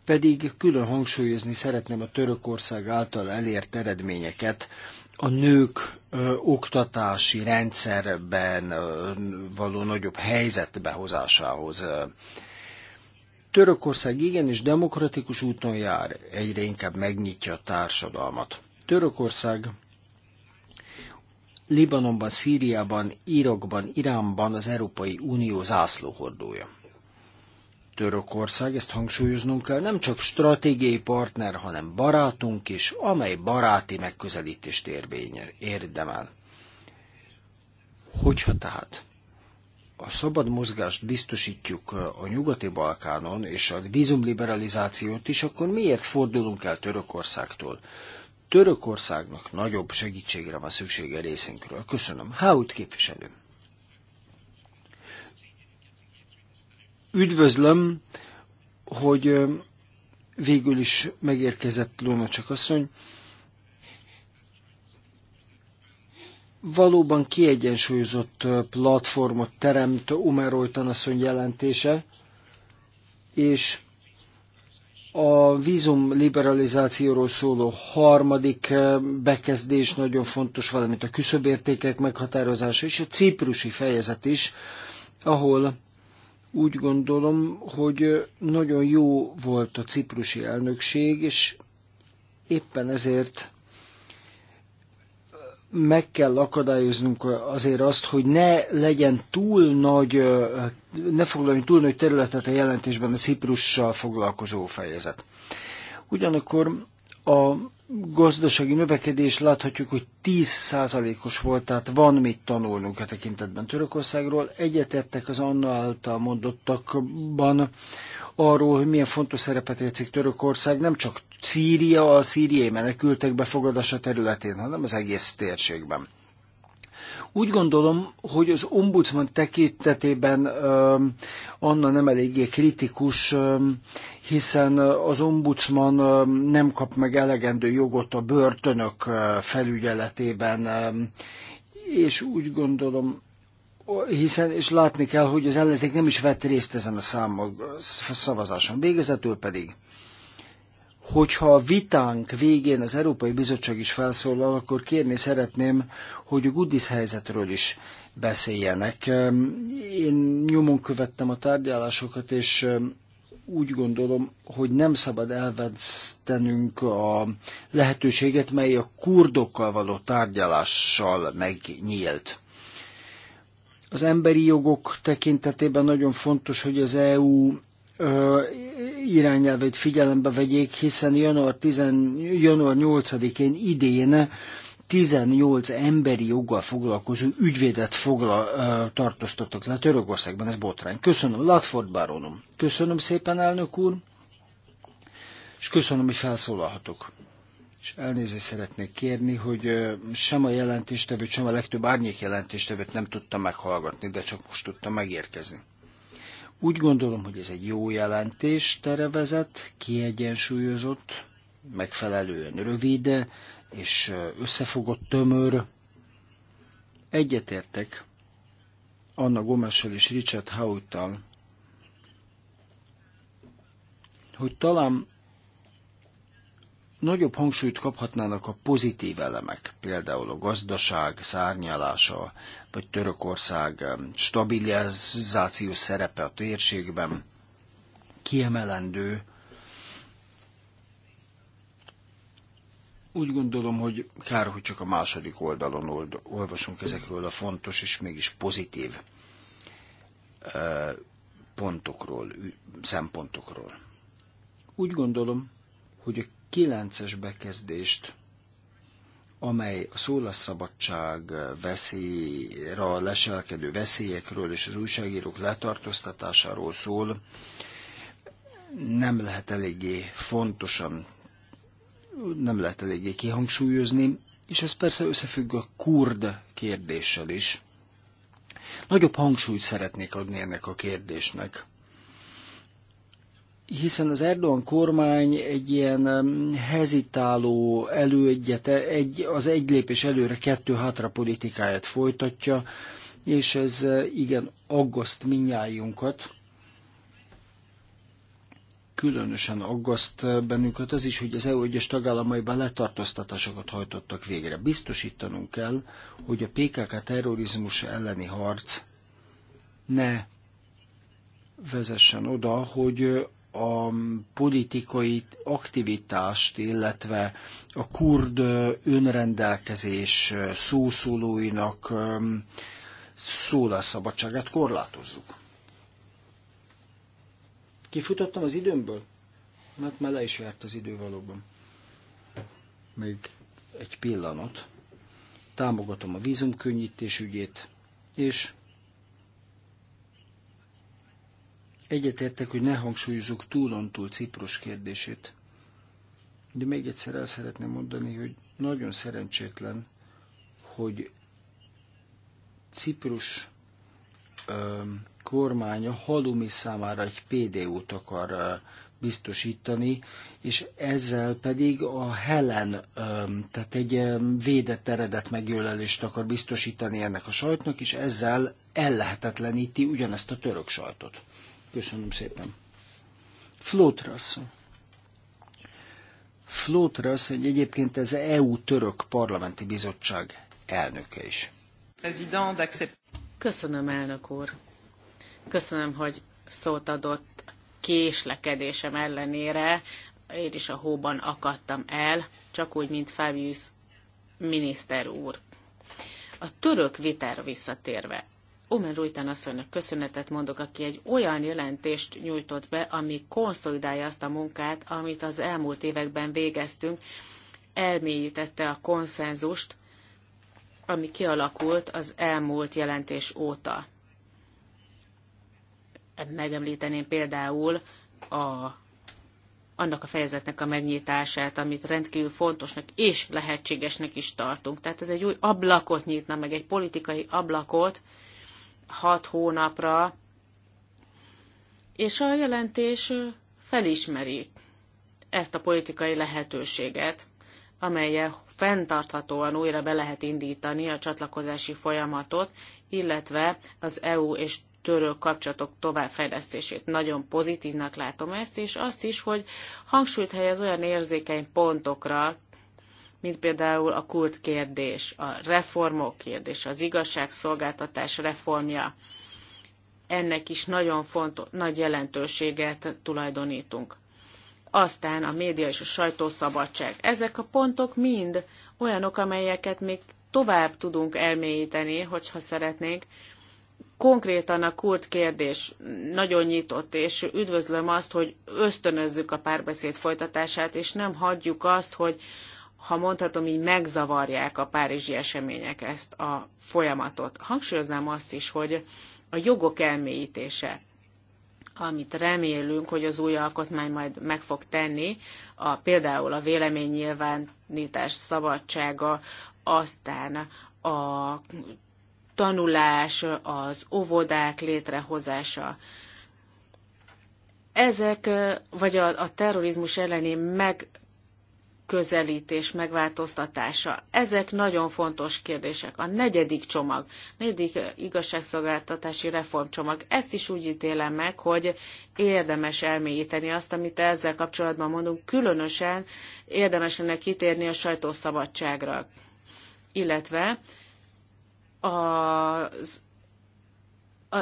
pedig külön hangsúlyozni szeretném a Törökország által elért eredményeket, a nők ö, oktatási rendszerben ö, való nagyobb helyzetbe hozásához. Törökország igenis demokratikus úton jár, egyre inkább megnyitja a társadalmat. Törökország Libanonban, Szíriában, Irakban, Iránban az Európai Unió zászlóhordója. Törökország, ezt hangsúlyoznunk kell, nem csak stratégiai partner, hanem barátunk is, amely baráti megközelítést érvényel, érdemel. Hogyha tehát a szabad mozgást biztosítjuk a nyugati Balkánon, és a vízumliberalizációt is, akkor miért fordulunk el Törökországtól? Törökországnak nagyobb segítségre van szüksége részünkről. Köszönöm. Háut képviselőm. Üdvözlöm, hogy végül is megérkezett csak asszony. Valóban kiegyensúlyozott platformot teremt Umer asszony jelentése, és a vízum liberalizációról szóló harmadik bekezdés nagyon fontos, valamint a küszöbértékek meghatározása és a ciprusi fejezet is, ahol úgy gondolom, hogy nagyon jó volt a ciprusi elnökség, és éppen ezért meg kell akadályoznunk azért azt, hogy ne legyen túl nagy, ne foglaljon túl nagy területet a jelentésben a Ciprussal foglalkozó fejezet. Ugyanakkor a gazdasági növekedés láthatjuk, hogy 10%-os volt, tehát van mit tanulnunk a e tekintetben Törökországról. Egyetettek az Anna által mondottakban arról, hogy milyen fontos szerepet játszik Törökország, nem csak Szíria, a szíriai menekültek befogadása területén, hanem az egész térségben. Úgy gondolom, hogy az ombudsman tekintetében Anna nem eléggé kritikus, hiszen az ombudsman nem kap meg elegendő jogot a börtönök felügyeletében, és úgy gondolom, hiszen, és látni kell, hogy az ellenzék nem is vett részt ezen a számok, szavazáson. Végezetül pedig hogyha a vitánk végén az Európai Bizottság is felszólal, akkor kérni szeretném, hogy a Goodis helyzetről is beszéljenek. Én nyomon követtem a tárgyalásokat, és úgy gondolom, hogy nem szabad elvesztenünk a lehetőséget, mely a kurdokkal való tárgyalással megnyílt. Az emberi jogok tekintetében nagyon fontos, hogy az EU irányelvét figyelembe vegyék, hiszen január, 10, január 8-én idén 18 emberi joggal foglalkozó ügyvédet fogla, tartóztattak le Törökországban, ez botrány. Köszönöm, Latford Baronom. Köszönöm szépen, elnök úr, és köszönöm, hogy felszólalhatok. És elnézést szeretnék kérni, hogy sem a jelentéstevőt, sem a legtöbb árnyék jelentéstevőt nem tudtam meghallgatni, de csak most tudtam megérkezni. Úgy gondolom, hogy ez egy jó jelentés, tervezett, kiegyensúlyozott, megfelelően rövid és összefogott tömör. Egyetértek Anna Gomessel és Richard Hauttal, hogy talán nagyobb hangsúlyt kaphatnának a pozitív elemek, például a gazdaság szárnyalása, vagy Törökország stabilizációs szerepe a térségben, kiemelendő. Úgy gondolom, hogy kár, hogy csak a második oldalon olvasunk ezekről a fontos és mégis pozitív e, pontokról, szempontokról. Úgy gondolom, hogy a kilences bekezdést, amely a szólásszabadság veszélyre leselkedő veszélyekről és az újságírók letartóztatásáról szól, nem lehet eléggé fontosan, nem lehet eléggé kihangsúlyozni, és ez persze összefügg a kurd kérdéssel is. Nagyobb hangsúlyt szeretnék adni ennek a kérdésnek hiszen az Erdogan kormány egy ilyen hezitáló előegyet, egy, az egy lépés előre, kettő hátra politikáját folytatja, és ez e, igen aggaszt minnyájunkat. Különösen aggaszt e, bennünket az is, hogy az EU egyes tagállamaiban letartóztatásokat hajtottak végre. Biztosítanunk kell, hogy a PKK terrorizmus elleni harc ne vezessen oda, hogy a politikai aktivitást, illetve a kurd önrendelkezés szószólóinak szólásszabadságát korlátozzuk. Kifutottam az időmből? Mert már le is járt az idő valóban. Még egy pillanat. Támogatom a vízumkönnyítés ügyét, és Egyetértek, hogy ne hangsúlyozunk túlontúl Ciprus kérdését. De még egyszer el szeretném mondani, hogy nagyon szerencsétlen, hogy Ciprus ö, kormánya halumi számára egy PDU-t akar ö, biztosítani, és ezzel pedig a Helen, tehát egy védett eredet megjölelést akar biztosítani ennek a sajtnak, és ezzel ellehetetleníti ugyanezt a török sajtot. Köszönöm szépen. Flótrasz. Flótrasz hogy egyébként ez EU-török parlamenti bizottság elnöke is. Köszönöm, elnök úr. Köszönöm, hogy szót adott késlekedésem ellenére. Én is a hóban akadtam el, csak úgy, mint Fabius miniszter úr. A török viter visszatérve, Omen Rújtán asszonynak köszönetet mondok, aki egy olyan jelentést nyújtott be, ami konszolidálja azt a munkát, amit az elmúlt években végeztünk, elmélyítette a konszenzust, ami kialakult az elmúlt jelentés óta. Megemlíteném például a, annak a fejezetnek a megnyitását, amit rendkívül fontosnak és lehetségesnek is tartunk. Tehát ez egy új ablakot nyitna meg, egy politikai ablakot, hat hónapra, és a jelentés felismeri ezt a politikai lehetőséget, amelyel fenntarthatóan újra be lehet indítani a csatlakozási folyamatot, illetve az EU és török kapcsolatok továbbfejlesztését. Nagyon pozitívnak látom ezt, és azt is, hogy hangsúlyt helyez olyan érzékeny pontokra, mint például a kurd kérdés, a reformok kérdése, az igazságszolgáltatás reformja. Ennek is nagyon fontos, nagy jelentőséget tulajdonítunk. Aztán a média és a sajtószabadság. Ezek a pontok mind olyanok, amelyeket még tovább tudunk elmélyíteni, hogyha szeretnénk. Konkrétan a kurt kérdés nagyon nyitott, és üdvözlöm azt, hogy ösztönözzük a párbeszéd folytatását, és nem hagyjuk azt, hogy ha mondhatom így, megzavarják a párizsi események ezt a folyamatot. Hangsúlyoznám azt is, hogy a jogok elmélyítése, amit remélünk, hogy az új alkotmány majd meg fog tenni, a, például a véleménynyilvánítás szabadsága, aztán a tanulás, az óvodák létrehozása, ezek, vagy a, a terrorizmus elleni meg közelítés, megváltoztatása. Ezek nagyon fontos kérdések. A negyedik csomag, negyedik igazságszolgáltatási reformcsomag, ezt is úgy ítélem meg, hogy érdemes elmélyíteni azt, amit ezzel kapcsolatban mondunk, különösen érdemes lenne kitérni a sajtószabadságra. Illetve az, a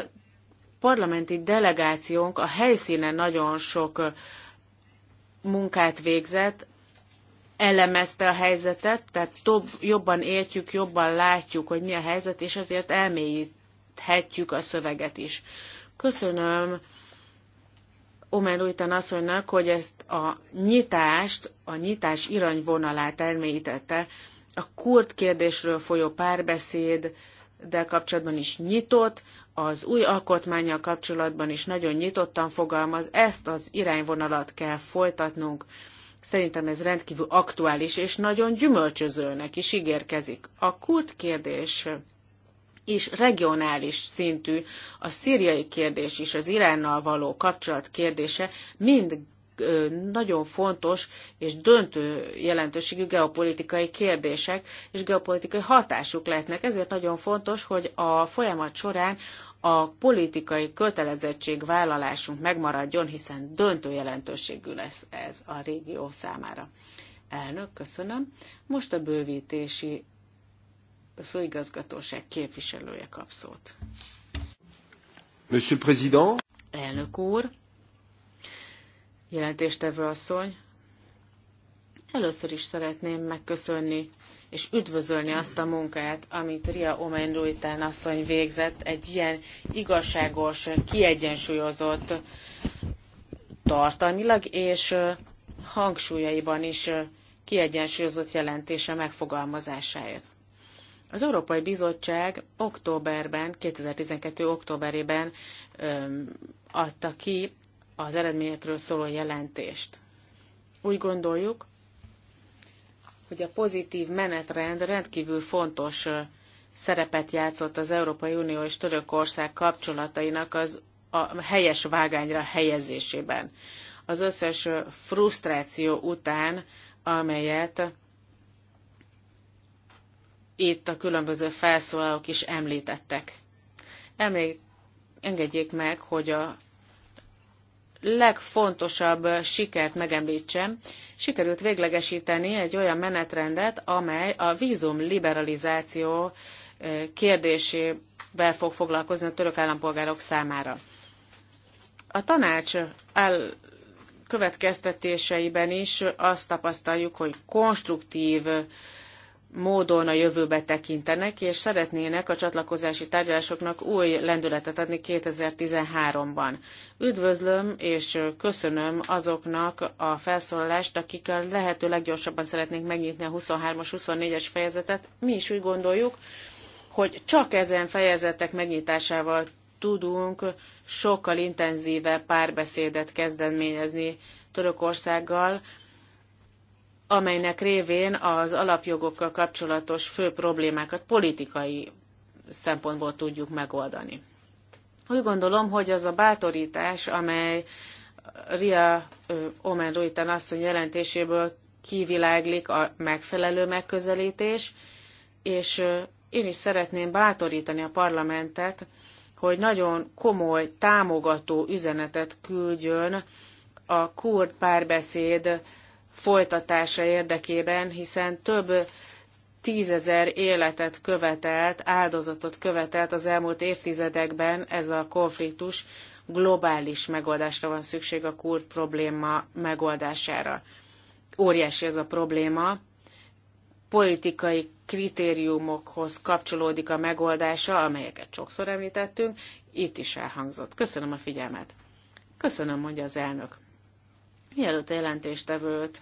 parlamenti delegációnk a helyszínen nagyon sok munkát végzett, elemezte a helyzetet, tehát több, jobban értjük, jobban látjuk, hogy mi a helyzet, és ezért elmélyíthetjük a szöveget is. Köszönöm Omer Rújtan asszonynak, hogy ezt a nyitást, a nyitás irányvonalát elmélyítette. A kurt kérdésről folyó párbeszéd, de kapcsolatban is nyitott, az új alkotmányjal kapcsolatban is nagyon nyitottan fogalmaz, ezt az irányvonalat kell folytatnunk Szerintem ez rendkívül aktuális és nagyon gyümölcsözőnek is ígérkezik. A kult kérdés és regionális szintű, a szíriai kérdés is, az Iránnal való kapcsolat kérdése mind nagyon fontos és döntő jelentőségű geopolitikai kérdések és geopolitikai hatásuk lehetnek. Ezért nagyon fontos, hogy a folyamat során a politikai kötelezettségvállalásunk megmaradjon, hiszen döntő jelentőségű lesz ez a régió számára. Elnök, köszönöm. Most a bővítési főigazgatóság képviselője kap szót. Monsieur Président. Elnök úr, jelentéstevő asszony, először is szeretném megköszönni és üdvözölni azt a munkát, amit Ria Omen Ruitán asszony végzett egy ilyen igazságos, kiegyensúlyozott tartalmilag és hangsúlyaiban is kiegyensúlyozott jelentése megfogalmazásáért. Az Európai Bizottság októberben, 2012. októberében adta ki az eredményekről szóló jelentést. Úgy gondoljuk, hogy a pozitív menetrend rendkívül fontos szerepet játszott az Európai Unió és Törökország kapcsolatainak az a helyes vágányra helyezésében. Az összes frusztráció után, amelyet itt a különböző felszólalók is említettek. Emlék, engedjék meg, hogy a legfontosabb sikert megemlítsem, sikerült véglegesíteni egy olyan menetrendet, amely a vízum liberalizáció kérdésével fog foglalkozni a török állampolgárok számára. A tanács áll következtetéseiben is azt tapasztaljuk, hogy konstruktív módon a jövőbe tekintenek, és szeretnének a csatlakozási tárgyalásoknak új lendületet adni 2013-ban. Üdvözlöm és köszönöm azoknak a felszólalást, akik a lehető leggyorsabban szeretnék megnyitni a 23-as, 24-es fejezetet. Mi is úgy gondoljuk, hogy csak ezen fejezetek megnyitásával tudunk sokkal intenzívebb párbeszédet kezdeményezni Törökországgal, amelynek révén az alapjogokkal kapcsolatos fő problémákat politikai szempontból tudjuk megoldani. Úgy gondolom, hogy az a bátorítás, amely Ria Omen Ruitan asszony jelentéséből kiviláglik a megfelelő megközelítés, és én is szeretném bátorítani a parlamentet, hogy nagyon komoly, támogató üzenetet küldjön a kurd párbeszéd folytatása érdekében, hiszen több tízezer életet követelt, áldozatot követelt az elmúlt évtizedekben ez a konfliktus, globális megoldásra van szükség a kurd probléma megoldására. Óriási ez a probléma, politikai kritériumokhoz kapcsolódik a megoldása, amelyeket sokszor említettünk, itt is elhangzott. Köszönöm a figyelmet. Köszönöm, mondja az elnök. Mielőtt a jelentéstevőt,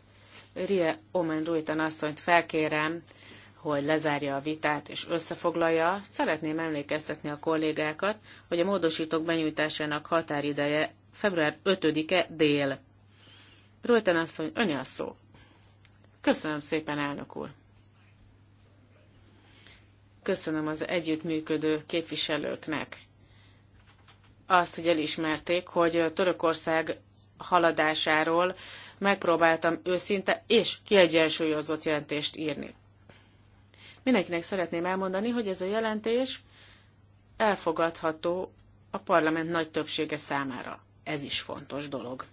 Rie Omen Rújtan asszonyt felkérem, hogy lezárja a vitát és összefoglalja, szeretném emlékeztetni a kollégákat, hogy a módosítók benyújtásának határideje február 5-e dél. Rújtan asszony, önye a szó. Köszönöm szépen, elnök úr. Köszönöm az együttműködő képviselőknek azt, hogy elismerték, hogy Törökország haladásáról megpróbáltam őszinte és kiegyensúlyozott jelentést írni. Mindenkinek szeretném elmondani, hogy ez a jelentés elfogadható a parlament nagy többsége számára. Ez is fontos dolog.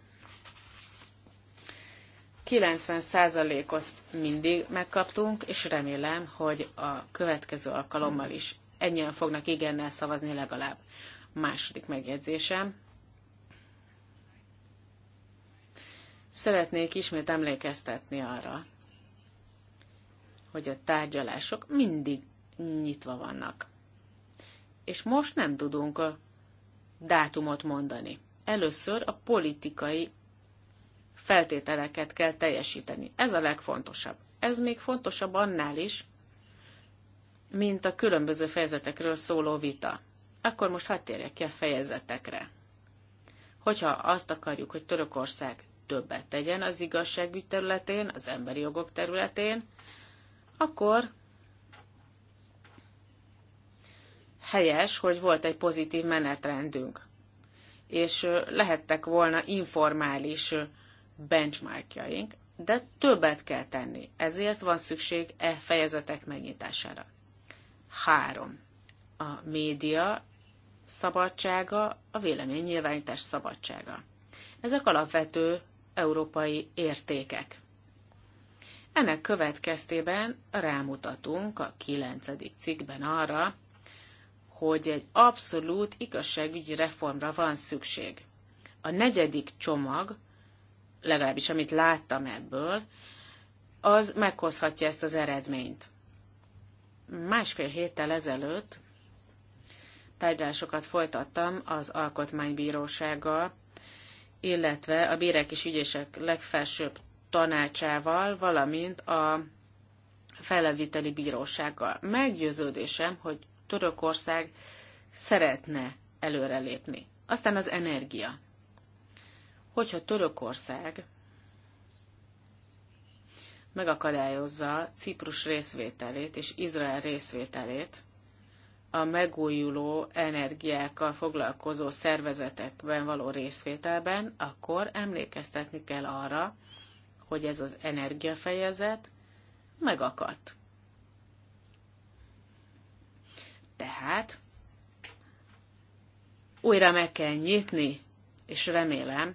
90%-ot mindig megkaptunk, és remélem, hogy a következő alkalommal is ennyien fognak igennel szavazni legalább. Második megjegyzésem. Szeretnék ismét emlékeztetni arra, hogy a tárgyalások mindig nyitva vannak. És most nem tudunk a dátumot mondani. Először a politikai feltételeket kell teljesíteni. Ez a legfontosabb. Ez még fontosabb annál is, mint a különböző fejezetekről szóló vita. Akkor most hadd térjek ki a fejezetekre. Hogyha azt akarjuk, hogy Törökország többet tegyen az igazságügy területén, az emberi jogok területén, akkor helyes, hogy volt egy pozitív menetrendünk, és lehettek volna informális benchmarkjaink, de többet kell tenni, ezért van szükség e fejezetek megnyitására. 3. A média szabadsága, a véleménynyilvánítás szabadsága. Ezek alapvető európai értékek. Ennek következtében rámutatunk a 9. cikkben arra, hogy egy abszolút igazságügyi reformra van szükség. A negyedik csomag, legalábbis amit láttam ebből, az meghozhatja ezt az eredményt. Másfél héttel ezelőtt tárgyalásokat folytattam az Alkotmánybírósággal, illetve a bérek és ügyések legfelsőbb tanácsával, valamint a feleviteli bírósággal. Meggyőződésem, hogy Törökország szeretne előrelépni. Aztán az energia. Hogyha Törökország megakadályozza Ciprus részvételét és Izrael részvételét a megújuló energiákkal foglalkozó szervezetekben való részvételben, akkor emlékeztetni kell arra, hogy ez az energiafejezet megakadt. Tehát újra meg kell nyitni, és remélem,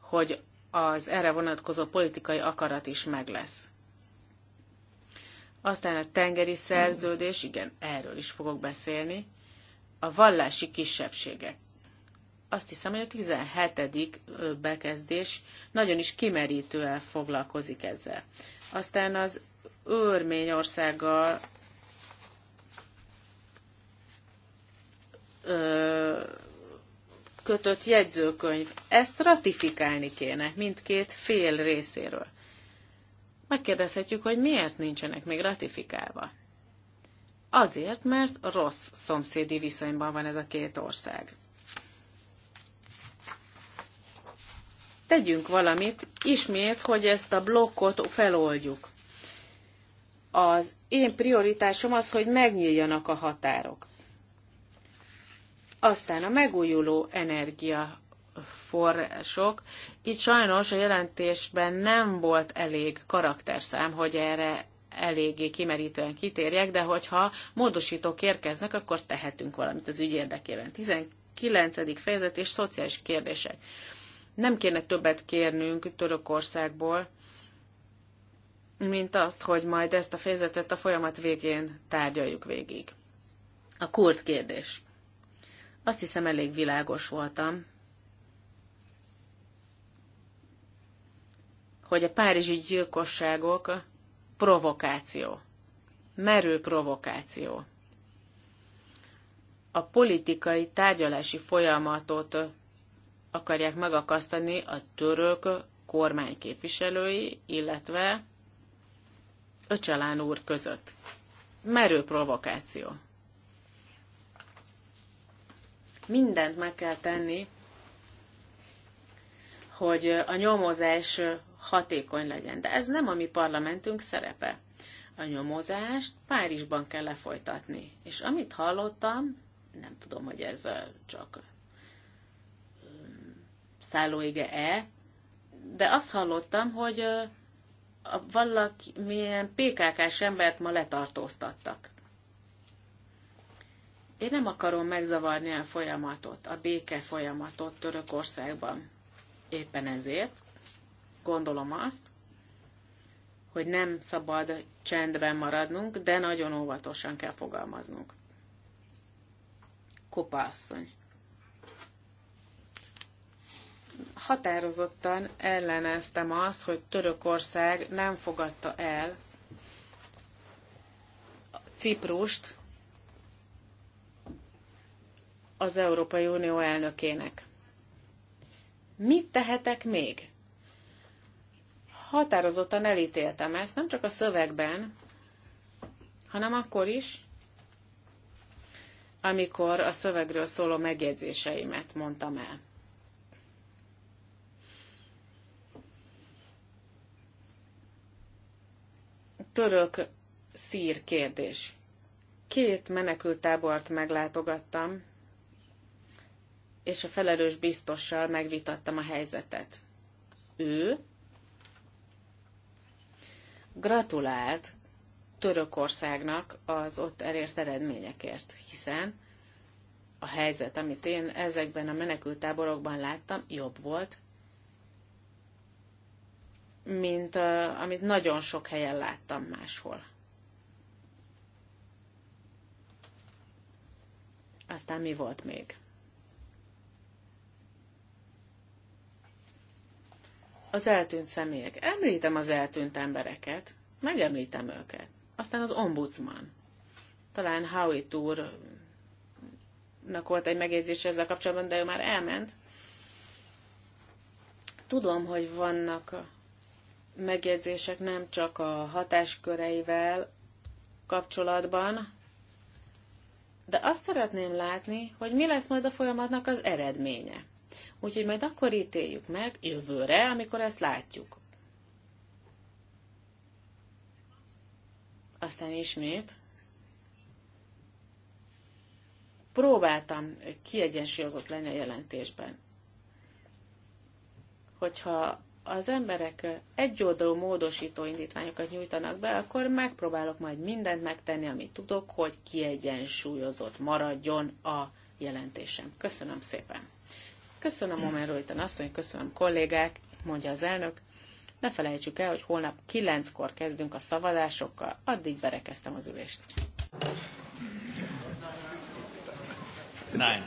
hogy az erre vonatkozó politikai akarat is meg lesz. Aztán a tengeri szerződés, igen, erről is fogok beszélni. A vallási kisebbségek. Azt hiszem, hogy a 17. bekezdés nagyon is kimerítően foglalkozik ezzel. Aztán az Örményországgal kötött jegyzőkönyv. Ezt ratifikálni kéne mindkét fél részéről megkérdezhetjük, hogy miért nincsenek még ratifikálva. Azért, mert rossz szomszédi viszonyban van ez a két ország. Tegyünk valamit ismét, hogy ezt a blokkot feloldjuk. Az én prioritásom az, hogy megnyíljanak a határok. Aztán a megújuló energia források. Itt sajnos a jelentésben nem volt elég karakterszám, hogy erre eléggé kimerítően kitérjek, de hogyha módosítók érkeznek, akkor tehetünk valamit az ügy érdekében. 19. fejezet és szociális kérdések. Nem kéne többet kérnünk Törökországból, mint azt, hogy majd ezt a fejezetet a folyamat végén tárgyaljuk végig. A kurt kérdés. Azt hiszem elég világos voltam. hogy a párizsi gyilkosságok provokáció, merő provokáció. A politikai tárgyalási folyamatot akarják megakasztani a török kormányképviselői, illetve Öcsalán úr között. Merő provokáció. Mindent meg kell tenni, hogy a nyomozás hatékony legyen. De ez nem a mi parlamentünk szerepe. A nyomozást Párizsban kell lefolytatni. És amit hallottam, nem tudom, hogy ez csak szállóige-e, de azt hallottam, hogy valaki, milyen PKK-s embert ma letartóztattak. Én nem akarom megzavarni a folyamatot, a béke folyamatot Törökországban. Éppen ezért gondolom azt, hogy nem szabad csendben maradnunk, de nagyon óvatosan kell fogalmaznunk. Kopászony. Határozottan elleneztem azt, hogy Törökország nem fogadta el Ciprust az Európai Unió elnökének. Mit tehetek még? határozottan elítéltem ezt, nem csak a szövegben, hanem akkor is, amikor a szövegről szóló megjegyzéseimet mondtam el. Török szír kérdés. Két menekültábort meglátogattam, és a felelős biztossal megvitattam a helyzetet. Ő gratulált Törökországnak az ott elért eredményekért, hiszen a helyzet, amit én ezekben a menekültáborokban láttam, jobb volt, mint uh, amit nagyon sok helyen láttam máshol. Aztán mi volt még? az eltűnt személyek. Említem az eltűnt embereket, megemlítem őket. Aztán az ombudsman. Talán Howie úrnak volt egy megjegyzése ezzel kapcsolatban, de ő már elment. Tudom, hogy vannak megjegyzések nem csak a hatásköreivel kapcsolatban, de azt szeretném látni, hogy mi lesz majd a folyamatnak az eredménye. Úgyhogy majd akkor ítéljük meg jövőre, amikor ezt látjuk. Aztán ismét próbáltam kiegyensúlyozott lenni a jelentésben. Hogyha az emberek oldalú módosító indítványokat nyújtanak be, akkor megpróbálok majd mindent megtenni, amit tudok, hogy kiegyensúlyozott maradjon a jelentésem. Köszönöm szépen! Köszönöm, Omer Röjten asszony, köszönöm kollégák, mondja az elnök. Ne felejtsük el, hogy holnap kilenckor kezdünk a szavazásokkal, addig berekeztem az ülést. Nein.